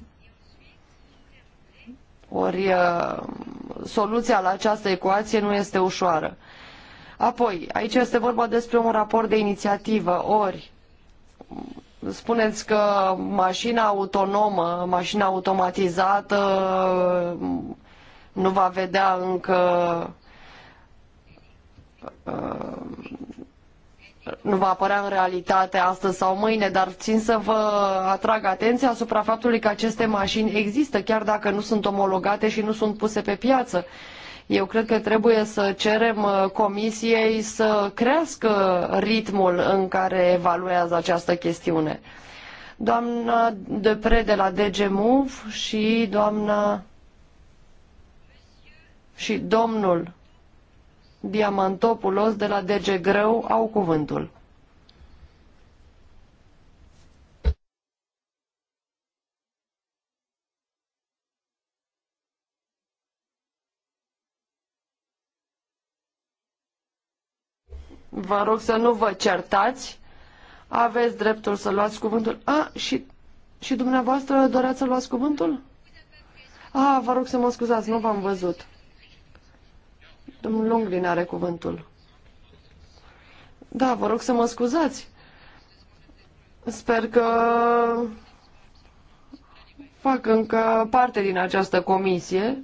Ori uh, soluția la această ecuație nu este ușoară. Apoi, aici este vorba despre un raport de inițiativă, ori spuneți că mașina autonomă, mașina automatizată nu va vedea încă uh, nu va apărea în realitate astăzi sau mâine, dar țin să vă atrag atenția asupra faptului că aceste mașini există, chiar dacă nu sunt omologate și nu sunt puse pe piață. Eu cred că trebuie să cerem uh, comisiei să crească ritmul în care evaluează această chestiune. Doamna Depre de la DG Move și doamna și domnul Diamantopoulos de la DG Greu au cuvântul. Vă rog să nu vă certați. Aveți dreptul să luați cuvântul. A, și, și dumneavoastră doreați să luați cuvântul? A, vă rog să mă scuzați, nu v-am văzut. Domnul Lunglin are cuvântul. Da, vă rog să mă scuzați. Sper că fac încă parte din această comisie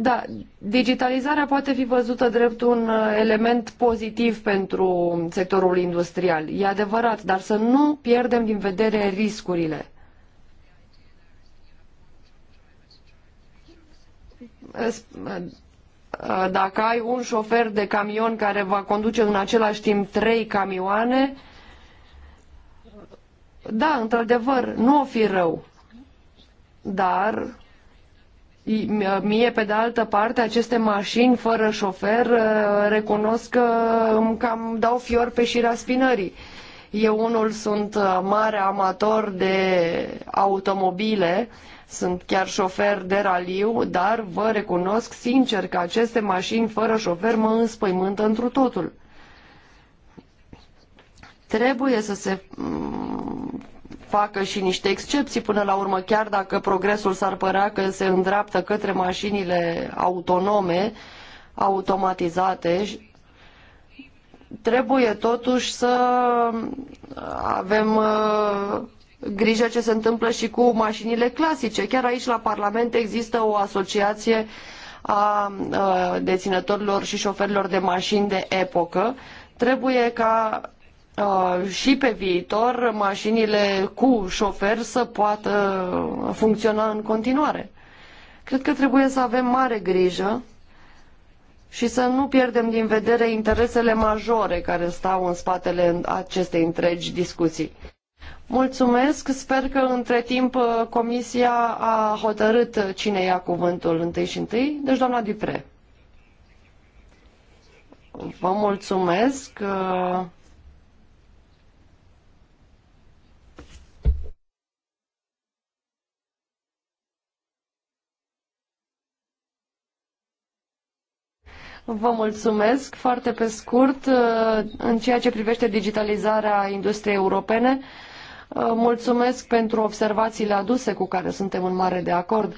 da, digitalizarea poate fi văzută drept un uh, element pozitiv pentru sectorul industrial. E adevărat, dar să nu pierdem din vedere riscurile. Uh, uh, dacă ai un șofer de camion care va conduce în același timp trei camioane, da, într-adevăr, nu o fi rău, dar Uh, mie, pe de altă parte, aceste mașini fără șofer uh, recunosc că îmi cam dau fior pe șira spinării. Eu unul sunt uh, mare amator de automobile, sunt chiar șofer de raliu, dar vă recunosc sincer că aceste mașini fără șofer mă înspăimântă întru totul. Trebuie să se facă și niște excepții până la urmă, chiar dacă progresul s-ar părea că se îndreaptă către mașinile autonome, automatizate, trebuie totuși să avem uh, grijă ce se întâmplă și cu mașinile clasice. Chiar aici la Parlament există o asociație a uh, deținătorilor și șoferilor de mașini de epocă. Trebuie ca Uh, și pe viitor mașinile cu șofer să poată funcționa în continuare. Cred că trebuie să avem mare grijă și să nu pierdem din vedere interesele majore care stau în spatele acestei întregi discuții. Mulțumesc, sper că între timp uh, Comisia a hotărât cine ia cuvântul întâi și întâi, deci doamna Dupre. Vă mulțumesc. Uh, Vă mulțumesc foarte pe scurt uh, în ceea ce privește digitalizarea industriei europene. Uh, mulțumesc pentru observațiile aduse cu care suntem în mare de acord.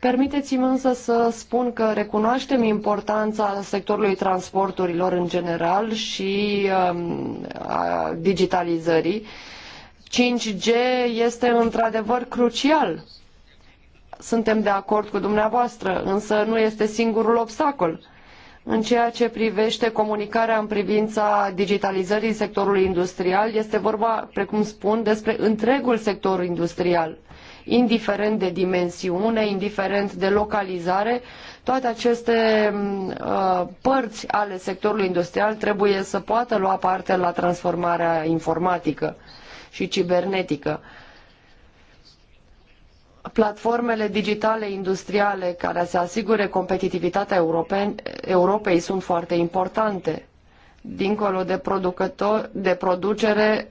Permiteți-mi însă să spun că recunoaștem importanța sectorului transporturilor în general și um, a digitalizării. 5G este într-adevăr crucial. Suntem de acord cu dumneavoastră, însă nu este singurul obstacol în ceea ce privește comunicarea în privința digitalizării sectorului industrial, este vorba, precum spun, despre întregul sector industrial. Indiferent de dimensiune, indiferent de localizare, toate aceste mm, uh, părți ale sectorului industrial trebuie să poată lua parte la transformarea informatică și cibernetică. Uh, Platformele digitale industriale care să asigure competitivitatea Europei, Europei sunt foarte importante. Dincolo de, producător, de producere,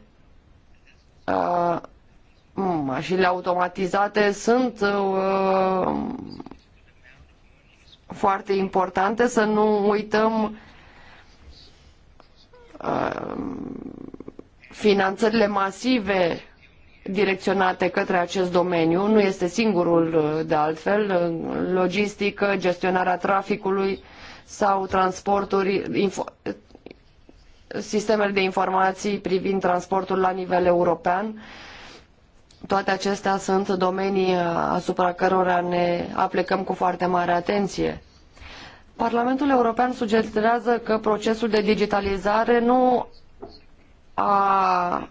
mașinile automatizate sunt foarte importante, să nu uităm uh, finanțările masive direcționate către acest domeniu. Nu este singurul, uh, de altfel, uh, logistică, gestionarea traficului sau transporturi, info, sistemele de informații privind transportul la nivel european. Toate acestea sunt domenii uh, asupra cărora ne aplecăm cu foarte mare atenție. Parlamentul European sugerează că procesul de digitalizare nu a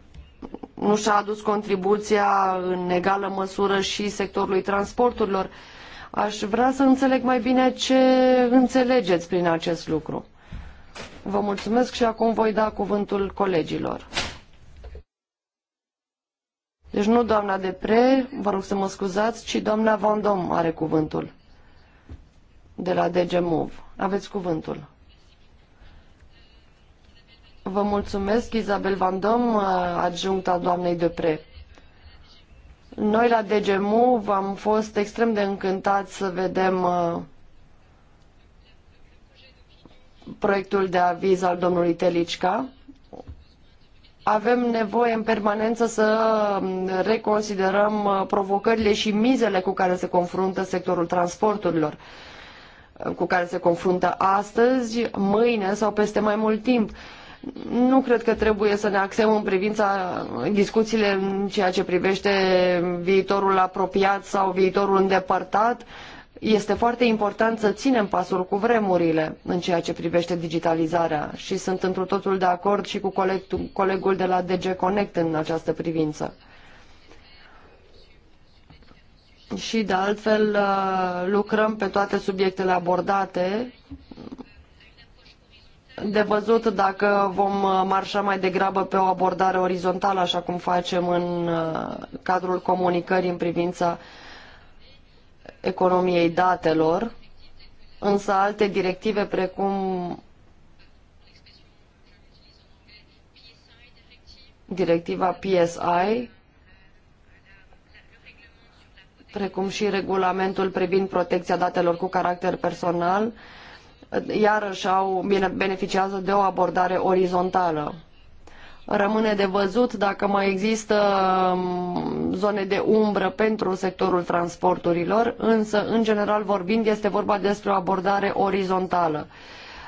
nu și-a adus contribuția în egală măsură și sectorului transporturilor. Aș vrea să înțeleg mai bine ce înțelegeți prin acest lucru. Vă mulțumesc și acum voi da cuvântul colegilor. Deci nu doamna Depre, vă rog să mă scuzați, ci doamna Vandom are cuvântul de la DG Move. Aveți cuvântul. Vă mulțumesc, Isabel Van Dom, uh, adjuncta doamnei Depre. Noi la DGMU am fost extrem de încântați să vedem uh, proiectul de aviz al domnului Telicca. Avem nevoie în permanență să um, reconsiderăm uh, provocările și mizele cu care se confruntă sectorul transporturilor cu care se confruntă astăzi, mâine sau peste mai mult timp. Nu cred că trebuie să ne axăm în privința discuțiile în ceea ce privește viitorul apropiat sau viitorul îndepărtat. Este foarte important să ținem pasul cu vremurile în ceea ce privește digitalizarea și sunt întru totul de acord și cu colegul de la DG Connect în această privință. Și de altfel uh, lucrăm pe toate subiectele abordate de văzut dacă vom uh, marșa mai degrabă pe o abordare orizontală, așa cum facem în uh, cadrul comunicării în privința economiei datelor, însă alte directive precum directiva PSI, precum și regulamentul privind protecția datelor cu caracter personal, iarăși au, beneficiază de o abordare orizontală. Rămâne de văzut dacă mai există um, zone de umbră pentru sectorul transporturilor, însă, în general vorbind, este vorba despre o abordare orizontală.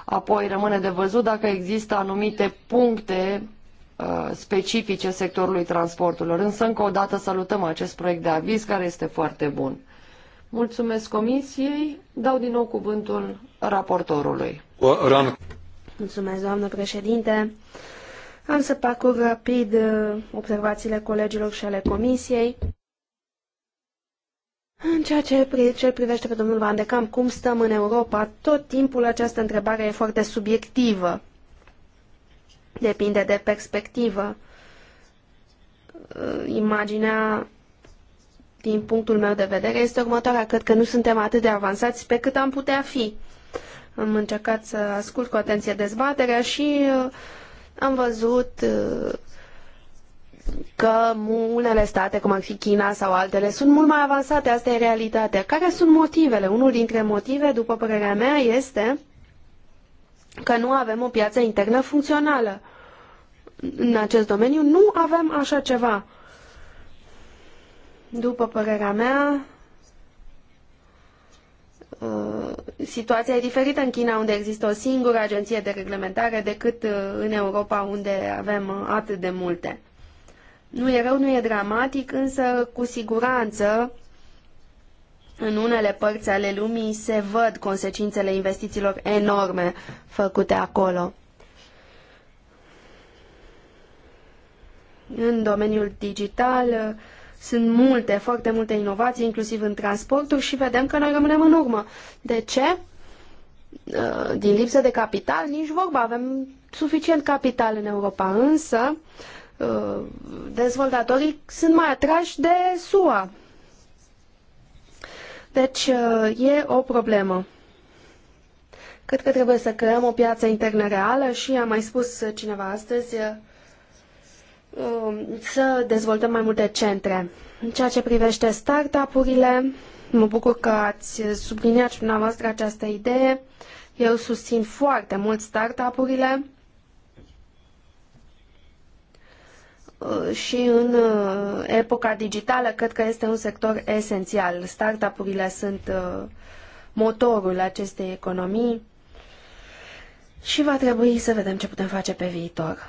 Apoi rămâne de văzut dacă există anumite puncte uh, specifice sectorului transporturilor. Însă, încă o dată, salutăm acest proiect de aviz care este foarte bun. Mulțumesc Comisiei. Dau din nou cuvântul raportorului. Ron. Mulțumesc, doamnă președinte. Am să parcurg rapid uh, observațiile colegilor și ale comisiei. În ceea ce cel privește pe domnul Van de Camp, cum stăm în Europa, tot timpul această întrebare e foarte subiectivă. Depinde de perspectivă. Uh, imaginea, din punctul meu de vedere, este următoarea. Cred că nu suntem atât de avansați pe cât am putea fi. Am încercat să ascult cu atenție dezbaterea și uh, am văzut uh, că unele state, cum ar fi China sau altele, sunt mult mai avansate. Asta e realitatea. Care sunt motivele? Unul dintre motive, după părerea mea, este că nu avem o piață internă funcțională. În acest domeniu nu avem așa ceva. După părerea mea, Uh, situația e diferită în China, unde există o singură agenție de reglementare, decât uh, în Europa, unde avem uh, atât de multe. Nu e rău, nu e dramatic, însă cu siguranță în unele părți ale lumii se văd consecințele investițiilor enorme făcute acolo. În domeniul digital, sunt multe, foarte multe inovații, inclusiv în transporturi și vedem că noi rămânem în urmă. De ce? Uh, din lipsă de capital, nici vorba. Avem suficient capital în Europa, însă uh, dezvoltatorii sunt mai atrași de SUA. Deci uh, e o problemă. Cred că trebuie să creăm o piață internă reală și, am mai spus cineva astăzi, Um, să dezvoltăm mai multe centre. În ceea ce privește startup-urile, mă bucur că ați subliniat și dumneavoastră această idee. Eu susțin foarte mult startup-urile uh, și în uh, epoca digitală cred că este un sector esențial. Startup-urile sunt uh, motorul acestei economii și va trebui să vedem ce putem face pe viitor.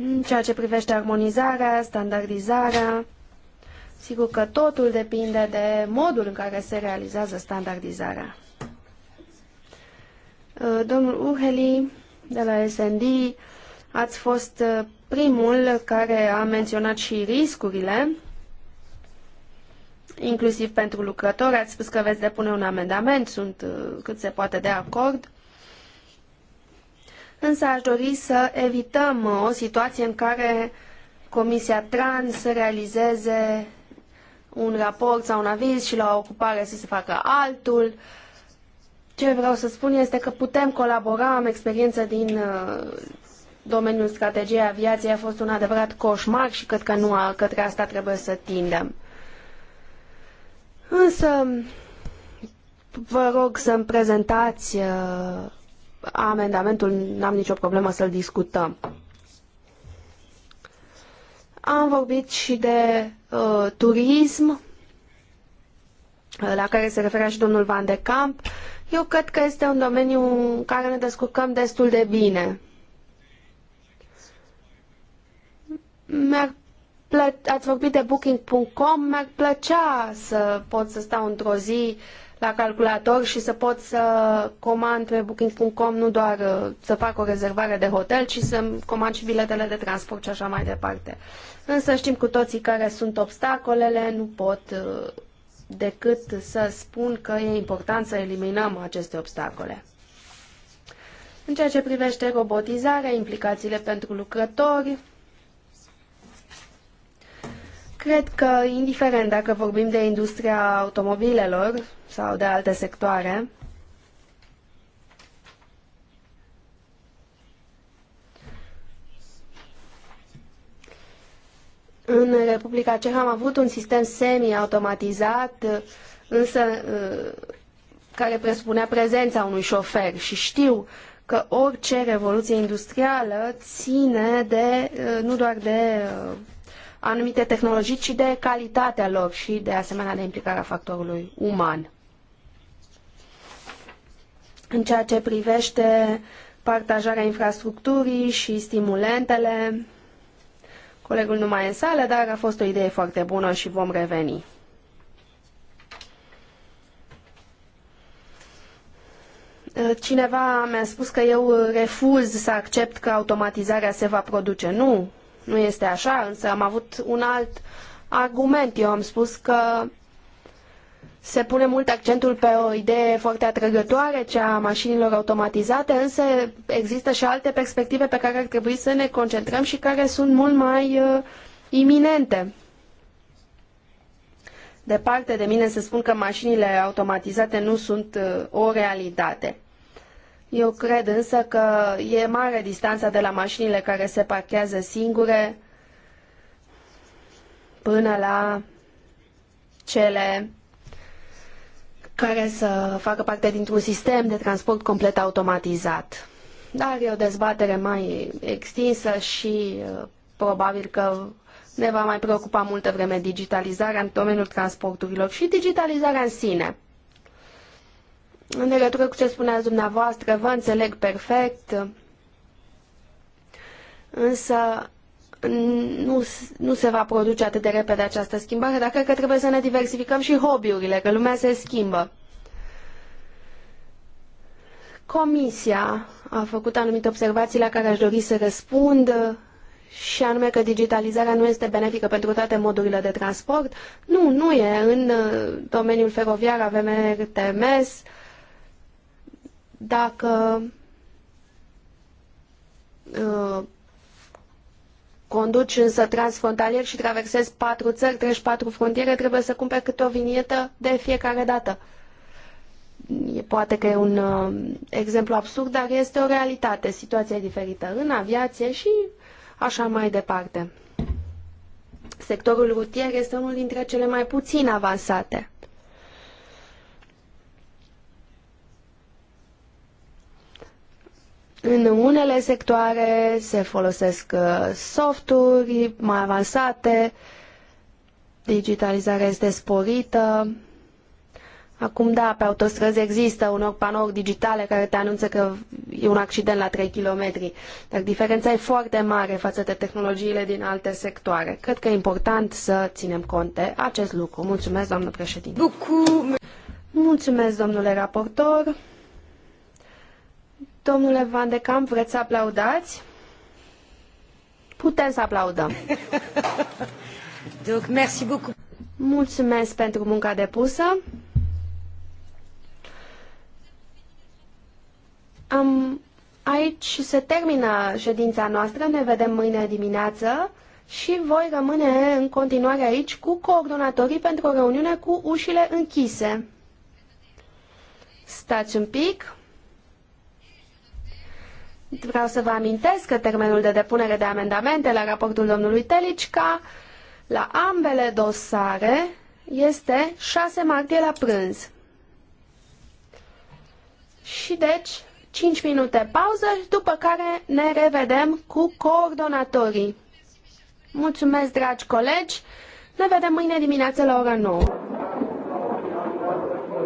În ceea ce privește armonizarea, standardizarea, sigur că totul depinde de modul în care se realizează standardizarea. Uh, domnul Uheli de la SND, ați fost uh, primul care a menționat și riscurile, inclusiv pentru lucrători. Ați spus că veți depune un amendament, sunt uh, cât se poate de acord însă aș dori să evităm uh, o situație în care Comisia Trans să realizeze un raport sau un aviz și la o ocupare să se facă altul. Ce vreau să spun este că putem colabora, am experiență din uh, domeniul strategiei aviației a fost un adevărat coșmar și cred că nu a, către asta trebuie să tindem. Însă, vă rog să-mi prezentați uh, amendamentul n-am nicio problemă să-l discutăm. Am vorbit și de uh, turism, la care se referea și domnul Van de Camp. Eu cred că este un domeniu în care ne descurcăm destul de bine. plă- ați vorbit de booking.com, mi-ar plăcea să pot să stau într-o zi uh, la calculator și să pot să comand pe booking.com nu doar uh, să fac o rezervare de hotel, ci să comand și biletele de transport și așa mai departe. Însă știm cu toții care sunt obstacolele, nu pot uh, decât să spun că e important să eliminăm aceste obstacole. În ceea ce privește robotizarea, implicațiile pentru lucrători, Cred că, indiferent dacă vorbim de industria automobilelor sau de alte sectoare, În Republica Cehă am avut un sistem semi-automatizat, însă uh, care presupunea prezența unui șofer și știu că orice revoluție industrială ține de, uh, nu doar de uh, anumite tehnologii, ci de calitatea lor și de asemenea de implicarea factorului uman. În ceea ce privește partajarea infrastructurii și stimulentele, colegul nu mai e în sală, dar a fost o idee foarte bună și vom reveni. Cineva mi-a spus că eu refuz să accept că automatizarea se va produce. Nu, nu este așa, însă am avut un alt argument. Eu am spus că se pune mult accentul pe o idee foarte atrăgătoare, cea a mașinilor automatizate, însă există și alte perspective pe care ar trebui să ne concentrăm și care sunt mult mai uh, iminente. Departe de mine să spun că mașinile automatizate nu sunt uh, o realitate. Eu cred însă că e mare distanța de la mașinile care se parchează singure până la cele care să facă parte dintr-un sistem de transport complet automatizat. Dar e o dezbatere mai extinsă și uh, probabil că ne va mai preocupa multă vreme digitalizarea în domeniul transporturilor și digitalizarea în sine. În legătură cu ce spuneați dumneavoastră, vă înțeleg perfect, însă nu, nu se va produce atât de repede această schimbare, dar cred că trebuie să ne diversificăm și hobby-urile, că lumea se schimbă. Comisia a făcut anumite observații la care aș dori să răspund și anume că digitalizarea nu este benefică pentru toate modurile de transport. Nu, nu e. În uh, domeniul feroviar avem RTMS, dacă uh, conduci însă transfrontalier și traversezi patru țări, treci patru frontiere, trebuie să cumperi câte o vinietă de fiecare dată. Poate că e un uh, exemplu absurd, dar este o realitate. Situația e diferită în aviație și așa mai departe. Sectorul rutier este unul dintre cele mai puțin avansate. În unele sectoare se folosesc uh, softuri mai avansate, digitalizarea este sporită. Acum, da, pe autostrăzi există unor panouri digitale care te anunță că e un accident la 3 km, dar diferența e foarte mare față de tehnologiile din alte sectoare. Cred că e important să ținem cont de acest lucru. Mulțumesc, doamnă președinte. Mulțumesc, domnule raportor. Domnule Van de Camp, vreți să aplaudați? Putem să aplaudăm. Donc, merci beaucoup. Mulțumesc pentru munca depusă. Am, aici se termină ședința noastră, ne vedem mâine dimineață și voi rămâne în continuare aici cu coordonatorii pentru o reuniune cu ușile închise. Stați un pic. Vreau să vă amintesc că termenul de depunere de amendamente la raportul domnului Telicca la ambele dosare este 6 martie la prânz. Și deci, 5 minute pauză, după care ne revedem cu coordonatorii. Mulțumesc, dragi colegi! Ne vedem mâine dimineață la ora 9.